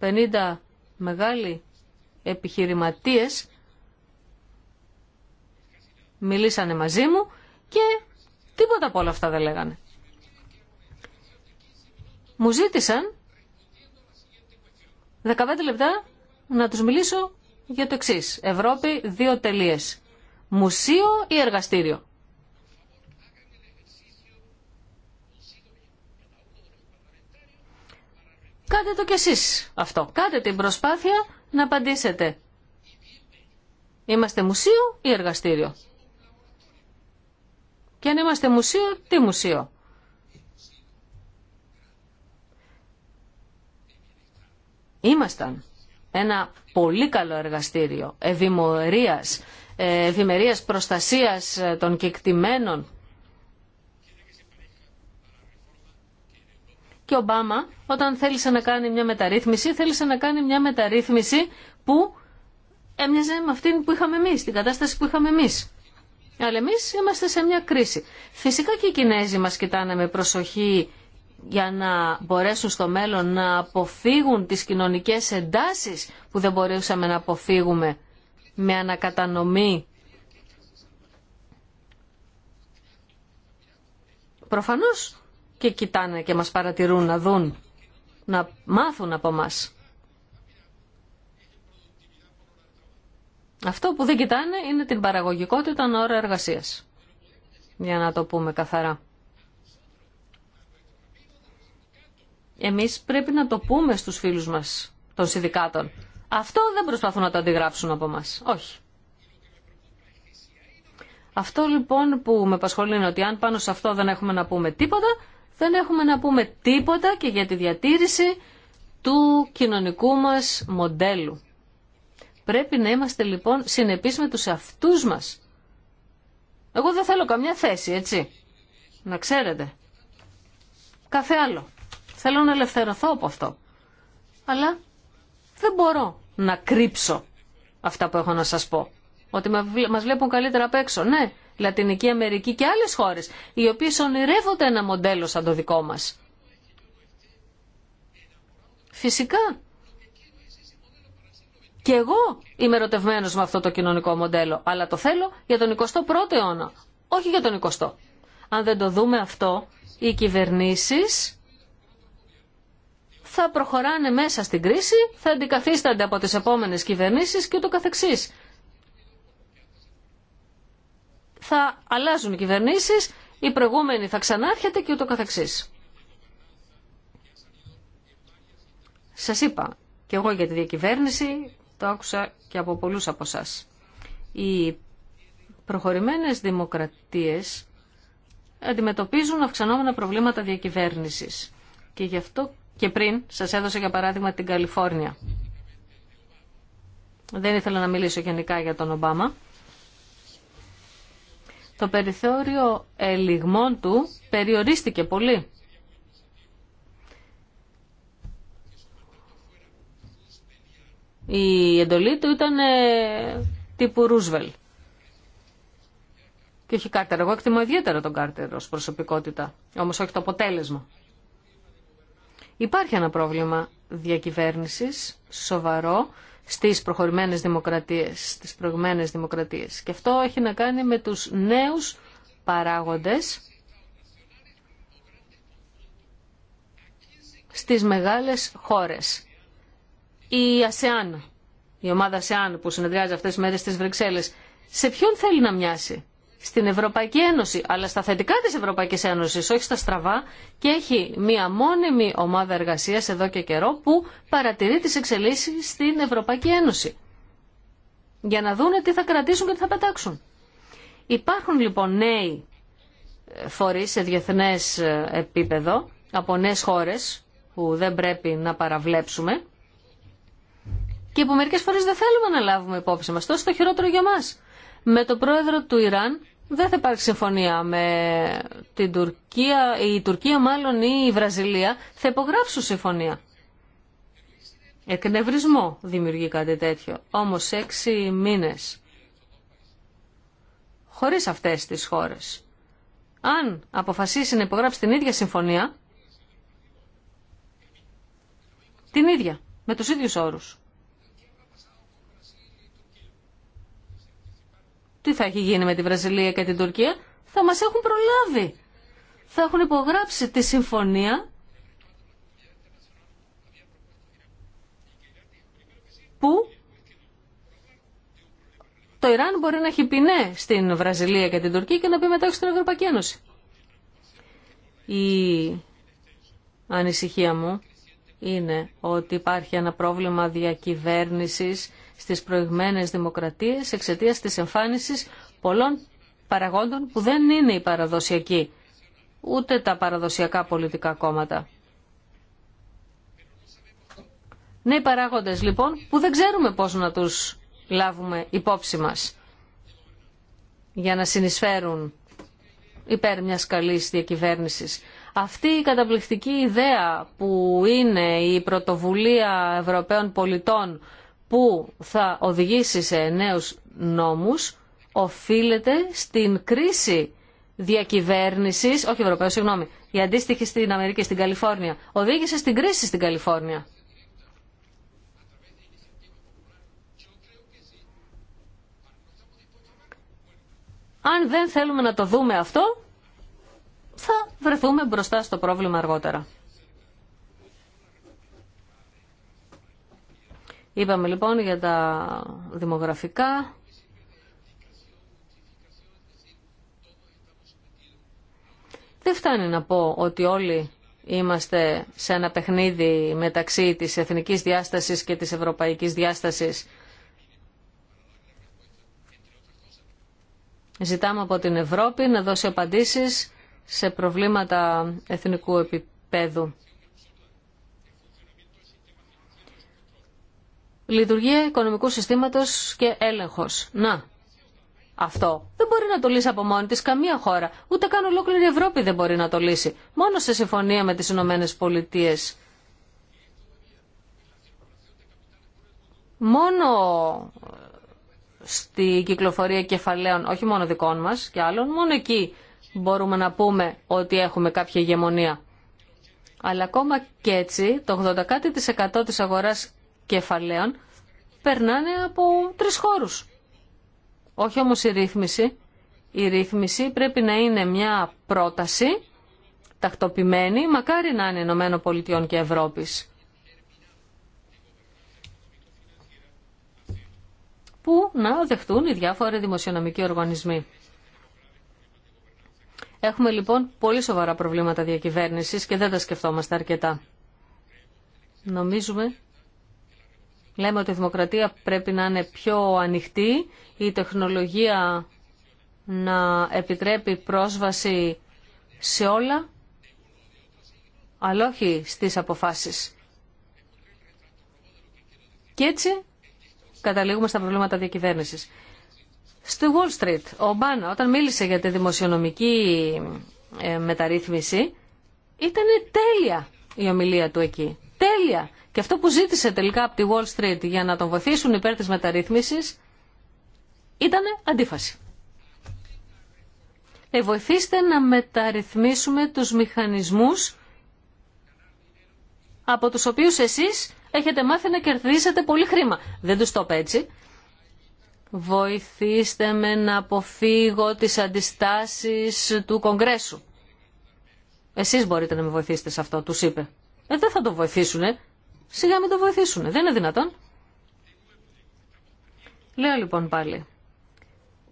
50 μεγάλοι επιχειρηματίες μιλήσανε μαζί μου και τίποτα από όλα αυτά δεν λέγανε. Μου ζήτησαν 15 λεπτά να τους μιλήσω για το εξής. Ευρώπη, δύο τελείες. Μουσείο ή εργαστήριο. Κάντε το κι εσείς αυτό. Κάντε την προσπάθεια να απαντήσετε. Είμαστε μουσείο ή εργαστήριο. Και αν είμαστε μουσείο, τι μουσείο. Ήμασταν ένα πολύ καλό εργαστήριο ευημερίας, ε, ευημερίας προστασίας ε, των κεκτημένων Και ο Ομπάμα όταν θέλησε να κάνει μια μεταρρύθμιση, θέλησε να κάνει μια μεταρρύθμιση που έμοιαζε με αυτήν που είχαμε εμείς, την κατάσταση που είχαμε εμείς. Αλλά εμείς είμαστε σε μια κρίση. Φυσικά και οι Κινέζοι μας κοιτάνε με προσοχή για να μπορέσουν στο μέλλον να αποφύγουν τις κοινωνικές εντάσεις που δεν μπορούσαμε να αποφύγουμε με ανακατανομή. Προφανώς και κοιτάνε και μας παρατηρούν να δουν, να μάθουν από μας. Αυτό που δεν κοιτάνε είναι την παραγωγικότητα των ώρα εργασίας. Για να το πούμε καθαρά. Εμείς πρέπει να το πούμε στους φίλους μας των συνδικάτων. Αυτό δεν προσπαθούν να το αντιγράψουν από μας. Όχι. Αυτό λοιπόν που με απασχολεί είναι ότι αν πάνω σε αυτό δεν έχουμε να πούμε τίποτα, δεν έχουμε να πούμε τίποτα και για τη διατήρηση του κοινωνικού μας μοντέλου. Πρέπει να είμαστε λοιπόν συνεπείς με τους αυτούς μας. Εγώ δεν θέλω καμιά θέση, έτσι. Να ξέρετε. Κάθε άλλο. Θέλω να ελευθερωθώ από αυτό. Αλλά δεν μπορώ να κρύψω αυτά που έχω να σας πω. Ότι μας βλέπουν καλύτερα απ' έξω. Ναι, Λατινική Αμερική και άλλες χώρες, οι οποίες ονειρεύονται ένα μοντέλο σαν το δικό μας. Φυσικά. Και εγώ είμαι ερωτευμένος με αυτό το κοινωνικό μοντέλο, αλλά το θέλω για τον 21ο αιώνα, όχι για τον 20ο. Αν δεν το δούμε αυτό, οι κυβερνήσεις θα προχωράνε μέσα στην κρίση, θα αντικαθίστανται από τις επόμενες κυβερνήσεις και ούτω καθεξής θα αλλάζουν οι κυβερνήσεις, η προηγούμενη θα ξανάρχεται και ούτω καθεξής. Σας είπα και εγώ για τη διακυβέρνηση, το άκουσα και από πολλούς από εσά. Οι προχωρημένες δημοκρατίες αντιμετωπίζουν αυξανόμενα προβλήματα διακυβέρνησης. Και γι' αυτό και πριν σας έδωσα για παράδειγμα την Καλιφόρνια. Δεν ήθελα να μιλήσω γενικά για τον Ομπάμα, το περιθώριο ελιγμών του περιορίστηκε πολύ. Η εντολή του ήταν ε, τύπου Ρούσβελ. Και όχι Κάρτερ. Εγώ εκτιμώ ιδιαίτερα τον Κάρτερ ως προσωπικότητα, όμως όχι το αποτέλεσμα. Υπάρχει ένα πρόβλημα διακυβέρνησης, σοβαρό, στις προχωρημένες δημοκρατίες, στις προηγμένες δημοκρατίες. Και αυτό έχει να κάνει με τους νέους παράγοντες στις μεγάλες χώρες. Η ΑΣΕΑΝ, η ομάδα ΑΣΕΑΝ που συνεδριάζει αυτές τις μέρες στις Βρυξέλλες, σε ποιον θέλει να μοιάσει στην Ευρωπαϊκή Ένωση, αλλά στα θετικά της Ευρωπαϊκής Ένωσης, όχι στα στραβά, και έχει μία μόνιμη ομάδα εργασίας εδώ και καιρό που παρατηρεί τις εξελίξεις στην Ευρωπαϊκή Ένωση. Για να δούνε τι θα κρατήσουν και τι θα πετάξουν. Υπάρχουν λοιπόν νέοι ε, φορείς σε διεθνές ε, επίπεδο από νέες χώρες που δεν πρέπει να παραβλέψουμε και που μερικές φορές δεν θέλουμε να λάβουμε υπόψη μας. Τόσο το χειρότερο για μας. Με τον πρόεδρο του Ιράν δεν θα υπάρξει συμφωνία με την Τουρκία, η Τουρκία μάλλον ή η Βραζιλία θα υπογράψουν συμφωνία. Εκνευρισμό δημιουργεί κάτι τέτοιο. Όμως έξι μήνες χωρίς αυτές τις χώρες. Αν αποφασίσει να υπογράψει την ίδια συμφωνία, την ίδια, με τους ίδιους όρους. τι θα έχει γίνει με τη Βραζιλία και την Τουρκία, θα μας έχουν προλάβει. Θα έχουν υπογράψει τη συμφωνία που το Ιράν μπορεί να έχει πει ναι στην Βραζιλία και την Τουρκία και να πει μετά στην Ευρωπαϊκή Ένωση. Η ανησυχία μου είναι ότι υπάρχει ένα πρόβλημα διακυβέρνησης στις προηγμένες δημοκρατίες εξαιτίας της εμφάνισης πολλών παραγόντων που δεν είναι οι παραδοσιακοί, ούτε τα παραδοσιακά πολιτικά κόμματα. Νέοι παράγοντες λοιπόν που δεν ξέρουμε πώς να τους λάβουμε υπόψη μας για να συνεισφέρουν υπέρ μιας καλής διακυβέρνησης. Αυτή η καταπληκτική ιδέα που είναι η πρωτοβουλία Ευρωπαίων πολιτών που θα οδηγήσει σε νέους νόμους οφείλεται στην κρίση διακυβέρνησης, όχι Ευρωπαίου, συγγνώμη, η αντίστοιχη στην Αμερική, στην Καλιφόρνια, οδήγησε στην κρίση στην Καλιφόρνια. Αν δεν θέλουμε να το δούμε αυτό, θα βρεθούμε μπροστά στο πρόβλημα αργότερα. Είπαμε λοιπόν για τα δημογραφικά. Δεν φτάνει να πω ότι όλοι είμαστε σε ένα παιχνίδι μεταξύ της εθνικής διάστασης και της ευρωπαϊκής διάστασης. Ζητάμε από την Ευρώπη να δώσει απαντήσεις σε προβλήματα εθνικού επίπεδου. Λειτουργία οικονομικού συστήματος και έλεγχος. Να, αυτό δεν μπορεί να το λύσει από μόνη της καμία χώρα. Ούτε καν ολόκληρη η Ευρώπη δεν μπορεί να το λύσει. Μόνο σε συμφωνία με τις Ηνωμένε Πολιτείε. Μόνο ε, στη κυκλοφορία κεφαλαίων, όχι μόνο δικών μας και άλλων, μόνο εκεί μπορούμε να πούμε ότι έχουμε κάποια ηγεμονία. Αλλά ακόμα και έτσι το 80% της αγοράς κεφαλαίων περνάνε από τρεις χώρους. Όχι όμως η ρύθμιση. Η ρύθμιση πρέπει να είναι μια πρόταση τακτοποιημένη, μακάρι να είναι Ηνωμένων Πολιτειών και Ευρώπης. Που να δεχτούν οι διάφοροι δημοσιονομικοί οργανισμοί. Έχουμε λοιπόν πολύ σοβαρά προβλήματα διακυβέρνησης και δεν τα σκεφτόμαστε αρκετά. Νομίζουμε Λέμε ότι η δημοκρατία πρέπει να είναι πιο ανοιχτή, η τεχνολογία να επιτρέπει πρόσβαση σε όλα, αλλά όχι στις αποφάσεις. Και έτσι καταλήγουμε στα προβλήματα διακυβέρνησης. Στη Wall Street, ο Ομπάνα όταν μίλησε για τη δημοσιονομική ε, μεταρρύθμιση, ήταν τέλεια η ομιλία του εκεί τέλεια. Και αυτό που ζήτησε τελικά από τη Wall Street για να τον βοηθήσουν υπέρ της μεταρρύθμισης ήταν αντίφαση. Ε, βοηθήστε να μεταρρυθμίσουμε τους μηχανισμούς από τους οποίους εσείς έχετε μάθει να κερδίσετε πολύ χρήμα. Δεν τους το είπε έτσι. Βοηθήστε με να αποφύγω τις αντιστάσεις του Κογκρέσου. Εσείς μπορείτε να με βοηθήσετε σε αυτό, τους είπε. Ε, δεν θα το βοηθήσουν. Σιγά μην το βοηθήσουν. Δεν είναι δυνατόν. Λέω λοιπόν πάλι.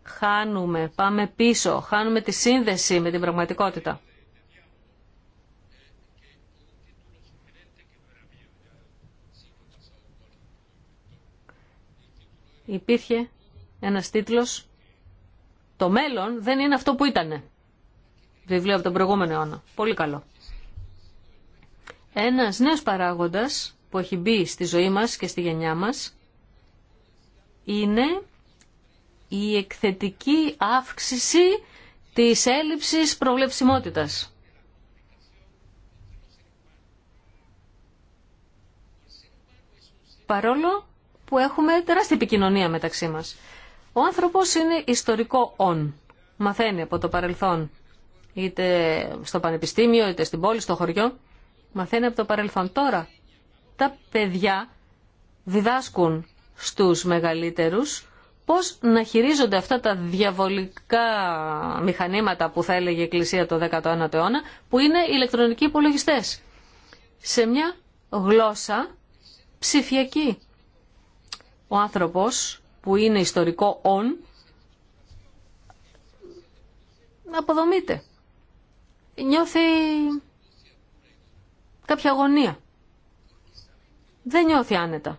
Χάνουμε, πάμε πίσω, χάνουμε τη σύνδεση με την πραγματικότητα. Υπήρχε ένας τίτλος «Το μέλλον δεν είναι αυτό που ήτανε». Βιβλίο από τον προηγούμενο αιώνα. Πολύ καλό ένας νέος παράγοντας που έχει μπει στη ζωή μας και στη γενιά μας είναι η εκθετική αύξηση της έλλειψης προβλεψιμότητας. Παρόλο που έχουμε τεράστια επικοινωνία μεταξύ μας. Ο άνθρωπος είναι ιστορικό «ον». Μαθαίνει από το παρελθόν, είτε στο πανεπιστήμιο, είτε στην πόλη, στο χωριό μαθαίνει από το παρελθόν. Τώρα τα παιδιά διδάσκουν στους μεγαλύτερους πώς να χειρίζονται αυτά τα διαβολικά μηχανήματα που θα έλεγε η Εκκλησία το 19ο αιώνα, που είναι ηλεκτρονικοί υπολογιστέ Σε μια γλώσσα ψηφιακή. Ο άνθρωπος που είναι ιστορικό «ον» αποδομείται. Νιώθει κάποια αγωνία. Δεν νιώθει άνετα.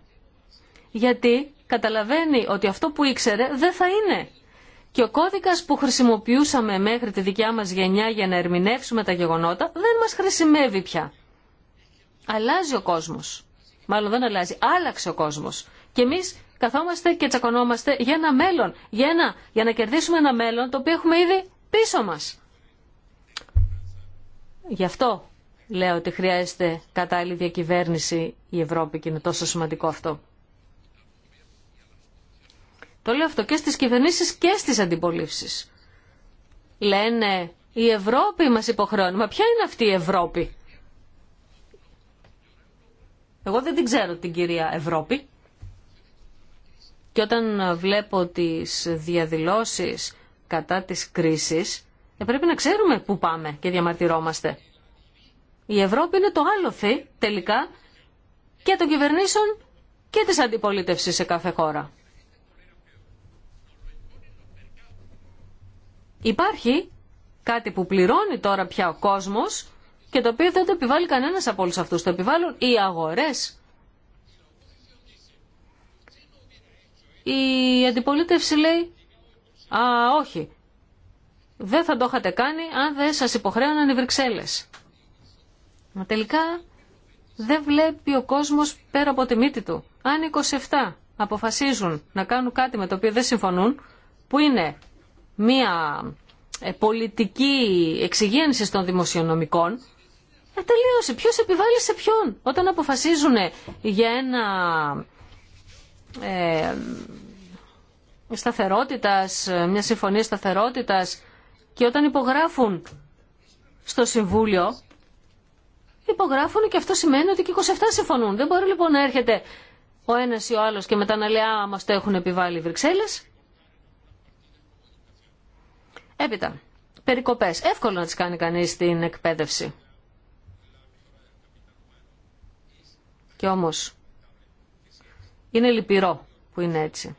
Γιατί καταλαβαίνει ότι αυτό που ήξερε δεν θα είναι. Και ο κώδικας που χρησιμοποιούσαμε μέχρι τη δικιά μας γενιά για να ερμηνεύσουμε τα γεγονότα δεν μας χρησιμεύει πια. Αλλάζει ο κόσμος. Μάλλον δεν αλλάζει. Άλλαξε ο κόσμος. Και εμείς καθόμαστε και τσακωνόμαστε για ένα μέλλον. Για, ένα, για να κερδίσουμε ένα μέλλον το οποίο έχουμε ήδη πίσω μας. Γι' αυτό λέω ότι χρειάζεται κατάλληλη διακυβέρνηση η Ευρώπη και είναι τόσο σημαντικό αυτό. Το λέω αυτό και στις κυβερνήσεις και στις αντιπολίψεις. Λένε η Ευρώπη μας υποχρεώνει. Μα ποια είναι αυτή η Ευρώπη. Εγώ δεν την ξέρω την κυρία Ευρώπη. Και όταν βλέπω τις διαδηλώσεις κατά της κρίσης, ε, πρέπει να ξέρουμε πού πάμε και διαμαρτυρόμαστε. Η Ευρώπη είναι το άλοθη τελικά και των κυβερνήσεων και της αντιπολίτευσης σε κάθε χώρα. Υπάρχει κάτι που πληρώνει τώρα πια ο κόσμος και το οποίο δεν το επιβάλλει κανένας από όλους αυτούς. Το επιβάλλουν οι αγορές. Η αντιπολίτευση λέει «Α, όχι, δεν θα το είχατε κάνει αν δεν σας υποχρέωναν οι Βρυξέλλες». Μα τελικά δεν βλέπει ο κόσμος πέρα από τη μύτη του. Αν 27 αποφασίζουν να κάνουν κάτι με το οποίο δεν συμφωνούν, που είναι μία ε, πολιτική εξυγένση των δημοσιονομικών, ε, τελείωσε. Ποιος επιβάλλει σε ποιον. Όταν αποφασίζουν για ένα ε, μια συμφωνία σταθερότητας και όταν υπογράφουν στο Συμβούλιο υπογράφουν και αυτό σημαίνει ότι και 27 συμφωνούν. Δεν μπορεί λοιπόν να έρχεται ο ένας ή ο άλλος και μετά να λέει «Α, μας το έχουν επιβάλει οι Βρυξέλλες». Έπειτα, περικοπές. Εύκολο να τις κάνει κανείς την εκπαίδευση. Και όμως, είναι λυπηρό που είναι έτσι.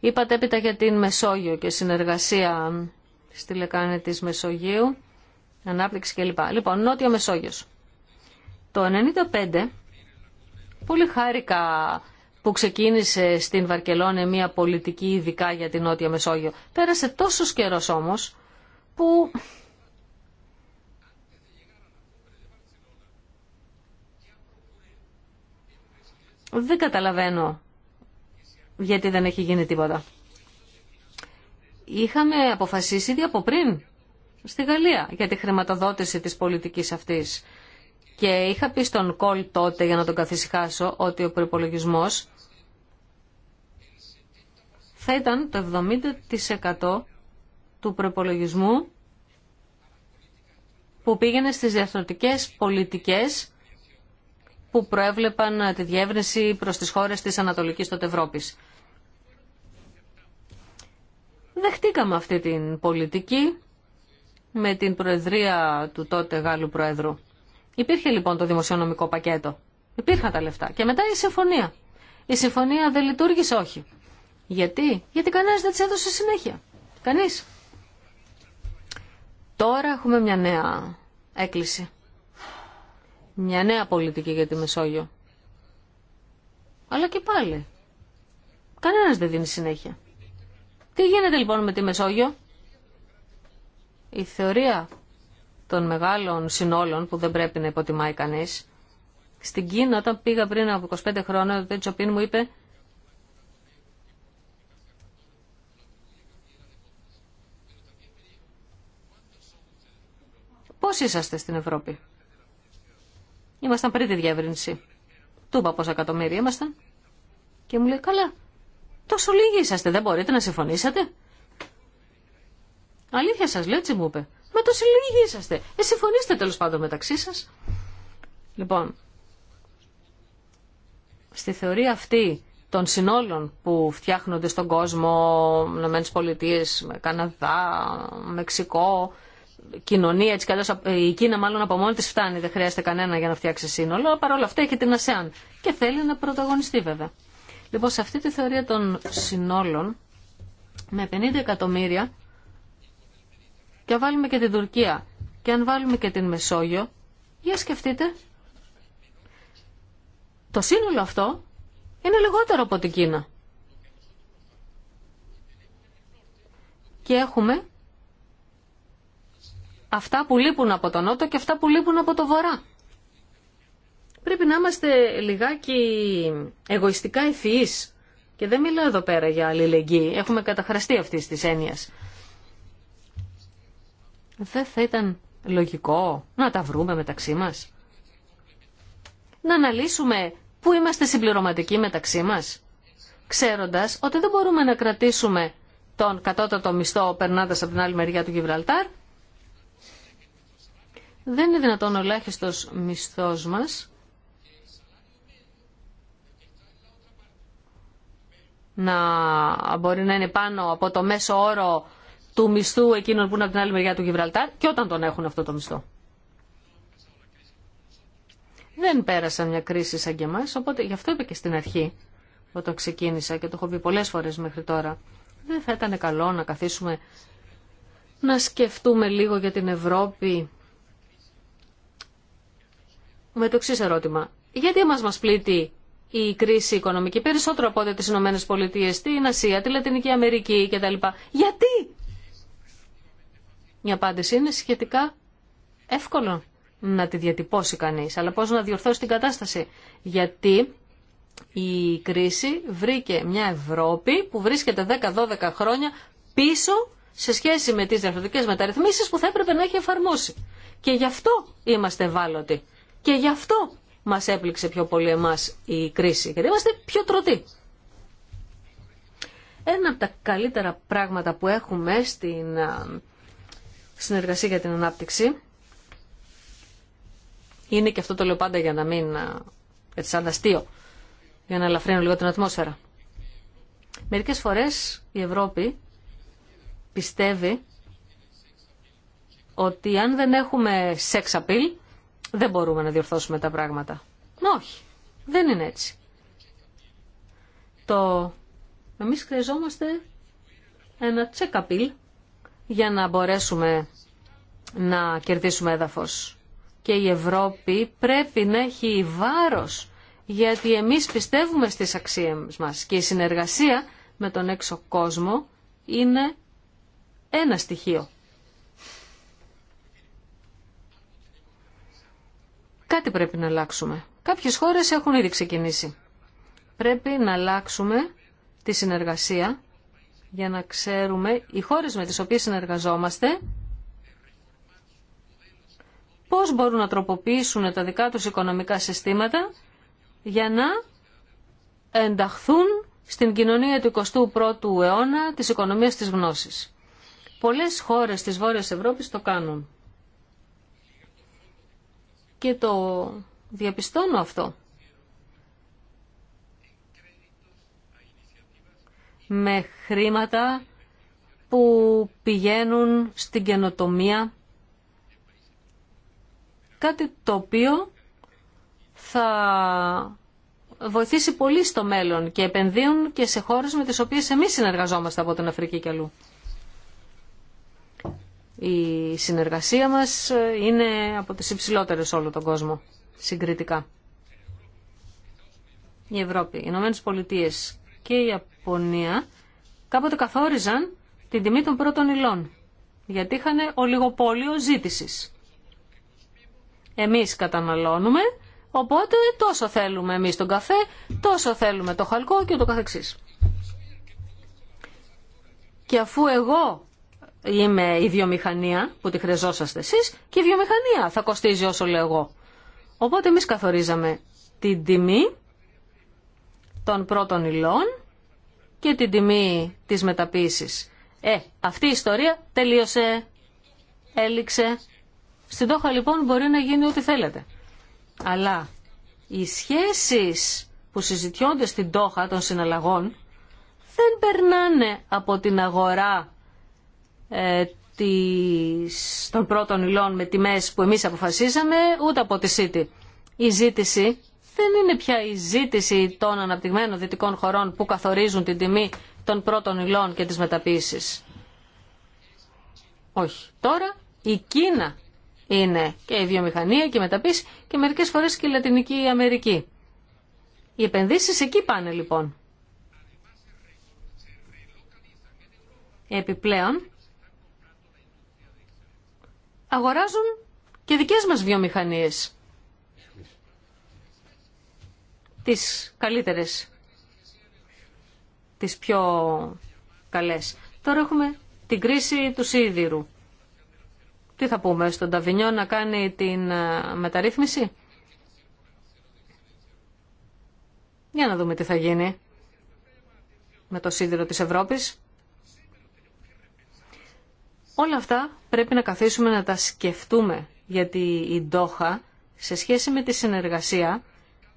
Είπατε έπειτα για την Μεσόγειο και συνεργασία στη λεκάνη της Μεσογείου ανάπτυξη κλπ. Λοιπόν, Νότιο Μεσόγειο. Το 1995 πολύ χάρηκα που ξεκίνησε στην Βαρκελόνη μια πολιτική ειδικά για την Νότια Μεσόγειο. Πέρασε τόσο καιρό όμως που... Δεν καταλαβαίνω γιατί δεν έχει γίνει τίποτα. Είχαμε αποφασίσει ήδη από πριν στη Γαλλία για τη χρηματοδότηση της πολιτικής αυτής. Και είχα πει στον Κολ τότε, για να τον καθησυχάσω, ότι ο προπολογισμό θα ήταν το 70% του προπολογισμού που πήγαινε στις διαθροτικές πολιτικές που προέβλεπαν τη διεύρυνση προς τις χώρες της Ανατολικής τότε Ευρώπης. Δεχτήκαμε αυτή την πολιτική με την Προεδρία του τότε Γάλλου Προέδρου. Υπήρχε λοιπόν το δημοσιονομικό πακέτο. Υπήρχαν τα λεφτά. Και μετά η συμφωνία. Η συμφωνία δεν λειτουργήσε, όχι. Γιατί, Γιατί κανένα δεν τη έδωσε συνέχεια. Κανεί. Τώρα έχουμε μια νέα έκκληση. Μια νέα πολιτική για τη Μεσόγειο. Αλλά και πάλι. Κανένας δεν δίνει συνέχεια. Τι γίνεται λοιπόν με τη Μεσόγειο η θεωρία των μεγάλων συνόλων που δεν πρέπει να υποτιμάει κανείς. Στην Κίνα όταν πήγα πριν από 25 χρόνια, ο Τζοπίν μου είπε Πώς είσαστε στην Ευρώπη. Ήμασταν πριν τη διεύρυνση. Του είπα πόσα εκατομμύρια ήμασταν. Και μου λέει, καλά, τόσο λίγοι είσαστε, δεν μπορείτε να συμφωνήσατε». Αλήθεια σα, λέω, έτσι μου είπε. Με το συλλογή είσαστε. Ε, συμφωνήστε τέλο πάντων μεταξύ σα. Λοιπόν, στη θεωρία αυτή των συνόλων που φτιάχνονται στον κόσμο, Ηνωμένε Πολιτείε Καναδά, Μεξικό, κοινωνία, έτσι η Κίνα μάλλον από μόνη της φτάνει, δεν χρειάζεται κανένα για να φτιάξει σύνολο, παρόλα αυτά έχει την ΑΣΕΑΝ και θέλει να πρωταγωνιστεί βέβαια. Λοιπόν, σε αυτή τη θεωρία των συνόλων, με 50 εκατομμύρια και αν βάλουμε και την Τουρκία και αν βάλουμε και την Μεσόγειο, για σκεφτείτε, το σύνολο αυτό είναι λιγότερο από την Κίνα. Και έχουμε αυτά που λείπουν από τον Νότο και αυτά που λείπουν από το Βορρά. Πρέπει να είμαστε λιγάκι εγωιστικά ευφυείς. Και δεν μιλάω εδώ πέρα για αλληλεγγύη. Έχουμε καταχραστεί αυτή τη έννοια. Δεν θα ήταν λογικό να τα βρούμε μεταξύ μας. Να αναλύσουμε πού είμαστε συμπληρωματικοί μεταξύ μας. Ξέροντας ότι δεν μπορούμε να κρατήσουμε τον κατώτατο μισθό περνάντας από την άλλη μεριά του Γιβραλτάρ. Δεν είναι δυνατόν ο ελάχιστος μισθός μας να μπορεί να είναι πάνω από το μέσο όρο του μισθού εκείνων που είναι από την άλλη μεριά του Γιβραλτάρ και όταν τον έχουν αυτό το μισθό. Δεν πέρασαν μια κρίση σαν και εμάς, οπότε γι' αυτό είπα και στην αρχή όταν ξεκίνησα και το έχω πει πολλές φορές μέχρι τώρα. Δεν θα ήταν καλό να καθίσουμε να σκεφτούμε λίγο για την Ευρώπη με το εξή ερώτημα. Γιατί μας μας πλήττει η κρίση οικονομική περισσότερο από ό,τι τις Ηνωμένες Πολιτείες, την Ασία, τη Λατινική Αμερική κτλ. Γιατί η απάντηση είναι σχετικά εύκολο να τη διατυπώσει κανείς, αλλά πώς να διορθώσει την κατάσταση. Γιατί η κρίση βρήκε μια Ευρώπη που βρίσκεται 10-12 χρόνια πίσω σε σχέση με τις διαφορετικές μεταρρυθμίσεις που θα έπρεπε να έχει εφαρμόσει. Και γι' αυτό είμαστε ευάλωτοι. Και γι' αυτό μας έπληξε πιο πολύ εμάς η κρίση, γιατί είμαστε πιο τρωτοί. Ένα από τα καλύτερα πράγματα που έχουμε στην συνεργασία για την ανάπτυξη. Είναι και αυτό το λέω πάντα για να μην έτσι σαν αστείο, για να ελαφρύνω λίγο την ατμόσφαιρα. Μερικές φορές η Ευρώπη πιστεύει ότι αν δεν έχουμε sex appeal, δεν μπορούμε να διορθώσουμε τα πράγματα. Όχι, δεν είναι έτσι. Το εμείς χρειαζόμαστε ένα check για να μπορέσουμε να κερδίσουμε έδαφος. Και η Ευρώπη πρέπει να έχει βάρος, γιατί εμείς πιστεύουμε στις αξίες μας και η συνεργασία με τον έξω κόσμο είναι ένα στοιχείο. Κάτι πρέπει να αλλάξουμε. Κάποιες χώρες έχουν ήδη ξεκινήσει. Πρέπει να αλλάξουμε τη συνεργασία για να ξέρουμε οι χώρες με τις οποίες συνεργαζόμαστε πώς μπορούν να τροποποιήσουν τα δικά τους οικονομικά συστήματα για να ενταχθούν στην κοινωνία του 21ου αιώνα της οικονομίας της γνώσης. Πολλές χώρες της Βόρειας Ευρώπης το κάνουν. Και το διαπιστώνω αυτό. με χρήματα που πηγαίνουν στην καινοτομία. Κάτι το οποίο θα βοηθήσει πολύ στο μέλλον και επενδύουν και σε χώρες με τις οποίες εμείς συνεργαζόμαστε από την Αφρική και αλλού. Η συνεργασία μας είναι από τις υψηλότερες όλο τον κόσμο, συγκριτικά. Η Ευρώπη, οι Ηνωμένες Πολιτείες και η Ιαπωνία κάποτε καθόριζαν την τιμή των πρώτων υλών, γιατί είχαν ολιγοπόλιο ζήτησης. Εμείς καταναλώνουμε, οπότε τόσο θέλουμε εμείς τον καφέ, τόσο θέλουμε το χαλκό και το καθεξής. Και αφού εγώ είμαι η βιομηχανία που τη χρειαζόσαστε εσείς και η βιομηχανία θα κοστίζει όσο λέω εγώ. Οπότε εμείς καθορίζαμε την τιμή των πρώτων υλών και την τιμή της μεταποίησης. Ε, αυτή η ιστορία τελείωσε, έληξε. Στην Τόχα λοιπόν μπορεί να γίνει ό,τι θέλετε. Αλλά οι σχέσεις που συζητιώνται στην Τόχα των συναλλαγών δεν περνάνε από την αγορά ε, της, των πρώτων υλών με τιμές που εμείς αποφασίσαμε, ούτε από τη ΣΥΤΗ. Η ζήτηση δεν είναι πια η ζήτηση των αναπτυγμένων δυτικών χωρών που καθορίζουν την τιμή των πρώτων υλών και της μεταποίησης. Όχι. Τώρα η Κίνα είναι και η βιομηχανία και η μεταποίηση και μερικές φορές και η Λατινική Αμερική. Οι επενδύσεις εκεί πάνε λοιπόν. Επιπλέον αγοράζουν και δικές μας βιομηχανίες. τις καλύτερες, τις πιο καλές. Τώρα έχουμε την κρίση του σίδηρου. Τι θα πούμε, στον Ταβινιό να κάνει την ε, μεταρρύθμιση. Για να δούμε τι θα γίνει με το σίδηρο της Ευρώπης. Όλα αυτά πρέπει να καθίσουμε να τα σκεφτούμε, γιατί η Ντόχα σε σχέση με τη συνεργασία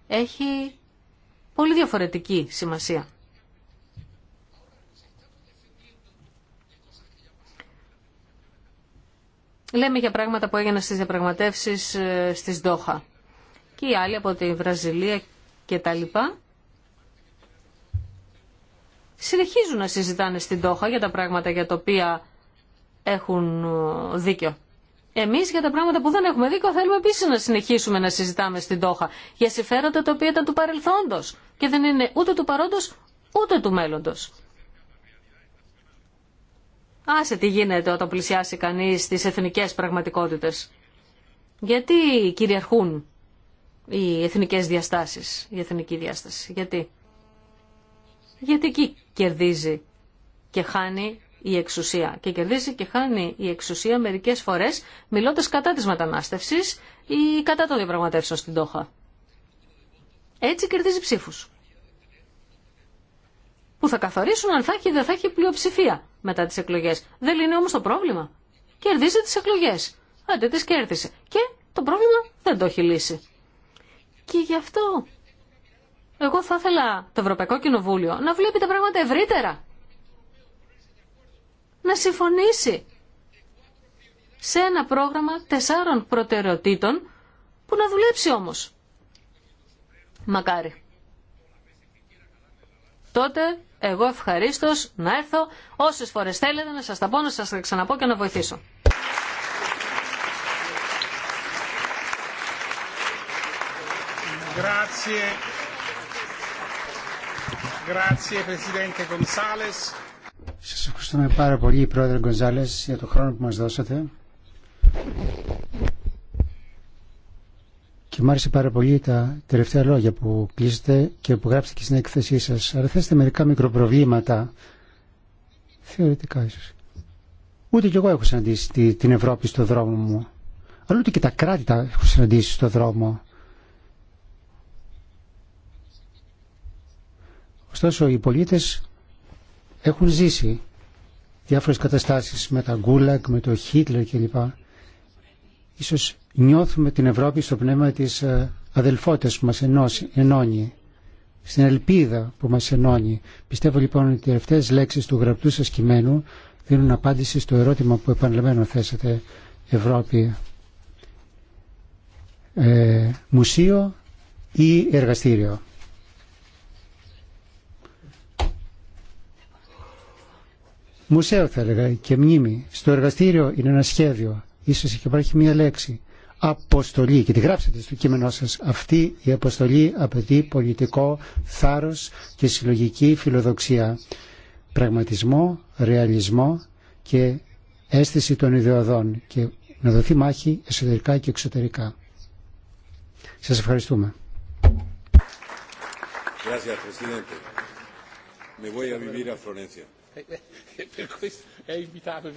έχει πολύ διαφορετική σημασία. Λέμε για πράγματα που έγιναν στις διαπραγματεύσεις ε, στις Ντόχα και οι άλλοι από τη Βραζιλία και τα λοιπά συνεχίζουν να συζητάνε στην Ντόχα για τα πράγματα για τα οποία έχουν ε, δίκιο. Εμεί για τα πράγματα που δεν έχουμε δίκιο θέλουμε επίση να συνεχίσουμε να συζητάμε στην Τόχα για συμφέροντα τα οποία ήταν του παρελθόντο και δεν είναι ούτε του παρόντο ούτε του μέλλοντο. Άσε τι γίνεται όταν πλησιάσει κανεί τι εθνικέ πραγματικότητε. Γιατί κυριαρχούν οι εθνικές διαστάσεις, η εθνική διάσταση. Γιατί. Γιατί εκεί κερδίζει και χάνει η εξουσία και κερδίζει και χάνει η εξουσία μερικές φορές μιλώντας κατά της μετανάστευσης ή κατά το διαπραγματεύσεων στην Τόχα. Έτσι κερδίζει ψήφους. Που θα καθορίσουν αν θα έχει ή δεν θα έχει πλειοψηφία μετά τις εκλογές. Δεν λύνει όμως το πρόβλημα. Κερδίζει τις εκλογές. Αντί τις κέρδισε. Και το πρόβλημα δεν το έχει λύσει. Και γι' αυτό εγώ θα ήθελα το Ευρωπαϊκό Κοινοβούλιο να βλέπει τα πράγματα ευρύτερα να συμφωνήσει σε ένα πρόγραμμα τεσσάρων προτεραιοτήτων που να δουλέψει όμως. Μακάρι. Τότε εγώ ευχαρίστω να έρθω όσες φορές θέλετε να σας τα πω, να σας τα ξαναπώ και να βοηθήσω. Σας ευχαριστούμε πάρα πολύ, Πρόεδρε Γκοζάλες, για το χρόνο που μας δώσατε. Και μου άρεσε πάρα πολύ τα τελευταία λόγια που κλείσετε και που γράψετε και στην έκθεσή σας. Αλλά θέσετε μερικά μικροπροβλήματα, θεωρητικά ίσως. Ούτε κι εγώ έχω συναντήσει την Ευρώπη στο δρόμο μου. Αλλά ούτε και τα κράτη τα έχω συναντήσει στο δρόμο. Ωστόσο, οι πολίτες έχουν ζήσει διάφορες καταστάσεις με τα γκούλακ, με το Χίτλερ κλπ. Ίσως νιώθουμε την Ευρώπη στο πνεύμα της ε, αδελφότητας που μας ενώσει, ενώνει, στην ελπίδα που μας ενώνει. Πιστεύω λοιπόν ότι οι τελευταίες λέξεις του γραπτού σας κειμένου δίνουν απάντηση στο ερώτημα που επαναλαμβάνω θέσατε Ευρώπη. Ε, μουσείο ή εργαστήριο. μουσείο θα έλεγα και μνήμη. Στο εργαστήριο είναι ένα σχέδιο, ίσως και υπάρχει μία λέξη. Αποστολή και τη γράψετε στο κείμενό σας. Αυτή η αποστολή απαιτεί πολιτικό θάρρος και συλλογική φιλοδοξία, πραγματισμό, ρεαλισμό και αίσθηση των ιδεωδών και να δοθεί μάχη εσωτερικά και εξωτερικά. Σας ευχαριστούμε. Gracias, presidente. Me voy a vivir a Florencia per questo è invitato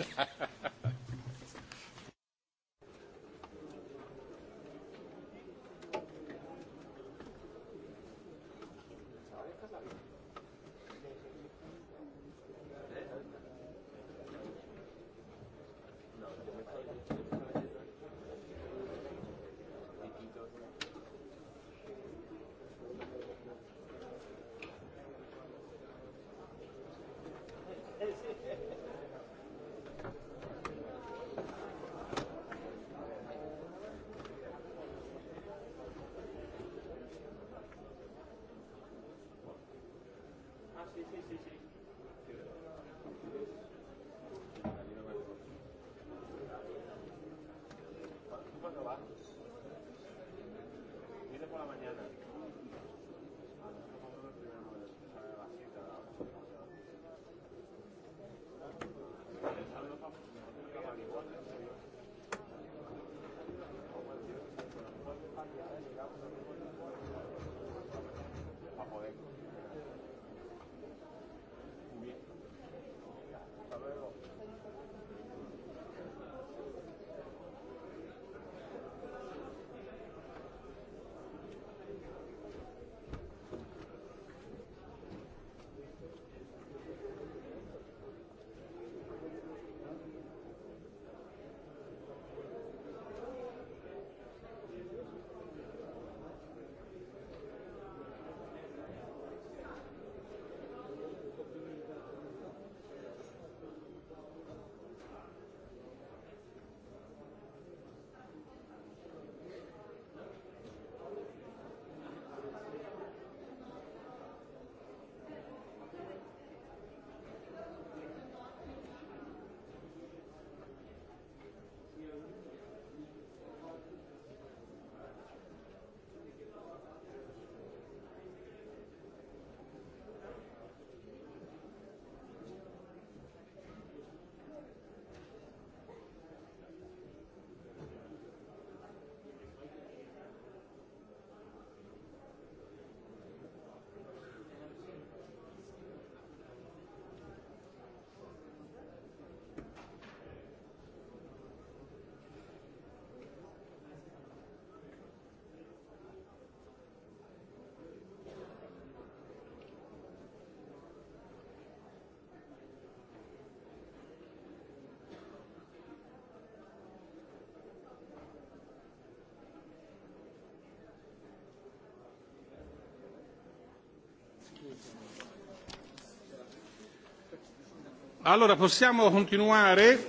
Allora possiamo continuare.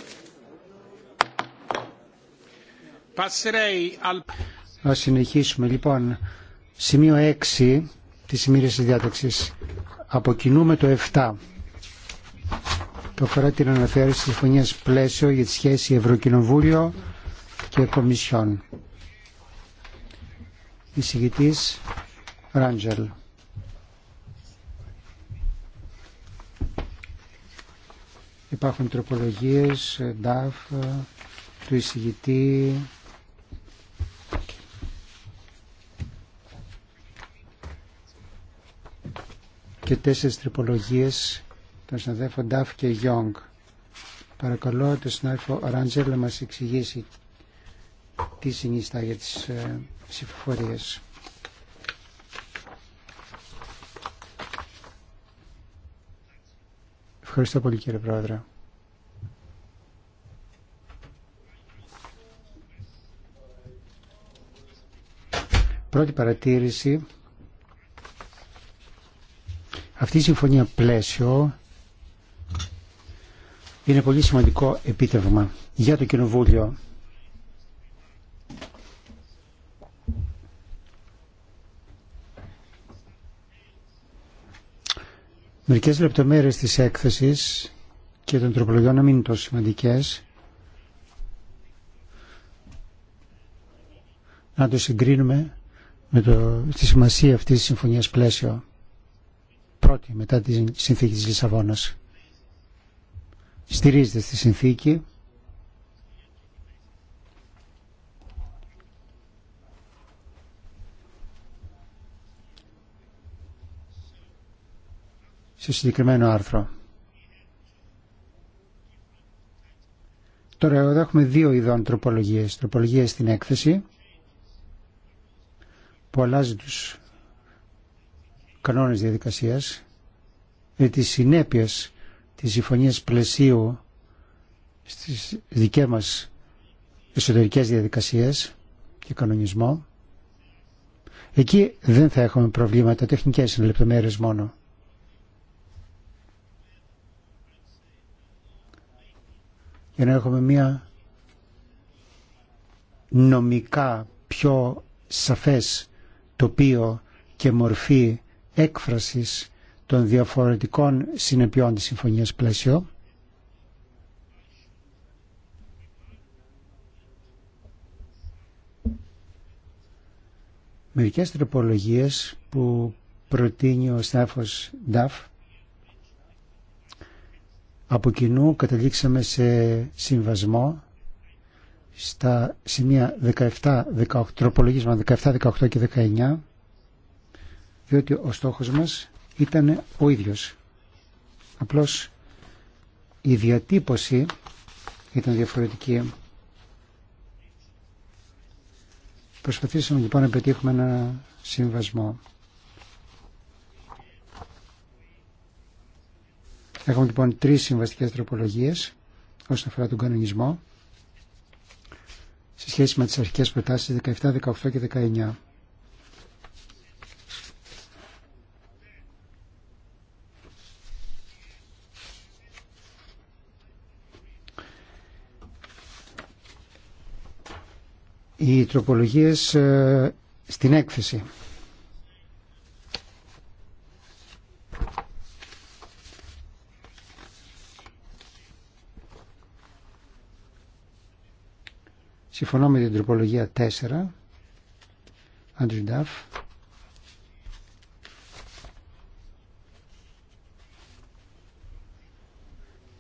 Passerei al... Να συνεχίσουμε λοιπόν. Σημείο 6 της της διάταξης. Αποκινούμε το 7. Το αφορά την αναφέρεση της συμφωνίας πλαίσιο για τη σχέση Ευρωκοινοβούλιο και Κομισιόν. Εισηγητής Ράντζελ. Υπάρχουν τροπολογίες, DAF, του εισηγητή. Και τέσσερις τροπολογίες των συναδέλφων Ντάφ και Young. Παρακαλώ τον συνάδελφο Ράντζελ να μας εξηγήσει τι συνιστά για τις ε, Ευχαριστώ πολύ κύριε Πρόεδρε. Πρώτη παρατήρηση. Αυτή η συμφωνία πλαίσιο είναι πολύ σημαντικό επίτευγμα για το Κοινοβούλιο. Μερικές λεπτομέρειες της έκθεσης και των τροπολογιών να μην είναι τόσο σημαντικές. Να το συγκρίνουμε με το, στη σημασία αυτής της συμφωνίας πλαίσιο πρώτη μετά τη συνθήκη της Λισαβόνας. Στηρίζεται στη συνθήκη σε συγκεκριμένο άρθρο. Τώρα εδώ έχουμε δύο ειδών τροπολογίες. Τροπολογία στην έκθεση που αλλάζει τους κανόνες διαδικασίας με τις συνέπειες της συμφωνίας πλαισίου στις δικές μας εσωτερικές διαδικασίες και κανονισμό εκεί δεν θα έχουμε προβλήματα τεχνικές είναι λεπτομέρειες μόνο για να έχουμε μια νομικά πιο σαφές τοπίο και μορφή έκφρασης των διαφορετικών συνεπειών της Συμφωνίας Πλαίσιο. Μερικές τροπολογίες που προτείνει ο Στάφος Νταφ από κοινού καταλήξαμε σε συμβασμό στα σημεία 17, 18, τροπολογίσμα 17, 18 και 19 διότι ο στόχος μας ήταν ο ίδιος. Απλώς η διατύπωση ήταν διαφορετική. Προσπαθήσαμε λοιπόν να πετύχουμε ένα συμβασμό. Έχουμε λοιπόν τρεις συμβαστικές τροπολογίες όσον αφορά τον κανονισμό σε σχέση με τις αρχικές προτάσεις 17, 18 και 19. Οι τροπολογίες ε, στην έκθεση. Συμφωνώ με την τροπολογία 4. Άντρου Νταφ.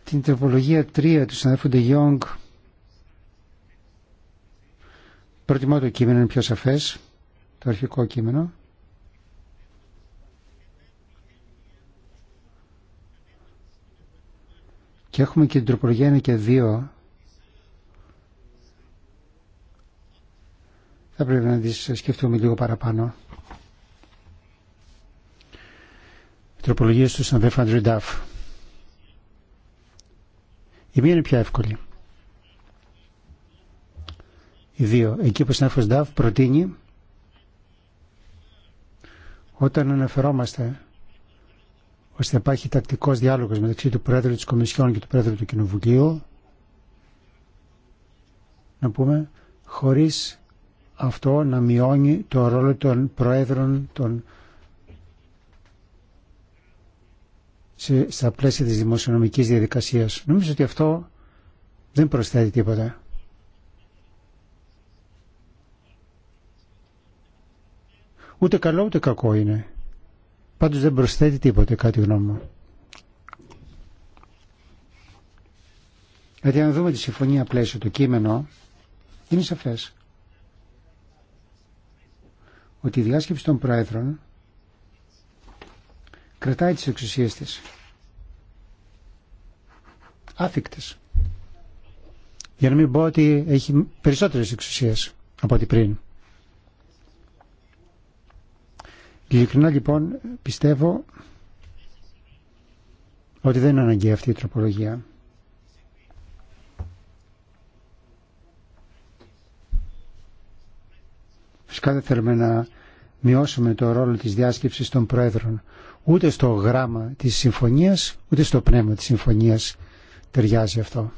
Την τροπολογία 3 του συναδέλφου Ντε Γιόγκ. Προτιμώ το κείμενο, είναι πιο σαφές, το αρχικό κείμενο. Και έχουμε και την τροπολογία 1 και 2 θα πρέπει να τις σκεφτούμε λίγο παραπάνω. Τροπολογίες του Σανδέφ Αντριντάφ. Η μία είναι πιο εύκολη. Οι δύο. Εκεί που ο συνάδελφος προτείνει όταν αναφερόμαστε ώστε να υπάρχει τακτικός διάλογος μεταξύ του Πρόεδρου της Κομισιόν και του Πρόεδρου του Κοινοβουλίου να πούμε χωρίς αυτό να μειώνει το ρόλο των προέδρων των σε, στα πλαίσια της δημοσιονομικής διαδικασίας. Νομίζω ότι αυτό δεν προσθέτει τίποτα. Ούτε καλό ούτε κακό είναι. Πάντως δεν προσθέτει τίποτα κάτι γνώμη μου. Γιατί αν δούμε τη συμφωνία πλαίσιο, το κείμενο, είναι σαφές ότι η διάσκεψη των Προέδρων κρατάει τις εξουσίες της. Άθικτες. Για να μην πω ότι έχει περισσότερες εξουσίες από ό,τι πριν. Ειλικρινά λοιπόν πιστεύω ότι δεν είναι αναγκαία αυτή η τροπολογία. Φυσικά δεν θέλουμε να μειώσουμε το ρόλο της διάσκεψης των Προέδρων. Ούτε στο γράμμα της συμφωνίας, ούτε στο πνεύμα της συμφωνίας ταιριάζει αυτό.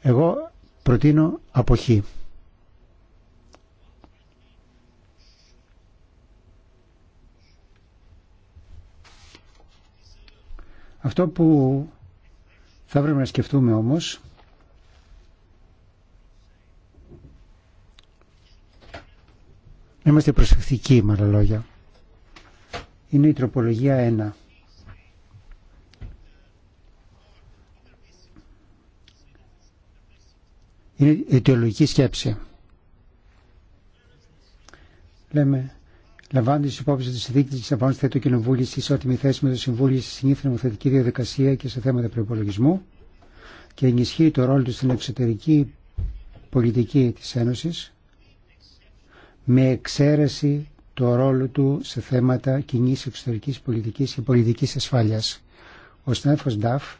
Εγώ προτείνω αποχή. Αυτό που θα έπρεπε να σκεφτούμε όμως Να είμαστε προσεκτικοί με άλλα λόγια. Είναι η τροπολογία 1. Είναι αιτιολογική σκέψη. Λέμε, λαμβάνοντα υπόψη τη συνθήκη τη Λαμβάνωση θέτω Κοινοβούλη, ό,τι ισότιμη θέση με το Συμβούλιο στη συνήθεια νομοθετική διαδικασία και σε θέματα προπολογισμού και ενισχύει το ρόλο του στην εξωτερική πολιτική της Ένωσης με εξαίρεση το ρόλο του σε θέματα κοινή εξωτερικής πολιτικής και πολιτικής ασφάλειας. Ο Στέφος Νταφ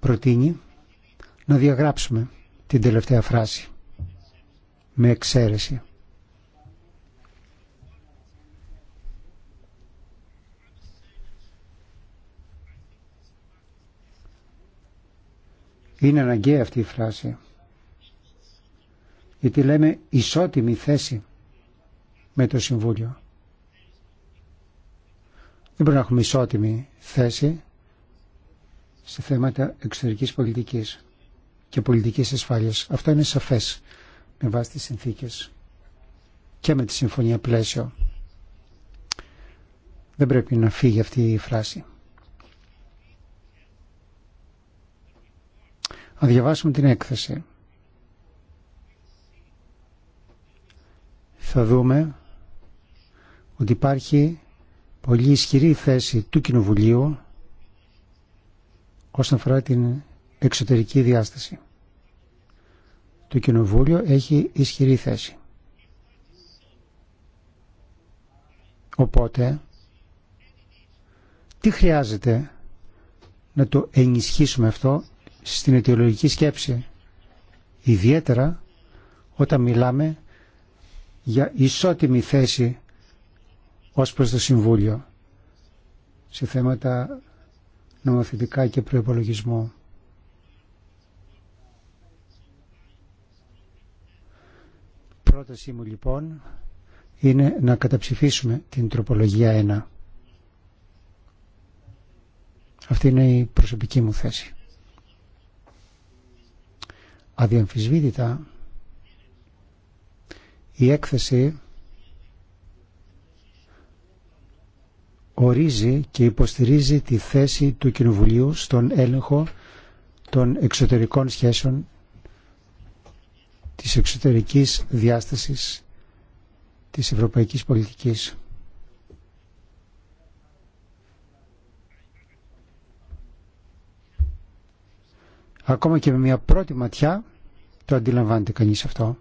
προτείνει να διαγράψουμε την τελευταία φράση με εξαίρεση. Είναι αναγκαία αυτή η φράση. Γιατί λέμε ισότιμη θέση με το Συμβούλιο. Δεν πρέπει να έχουμε ισότιμη θέση σε θέματα εξωτερικής πολιτικής και πολιτικής ασφάλειας. Αυτό είναι σαφές με βάση τις συνθήκες και με τη Συμφωνία Πλαίσιο. Δεν πρέπει να φύγει αυτή η φράση. Να διαβάσουμε την έκθεση. Θα δούμε ότι υπάρχει πολύ ισχυρή θέση του Κοινοβουλίου όσον αφορά την εξωτερική διάσταση. Το Κοινοβούλιο έχει ισχυρή θέση. Οπότε, τι χρειάζεται να το ενισχύσουμε αυτό στην αιτιολογική σκέψη. Ιδιαίτερα όταν μιλάμε για ισότιμη θέση ως προς το Συμβούλιο σε θέματα νομοθετικά και προϋπολογισμό. Πρότασή μου λοιπόν είναι να καταψηφίσουμε την τροπολογία 1. Αυτή είναι η προσωπική μου θέση. Αδιαμφισβήτητα η έκθεση ορίζει και υποστηρίζει τη θέση του Κοινοβουλίου στον έλεγχο των εξωτερικών σχέσεων της εξωτερικής διάστασης της ευρωπαϊκής πολιτικής. Ακόμα και με μια πρώτη ματιά το αντιλαμβάνεται κανείς αυτό.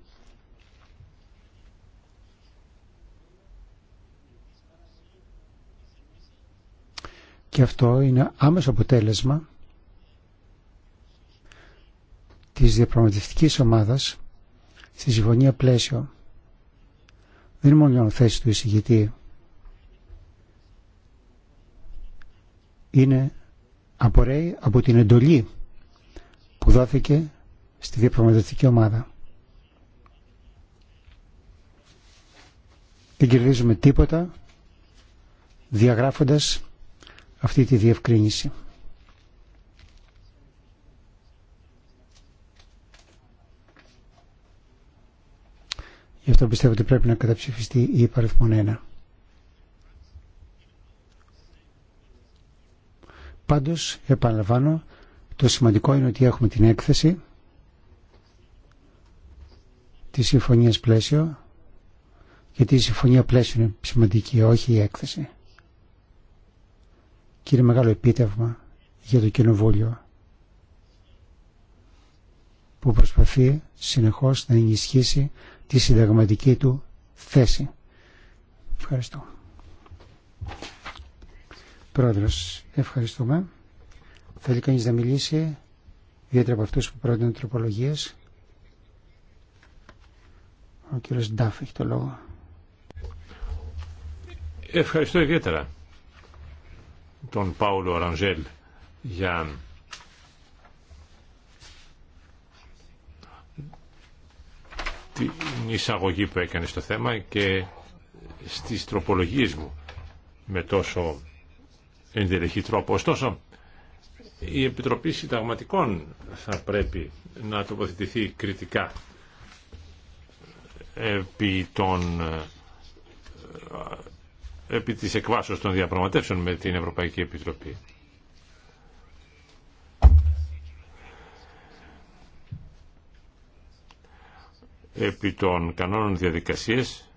Και αυτό είναι άμεσο αποτέλεσμα της διαπραγματευτικής ομάδας στη συμφωνία πλαίσιο. Δεν είναι μόνο θέση του εισηγητή. Είναι απορρέει από την εντολή που δόθηκε στη διαπραγματευτική ομάδα. Δεν κερδίζουμε τίποτα διαγράφοντας αυτή τη διευκρίνηση. Γι' αυτό πιστεύω ότι πρέπει να καταψηφιστεί η υπαριθμόν 1. Πάντως, επαναλαμβάνω, το σημαντικό είναι ότι έχουμε την έκθεση τη συμφωνία πλαίσιο, γιατί η συμφωνία πλαίσιο είναι σημαντική, όχι η έκθεση. Κύριε, μεγάλο επίτευγμα για το Κοινοβούλιο που προσπαθεί συνεχώς να ενισχύσει τη συνταγματική του θέση. Ευχαριστώ. Πρόεδρος, ευχαριστούμε. Θέλει κανείς να μιλήσει, ιδιαίτερα από αυτούς που πρότειναν τροπολογίες. Ο κύριος Ντάφ έχει το λόγο. Ευχαριστώ ιδιαίτερα τον Πάουλο Ραντζέλ για την εισαγωγή που έκανε στο θέμα και στις τροπολογίες μου με τόσο ενδελεχή τρόπο. Ωστόσο, η Επιτροπή Συνταγματικών θα πρέπει να τοποθετηθεί κριτικά επί των επί της εκβάσεως των διαπραγματεύσεων με την Ευρωπαϊκή Επιτροπή. Επί των κανόνων διαδικασίες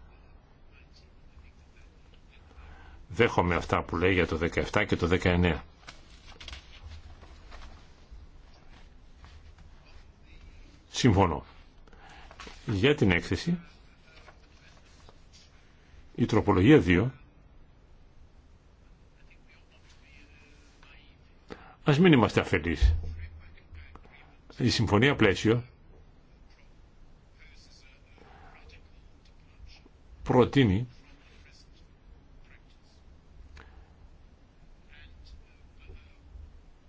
δέχομαι αυτά που λέει για το 17 και το 19. Συμφωνώ. Για την έκθεση η τροπολογία 2 Ας μην είμαστε αφελείς. Η συμφωνία πλαίσιο προτείνει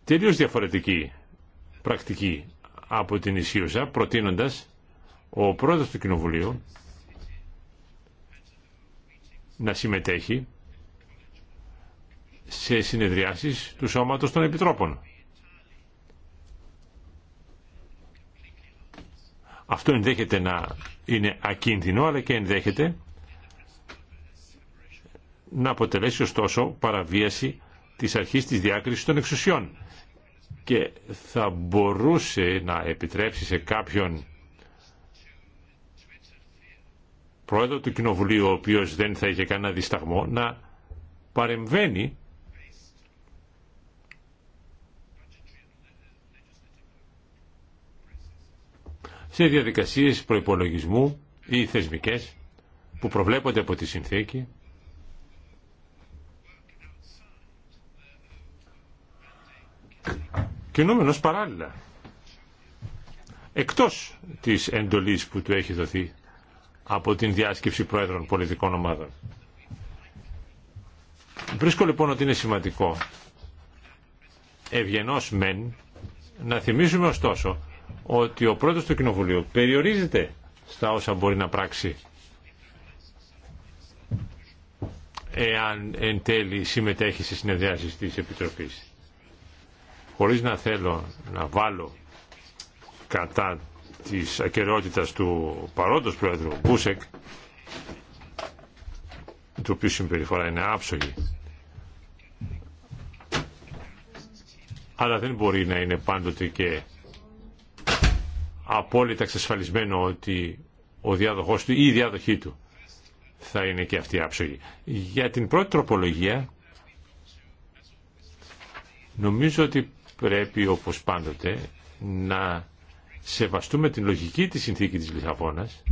τελείως διαφορετική πρακτική από την ισχύουσα, προτείνοντας ο πρόεδρος του Κοινοβουλίου να συμμετέχει σε συνεδριάσεις του Σώματος των Επιτρόπων. Αυτό ενδέχεται να είναι ακίνδυνο, αλλά και ενδέχεται να αποτελέσει ωστόσο παραβίαση της αρχής της διάκρισης των εξουσιών και θα μπορούσε να επιτρέψει σε κάποιον πρόεδρο του Κοινοβουλίου, ο οποίος δεν θα είχε κανένα δισταγμό, να παρεμβαίνει σε διαδικασίες προϋπολογισμού ή θεσμικές που προβλέπονται από τη συνθήκη κινούμενος παράλληλα εκτός της εντολής που του έχει δοθεί από την διάσκεψη πρόεδρων πολιτικών ομάδων. Βρίσκω λοιπόν ότι είναι σημαντικό ευγενός μεν να θυμίζουμε ωστόσο ότι ο πρόεδρος του Κοινοβουλίου περιορίζεται στα όσα μπορεί να πράξει εάν εν τέλει συμμετέχει σε συνεδριάσεις της Επιτροπής. Χωρίς να θέλω να βάλω κατά της ακαιρεότητας του παρόντος πρόεδρου Μπούσεκ, του οποίου συμπεριφορά είναι άψογη, αλλά δεν μπορεί να είναι πάντοτε και απόλυτα εξασφαλισμένο ότι ο διάδοχός του ή η διάδοχή του θα είναι και αυτή άψογη. Για την πρώτη τροπολογία νομίζω ότι πρέπει όπως πάντοτε να σεβαστούμε την λογική της συνθήκη της Λισαβόνας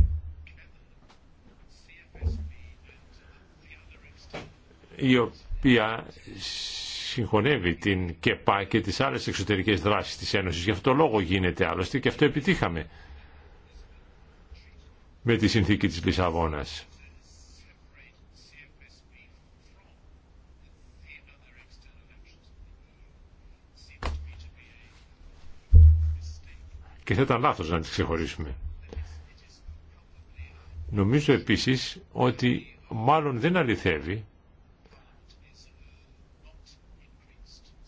η οποία συγχωνεύει την ΚΕΠΑ και τις άλλες εξωτερικές δράσεις της Ένωσης. Γι' αυτό λόγο γίνεται άλλωστε και αυτό επιτύχαμε με τη συνθήκη της Λισαβόνας. Και θα ήταν λάθος να τις ξεχωρίσουμε. Νομίζω επίσης ότι μάλλον δεν αληθεύει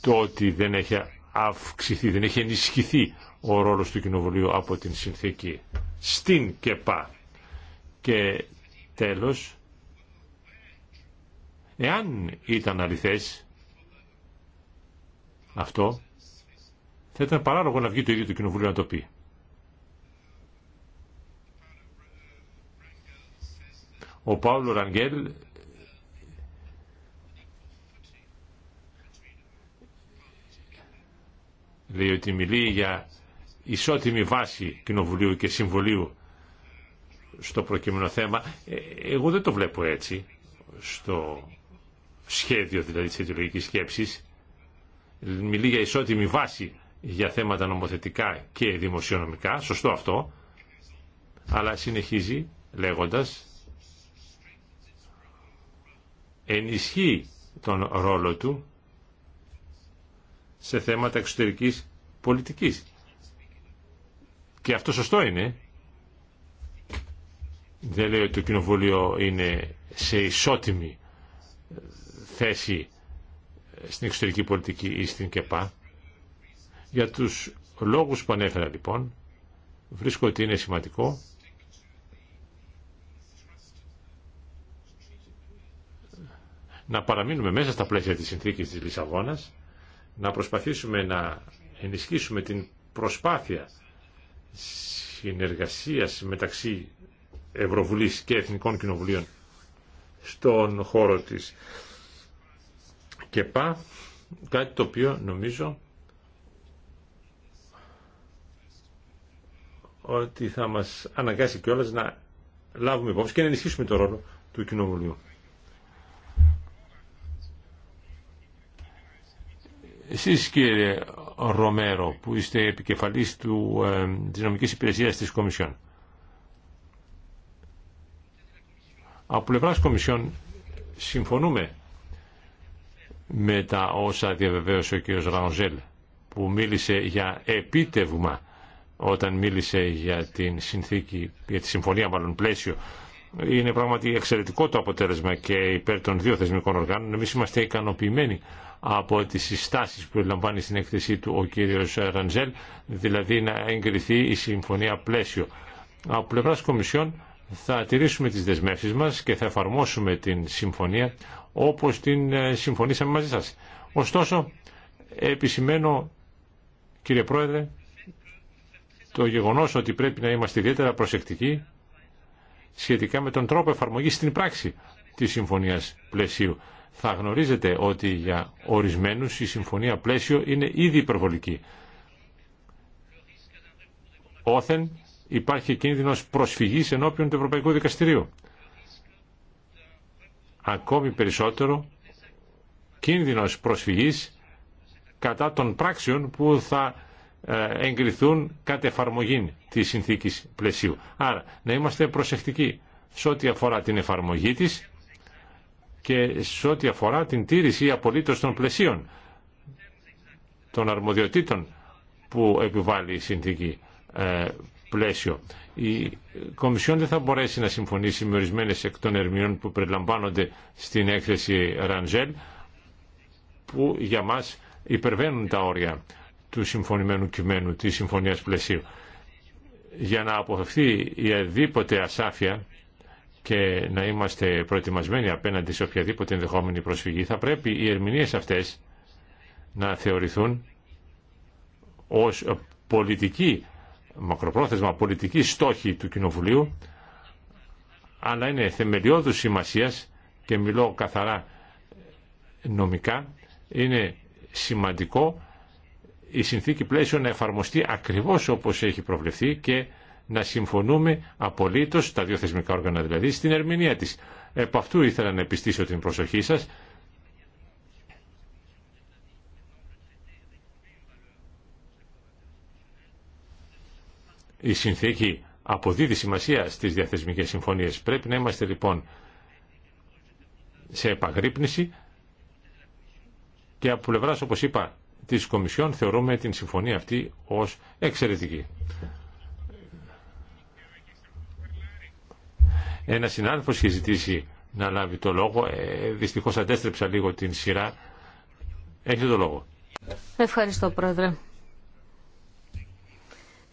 το ότι δεν έχει αυξηθεί, δεν έχει ενισχυθεί ο ρόλος του Κοινοβουλίου από την συνθήκη στην ΚΕΠΑ. Και τέλος, εάν ήταν αληθές αυτό, θα ήταν παράλογο να βγει το ίδιο το Κοινοβουλίο να το πει. Ο Παύλο Ραγγέλ λέει ότι μιλεί για ισότιμη βάση Κοινοβουλίου και Συμβουλίου στο προκείμενο θέμα. Ε, εγώ δεν το βλέπω έτσι στο σχέδιο δηλαδή της αιτιολογικής σκέψης. Μιλεί για ισότιμη βάση για θέματα νομοθετικά και δημοσιονομικά, σωστό αυτό, αλλά συνεχίζει λέγοντας ενισχύει τον ρόλο του σε θέματα εξωτερικής πολιτικής. Και αυτό σωστό είναι. Δεν λέει ότι το Κοινοβούλιο είναι σε ισότιμη θέση στην εξωτερική πολιτική ή στην ΚΕΠΑ. Για τους λόγους που ανέφερα λοιπόν, βρίσκω ότι είναι σημαντικό να παραμείνουμε μέσα στα πλαίσια της συνθήκης της Λισαβόνας να προσπαθήσουμε να ενισχύσουμε την προσπάθεια συνεργασίας μεταξύ Ευρωβουλής και Εθνικών Κοινοβουλίων στον χώρο της και πά κάτι το οποίο νομίζω ότι θα μας αναγκάσει κιόλας να λάβουμε υπόψη και να ενισχύσουμε το ρόλο του Κοινοβουλίου. Εσείς κύριε Ρομέρο που είστε επικεφαλής του, ε, της νομικής υπηρεσίας της Κομισιόν. Από Πλευρά Κομισιόν συμφωνούμε με τα όσα διαβεβαίωσε ο κύριος Ραονζέλ που μίλησε για επίτευγμα όταν μίλησε για την συνθήκη, για τη συμφωνία μάλλον πλαίσιο. Είναι πραγματικά εξαιρετικό το αποτέλεσμα και υπέρ των δύο θεσμικών οργάνων. Εμεί είμαστε ικανοποιημένοι από τις συστάσεις που λαμβάνει στην έκθεσή του ο κύριος Ραντζέλ, δηλαδή να εγκριθεί η συμφωνία πλαίσιο. Από πλευρά Κομισιόν θα τηρήσουμε τις δεσμεύσεις μας και θα εφαρμόσουμε την συμφωνία όπως την ε, συμφωνήσαμε μαζί σας. Ωστόσο, επισημαίνω, κύριε Πρόεδρε, το γεγονός ότι πρέπει να είμαστε ιδιαίτερα προσεκτικοί σχετικά με τον τρόπο εφαρμογής στην πράξη της Συμφωνίας Πλαισίου θα γνωρίζετε ότι για ορισμένους η συμφωνία πλαίσιο είναι ήδη υπερβολική. Όθεν υπάρχει κίνδυνος προσφυγής ενώπιον του Ευρωπαϊκού Δικαστηρίου. Ακόμη περισσότερο κίνδυνος προσφυγής κατά των πράξεων που θα ε, εγκριθούν κατ' εφαρμογή της συνθήκης πλαισίου. Άρα να είμαστε προσεκτικοί σε ό,τι αφορά την εφαρμογή της και σε ό,τι αφορά την τήρηση απολύτως των πλαισίων των αρμοδιοτήτων που επιβάλλει η συνθήκη ε, πλαίσιο. Η Κομισιόν δεν θα μπορέσει να συμφωνήσει με ορισμένε εκ των ερμηνών που περιλαμβάνονται στην έκθεση Ραντζέλ που για μας υπερβαίνουν τα όρια του συμφωνημένου κειμένου της Συμφωνίας Πλαισίου. Για να αποφευθεί η αδίποτε ασάφεια και να είμαστε προετοιμασμένοι απέναντι σε οποιαδήποτε ενδεχόμενη προσφυγή, θα πρέπει οι ερμηνείες αυτές να θεωρηθούν ως πολιτική, μακροπρόθεσμα πολιτική στόχη του Κοινοβουλίου, αλλά είναι θεμελιώδους σημασίας και μιλώ καθαρά νομικά, είναι σημαντικό η συνθήκη πλαίσιο να εφαρμοστεί ακριβώς όπως έχει προβλεφθεί και να συμφωνούμε απολύτως, τα δύο θεσμικά όργανα δηλαδή, στην ερμηνεία της. Επ' αυτού ήθελα να επιστήσω την προσοχή σας. Η συνθήκη αποδίδει σημασία στις διαθεσμικές συμφωνίες. Πρέπει να είμαστε λοιπόν σε επαγρύπνηση και από πλευράς, όπως είπα, της Κομισιόν θεωρούμε την συμφωνία αυτή ως εξαιρετική. Ένα συνάδελφο είχε ζητήσει να λάβει το λόγο. Ε, Δυστυχώ αντέστρεψα λίγο την σειρά. Έχετε το λόγο. Ευχαριστώ, Πρόεδρε.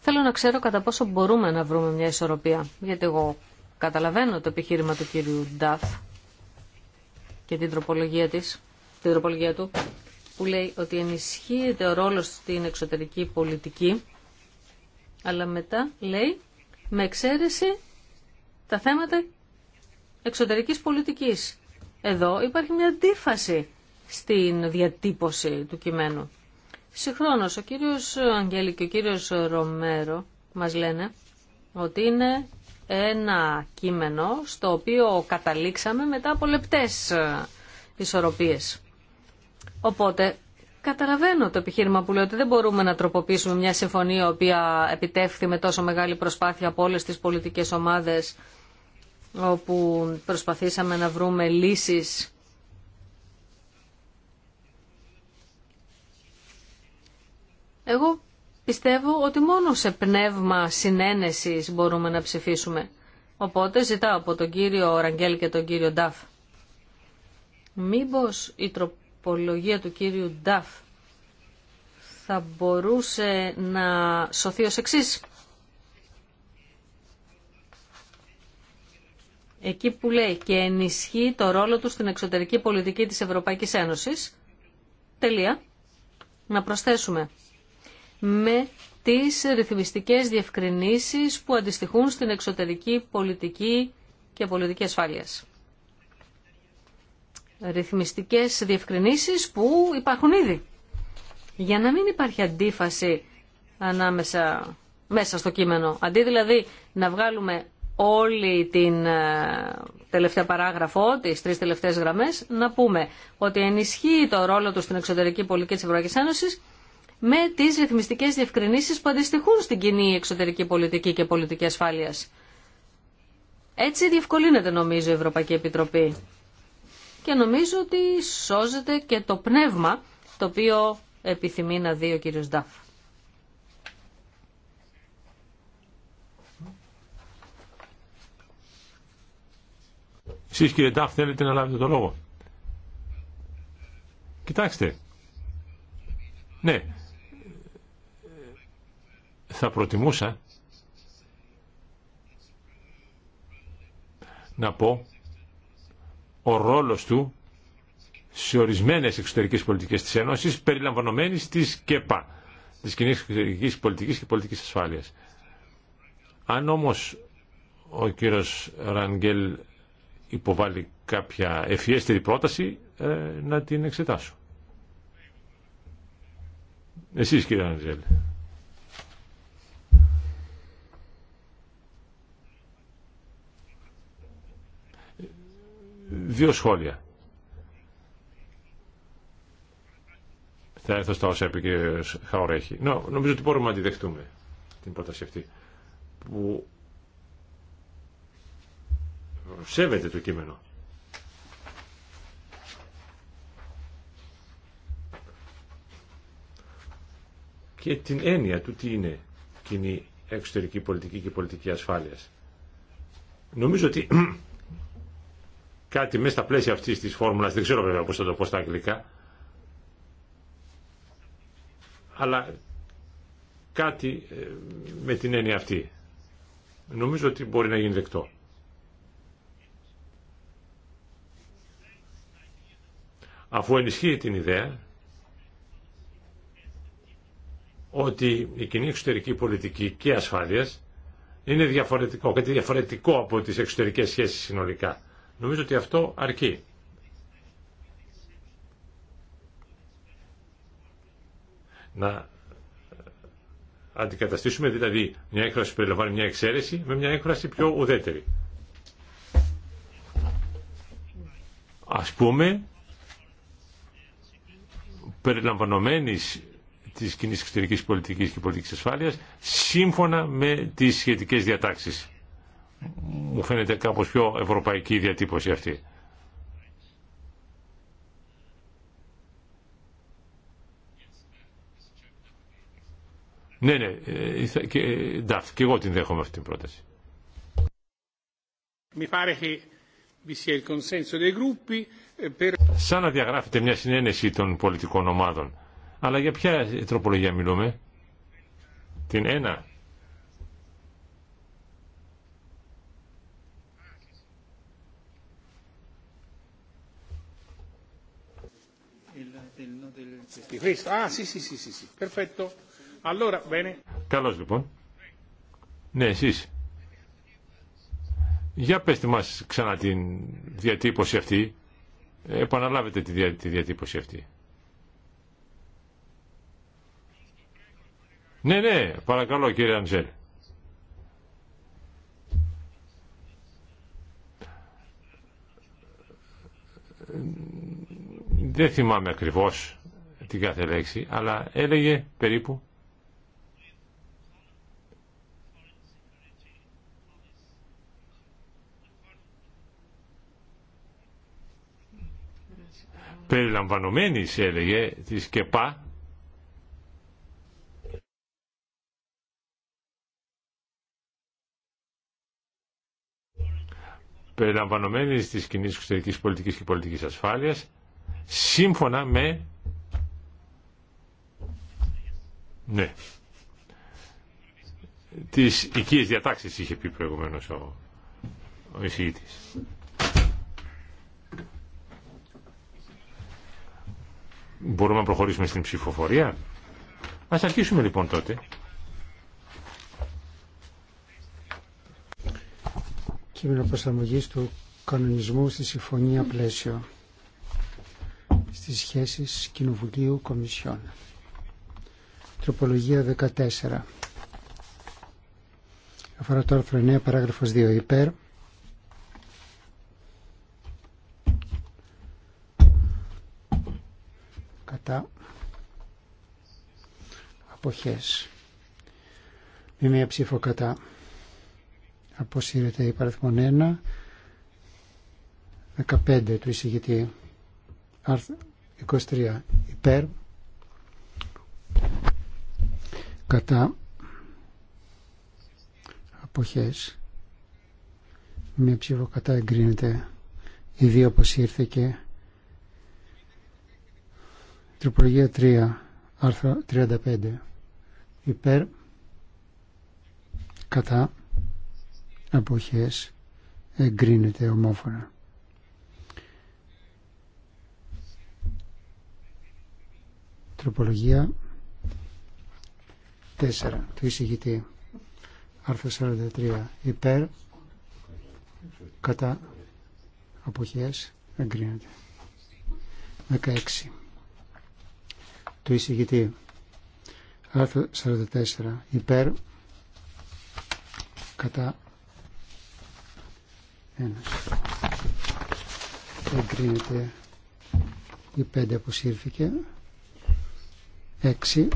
Θέλω να ξέρω κατά πόσο μπορούμε να βρούμε μια ισορροπία. Γιατί εγώ καταλαβαίνω το επιχείρημα του κύριου Νταφ και την τροπολογία, της, την τροπολογία του που λέει ότι ενισχύεται ο ρόλος στην εξωτερική πολιτική αλλά μετά λέει με εξαίρεση τα θέματα εξωτερικής πολιτικής. Εδώ υπάρχει μια αντίφαση στην διατύπωση του κειμένου. Συγχρόνως, ο κύριος Αγγέλη και ο κύριος Ρομέρο μας λένε ότι είναι ένα κείμενο στο οποίο καταλήξαμε μετά από λεπτές ε, ισορροπίες. Οπότε, καταλαβαίνω το επιχείρημα που λέω ότι δεν μπορούμε να τροποποιήσουμε μια συμφωνία η οποία επιτεύχθη με τόσο μεγάλη προσπάθεια από όλες τις πολιτικές ομάδες όπου προσπαθήσαμε να βρούμε λύσεις Εγώ πιστεύω ότι μόνο σε πνεύμα συνένεσης μπορούμε να ψηφίσουμε. Οπότε ζητάω από τον κύριο Ραγγέλ και τον κύριο Νταφ. Μήπως η τροπολογία του κύριου Νταφ θα μπορούσε να σωθεί ως εξής. εκεί που λέει και ενισχύει το ρόλο του στην εξωτερική πολιτική της Ευρωπαϊκής Ένωσης, τελεία, να προσθέσουμε με τις ρυθμιστικές διευκρινήσεις που αντιστοιχούν στην εξωτερική πολιτική και πολιτική ασφάλειας. Ρυθμιστικές διευκρινήσεις που υπάρχουν ήδη. Για να μην υπάρχει αντίφαση ανάμεσα μέσα στο κείμενο. Αντί δηλαδή να βγάλουμε όλη την ε, τελευταία παράγραφο, τις τρει τελευταίες γραμμές, να πούμε ότι ενισχύει το ρόλο του στην εξωτερική πολιτική τη Ευρωπαϊκή Ένωση με τις ρυθμιστικέ διευκρινήσει που αντιστοιχούν στην κοινή εξωτερική πολιτική και πολιτική ασφάλειας. Έτσι διευκολύνεται νομίζω η Ευρωπαϊκή Επιτροπή και νομίζω ότι σώζεται και το πνεύμα το οποίο επιθυμεί να δει ο κύριος Ντάφ. Εσείς κύριε Ντάφ θέλετε να λάβετε το λόγο. Κοιτάξτε. Ναι. Θα προτιμούσα να πω ο ρόλος του σε ορισμένες εξωτερικές πολιτικές της Ένωσης περιλαμβανομένης της ΚΕΠΑ, της κοινή εξωτερικής πολιτικής και πολιτικής ασφάλειας. Αν όμως ο κύριος Ραγγέλ υποβάλει κάποια ευφιέστερη πρόταση ε, να την εξετάσω. Εσείς κύριε Αντζέλη. Δύο σχόλια. Θα έρθω στα όσα είπε ο νομίζω ότι μπορούμε να αντιδεχτούμε την πρόταση αυτή που σέβεται το κείμενο. Και την έννοια του τι είναι κοινή εξωτερική πολιτική και πολιτική ασφάλειας. Νομίζω ότι [clears throat] κάτι μέσα στα πλαίσια αυτής της φόρμουλας, δεν ξέρω βέβαια πώς θα το πω στα αγγλικά, αλλά κάτι ε, με την έννοια αυτή. Νομίζω ότι μπορεί να γίνει δεκτό. αφού ενισχύει την ιδέα ότι η κοινή εξωτερική πολιτική και ασφάλειας είναι διαφορετικό, κάτι διαφορετικό από τις εξωτερικές σχέσεις συνολικά. Νομίζω ότι αυτό αρκεί. Να αντικαταστήσουμε δηλαδή μια έκφραση που περιλαμβάνει μια εξαίρεση με μια έκφραση πιο ουδέτερη. Ας πούμε περιλαμβανομένης της κοινή εξωτερικής πολιτικής και πολιτικής ασφάλειας σύμφωνα με τις σχετικές διατάξεις. Μου φαίνεται κάπως πιο ευρωπαϊκή διατύπωση αυτή. Ναι, ναι, ε, και, ε, και εγώ την δέχομαι αυτή την πρόταση. Μη Eh, Σαν να διαγράφεται μια συνένεση των πολιτικών ομάδων. Αλλά για ποια τροπολογία μιλούμε. Την ένα. Ah, Καλώς λοιπόν. Ναι, εσείς. Για τη μας ξανά την διατύπωση αυτή. Επαναλάβετε τη, τη διατύπωση αυτή. Ναι, ναι, παρακαλώ κύριε Αντζέλ. Δεν θυμάμαι ακριβώς την κάθε λέξη, αλλά έλεγε περίπου περιλαμβανομένης έλεγε της ΚΕΠΑ περιλαμβανομένης της κοινή εξωτερικής πολιτικής και πολιτικής ασφάλειας σύμφωνα με ναι τις οικίες διατάξεις είχε πει προηγουμένως ο, ο εισηγητής. Μπορούμε να προχωρήσουμε στην ψηφοφορία. Ας αρχίσουμε λοιπόν τότε. Κείμενο προσαρμογή του κανονισμού στη Συμφωνία Πλαίσιο στις σχέσεις Κοινοβουλίου Κομισιών. Τροπολογία 14. Αφορά το άρθρο 9, παράγραφος 2 υπέρ. κατά αποχές με μία ψήφο κατά αποσύρεται η παραθμόν 1 15 του εισηγητή 23 υπέρ κατά αποχές με ψήφο κατά εγκρίνεται η δύο αποσύρθηκε Τροπολογία 3, άρθρο 35. Υπέρ, κατά, αποχές, εγκρίνεται ομόφωνα. Τροπολογία 4 του εισηγητή. Άρθρο 43. Υπέρ, κατά, αποχές, εγκρίνεται. 16 του εισηγητή. Άρθρο 44. Υπέρ κατά ένας. Εγκρίνεται η 5 σύρθηκε. 6.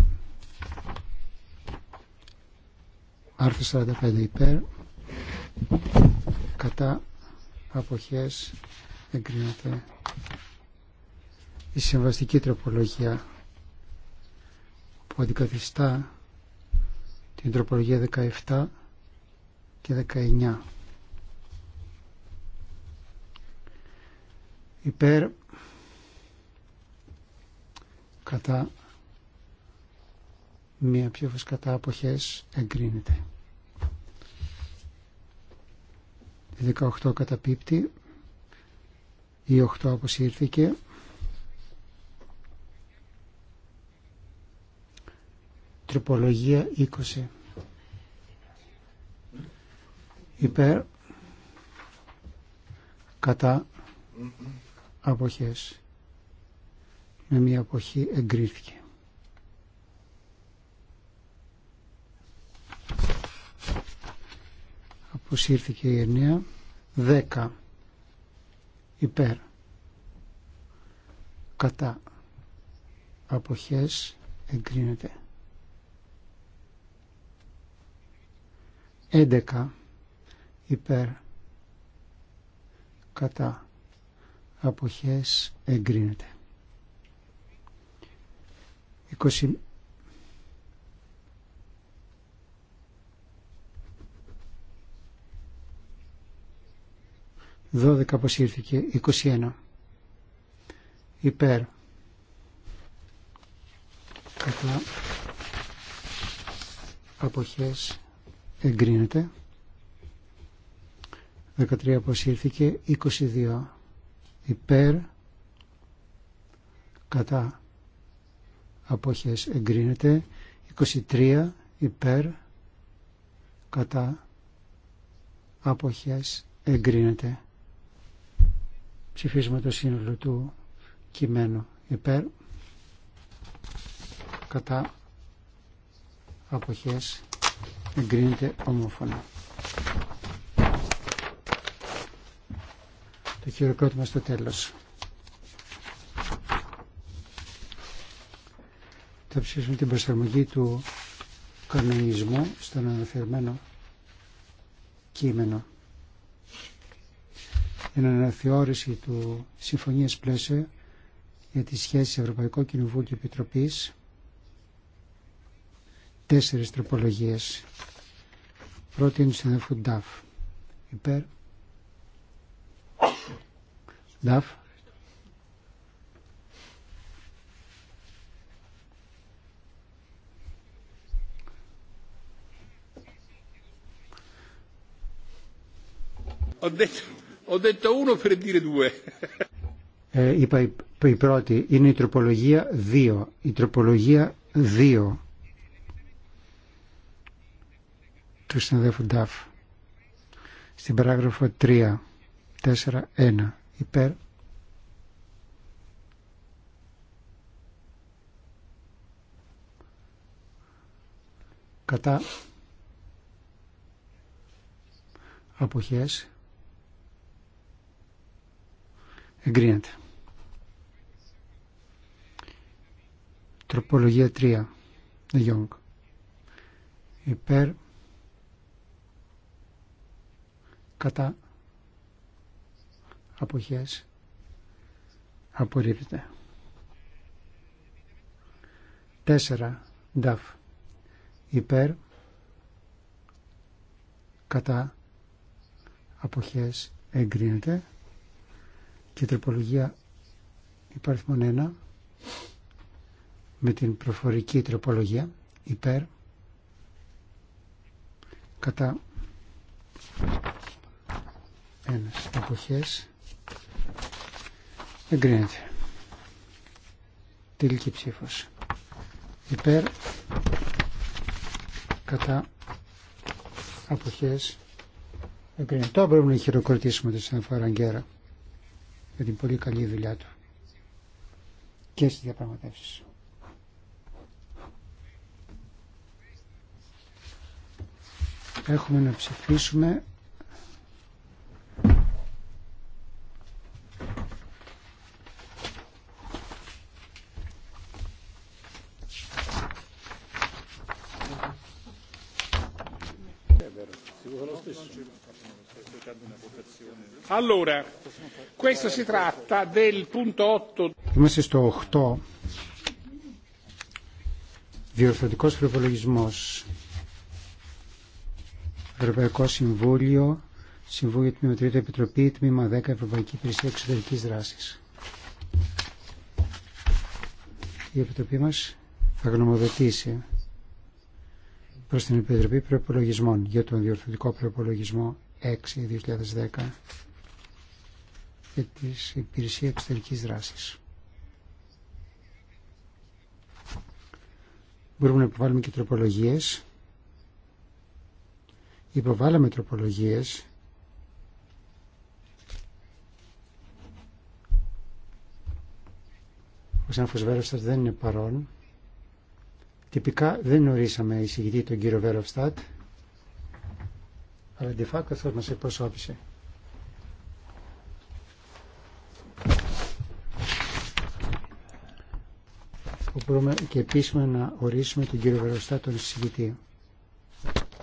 Άρθρο 45 υπέρ κατά αποχές εγκρίνεται η συμβαστική τροπολογία που αντικαθιστά την τροπολογία 17 και 19. Υπέρ κατά μία πιο κατά αποχές εγκρίνεται. Η 18 καταπίπτει, η 8 αποσύρθηκε, Τροπολογία 20. Υπέρ κατά αποχές. Με μία αποχή εγκρίθηκε. Αποσύρθηκε η εννέα. 10. Υπέρ. Κατά αποχές εγκρίνεται. 11 υπέρ κατά αποχές εγκρίνεται 20 12 αποσύρθηκε 21 υπέρ κατά αποχές εγκρίνεται 13 αποσύρθηκε 22 υπέρ κατά απόχες εγκρίνεται 23 υπέρ κατά απόχες εγκρίνεται ψηφίζουμε το σύνολο του κειμένου υπέρ κατά αποχές εγκρίνεται ομόφωνα. Το χειροκρότημα στο τέλος. Θα ψήσουμε την προσαρμογή του κανονισμού στον αναφερμένο κείμενο. η αναθεώρηση του Συμφωνίας Πλαίσιο για τη σχέση Ευρωπαϊκό Κοινοβούλιο Επιτροπής τέσσερις τροπολογίες. Πρώτη είναι του συναδέλφου Νταφ. Υπέρ. Νταφ. Ε, είπα η πρώτη είναι η τροπολογία 2. Η τροπολογία 2 του συναδέλφου Νταφ στην παράγραφο 3, 4, 1 υπέρ κατά αποχές εγκρίνεται. Τροπολογία 3. υπέρ υπέρ κατά αποχές απορρίπτεται. τέσσερα Νταφ υπέρ κατά αποχές εγκρίνεται και τροπολογία υπάρχει μόνο ένα με την προφορική τροπολογία υπέρ κατά ένας αποχές εγκρίνεται τελική ψήφος υπέρ κατά αποχές εγκρίνεται τώρα πρέπει να χειροκροτήσουμε τη Σανφό Ραγκέρα για την πολύ καλή δουλειά του και στις διαπραγματεύσεις έχουμε να ψηφίσουμε Είμαστε στο 8. Διορθωτικό προπολογισμό, Ευρωπαϊκό Συμβούλιο, Συμβούλιο Τμήμα 3 Επιτροπή, Τμήμα 10 Ευρωπαϊκή Υπηρεσία Εξωτερική Δράση. Η Επιτροπή μα θα γνωμοδοτήσει προ την Επιτροπή Προπολογισμών για τον διορθωτικό προπολογισμό 6-2010 και της Υπηρεσία Εξωτερικής Δράσης. Μπορούμε να υποβάλουμε και τροπολογίες. Υποβάλαμε τροπολογίες Ο Σάνφος Βέροφστατ δεν είναι παρόν. Τυπικά δεν ορίσαμε εισηγητή τον κύριο Βέροφστατ, αλλά de facto αυτός μας εκπροσώπησε. που μπορούμε και επίσημα να ορίσουμε τον κύριο Βεροστά τον συζητητή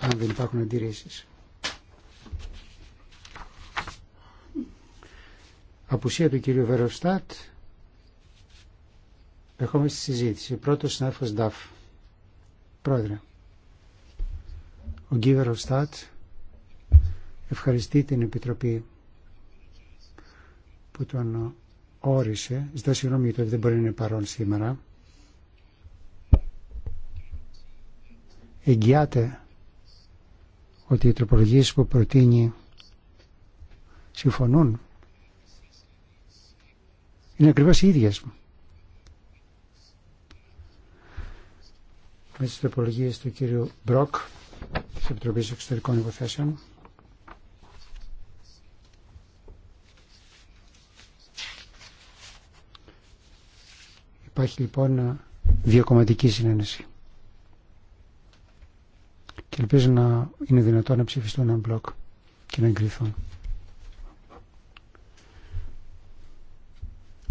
αν δεν υπάρχουν αντιρρήσει. Απουσία του κύριου Βεροστάτ Ερχόμαστε στη συζήτηση. Πρώτο συνάδελφο Νταφ. Πρόεδρε. Ο κύριο Βεροστάτ ευχαριστεί την Επιτροπή που τον όρισε. Ζητώ συγγνώμη γιατί δεν μπορεί να είναι παρόν σήμερα. εγγυάται ότι οι τροπολογίες που προτείνει συμφωνούν είναι ακριβώς οι ίδιες Μέσα Με τις τροπολογίες του κύριου Μπροκ της Επιτροπής Εξωτερικών Υποθέσεων υπάρχει λοιπόν διακομματική συνένεση και ελπίζω να είναι δυνατόν να ψηφιστούν ένα μπλοκ και να εγκριθούν.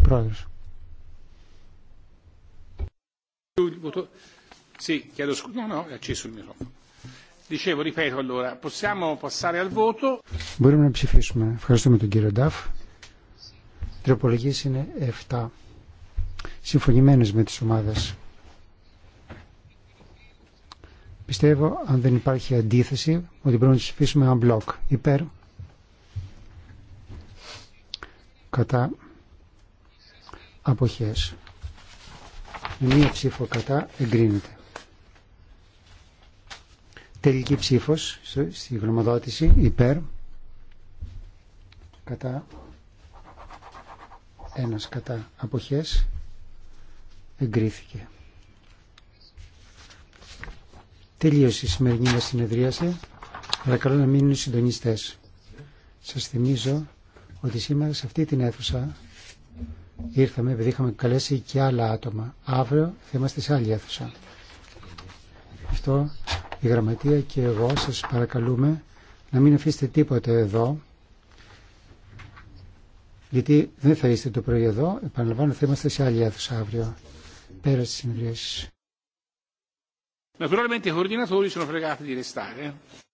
Πρόεδρος. Μπορούμε να ψηφίσουμε. Ευχαριστούμε τον κύριο Νταφ. Οι τροπολογίες είναι 7. Συμφωνημένες με τις ομάδες. Πιστεύω, αν δεν υπάρχει αντίθεση, ότι πρέπει να ψηφίσουμε ένα μπλοκ. Υπέρ. Κατά. Αποχές. μία ψήφο κατά εγκρίνεται. Τελική ψήφος στη γνωμοδότηση. Υπέρ. Κατά. Ένας κατά αποχές. Εγκρίθηκε. Τελείωσε η σημερινή μας συνεδρίαση. Παρακαλώ να μείνουν οι συντονιστές. Σας θυμίζω ότι σήμερα σε αυτή την αίθουσα ήρθαμε επειδή είχαμε καλέσει και άλλα άτομα. Αύριο θα είμαστε σε άλλη αίθουσα. Αυτό η Γραμματεία και εγώ σας παρακαλούμε να μην αφήσετε τίποτε εδώ γιατί δεν θα είστε το πρωί εδώ. Επαναλαμβάνω θα είμαστε σε άλλη αίθουσα αύριο. Πέρα στις συνεδρίες. Naturalmente i coordinatori sono pregati di restare.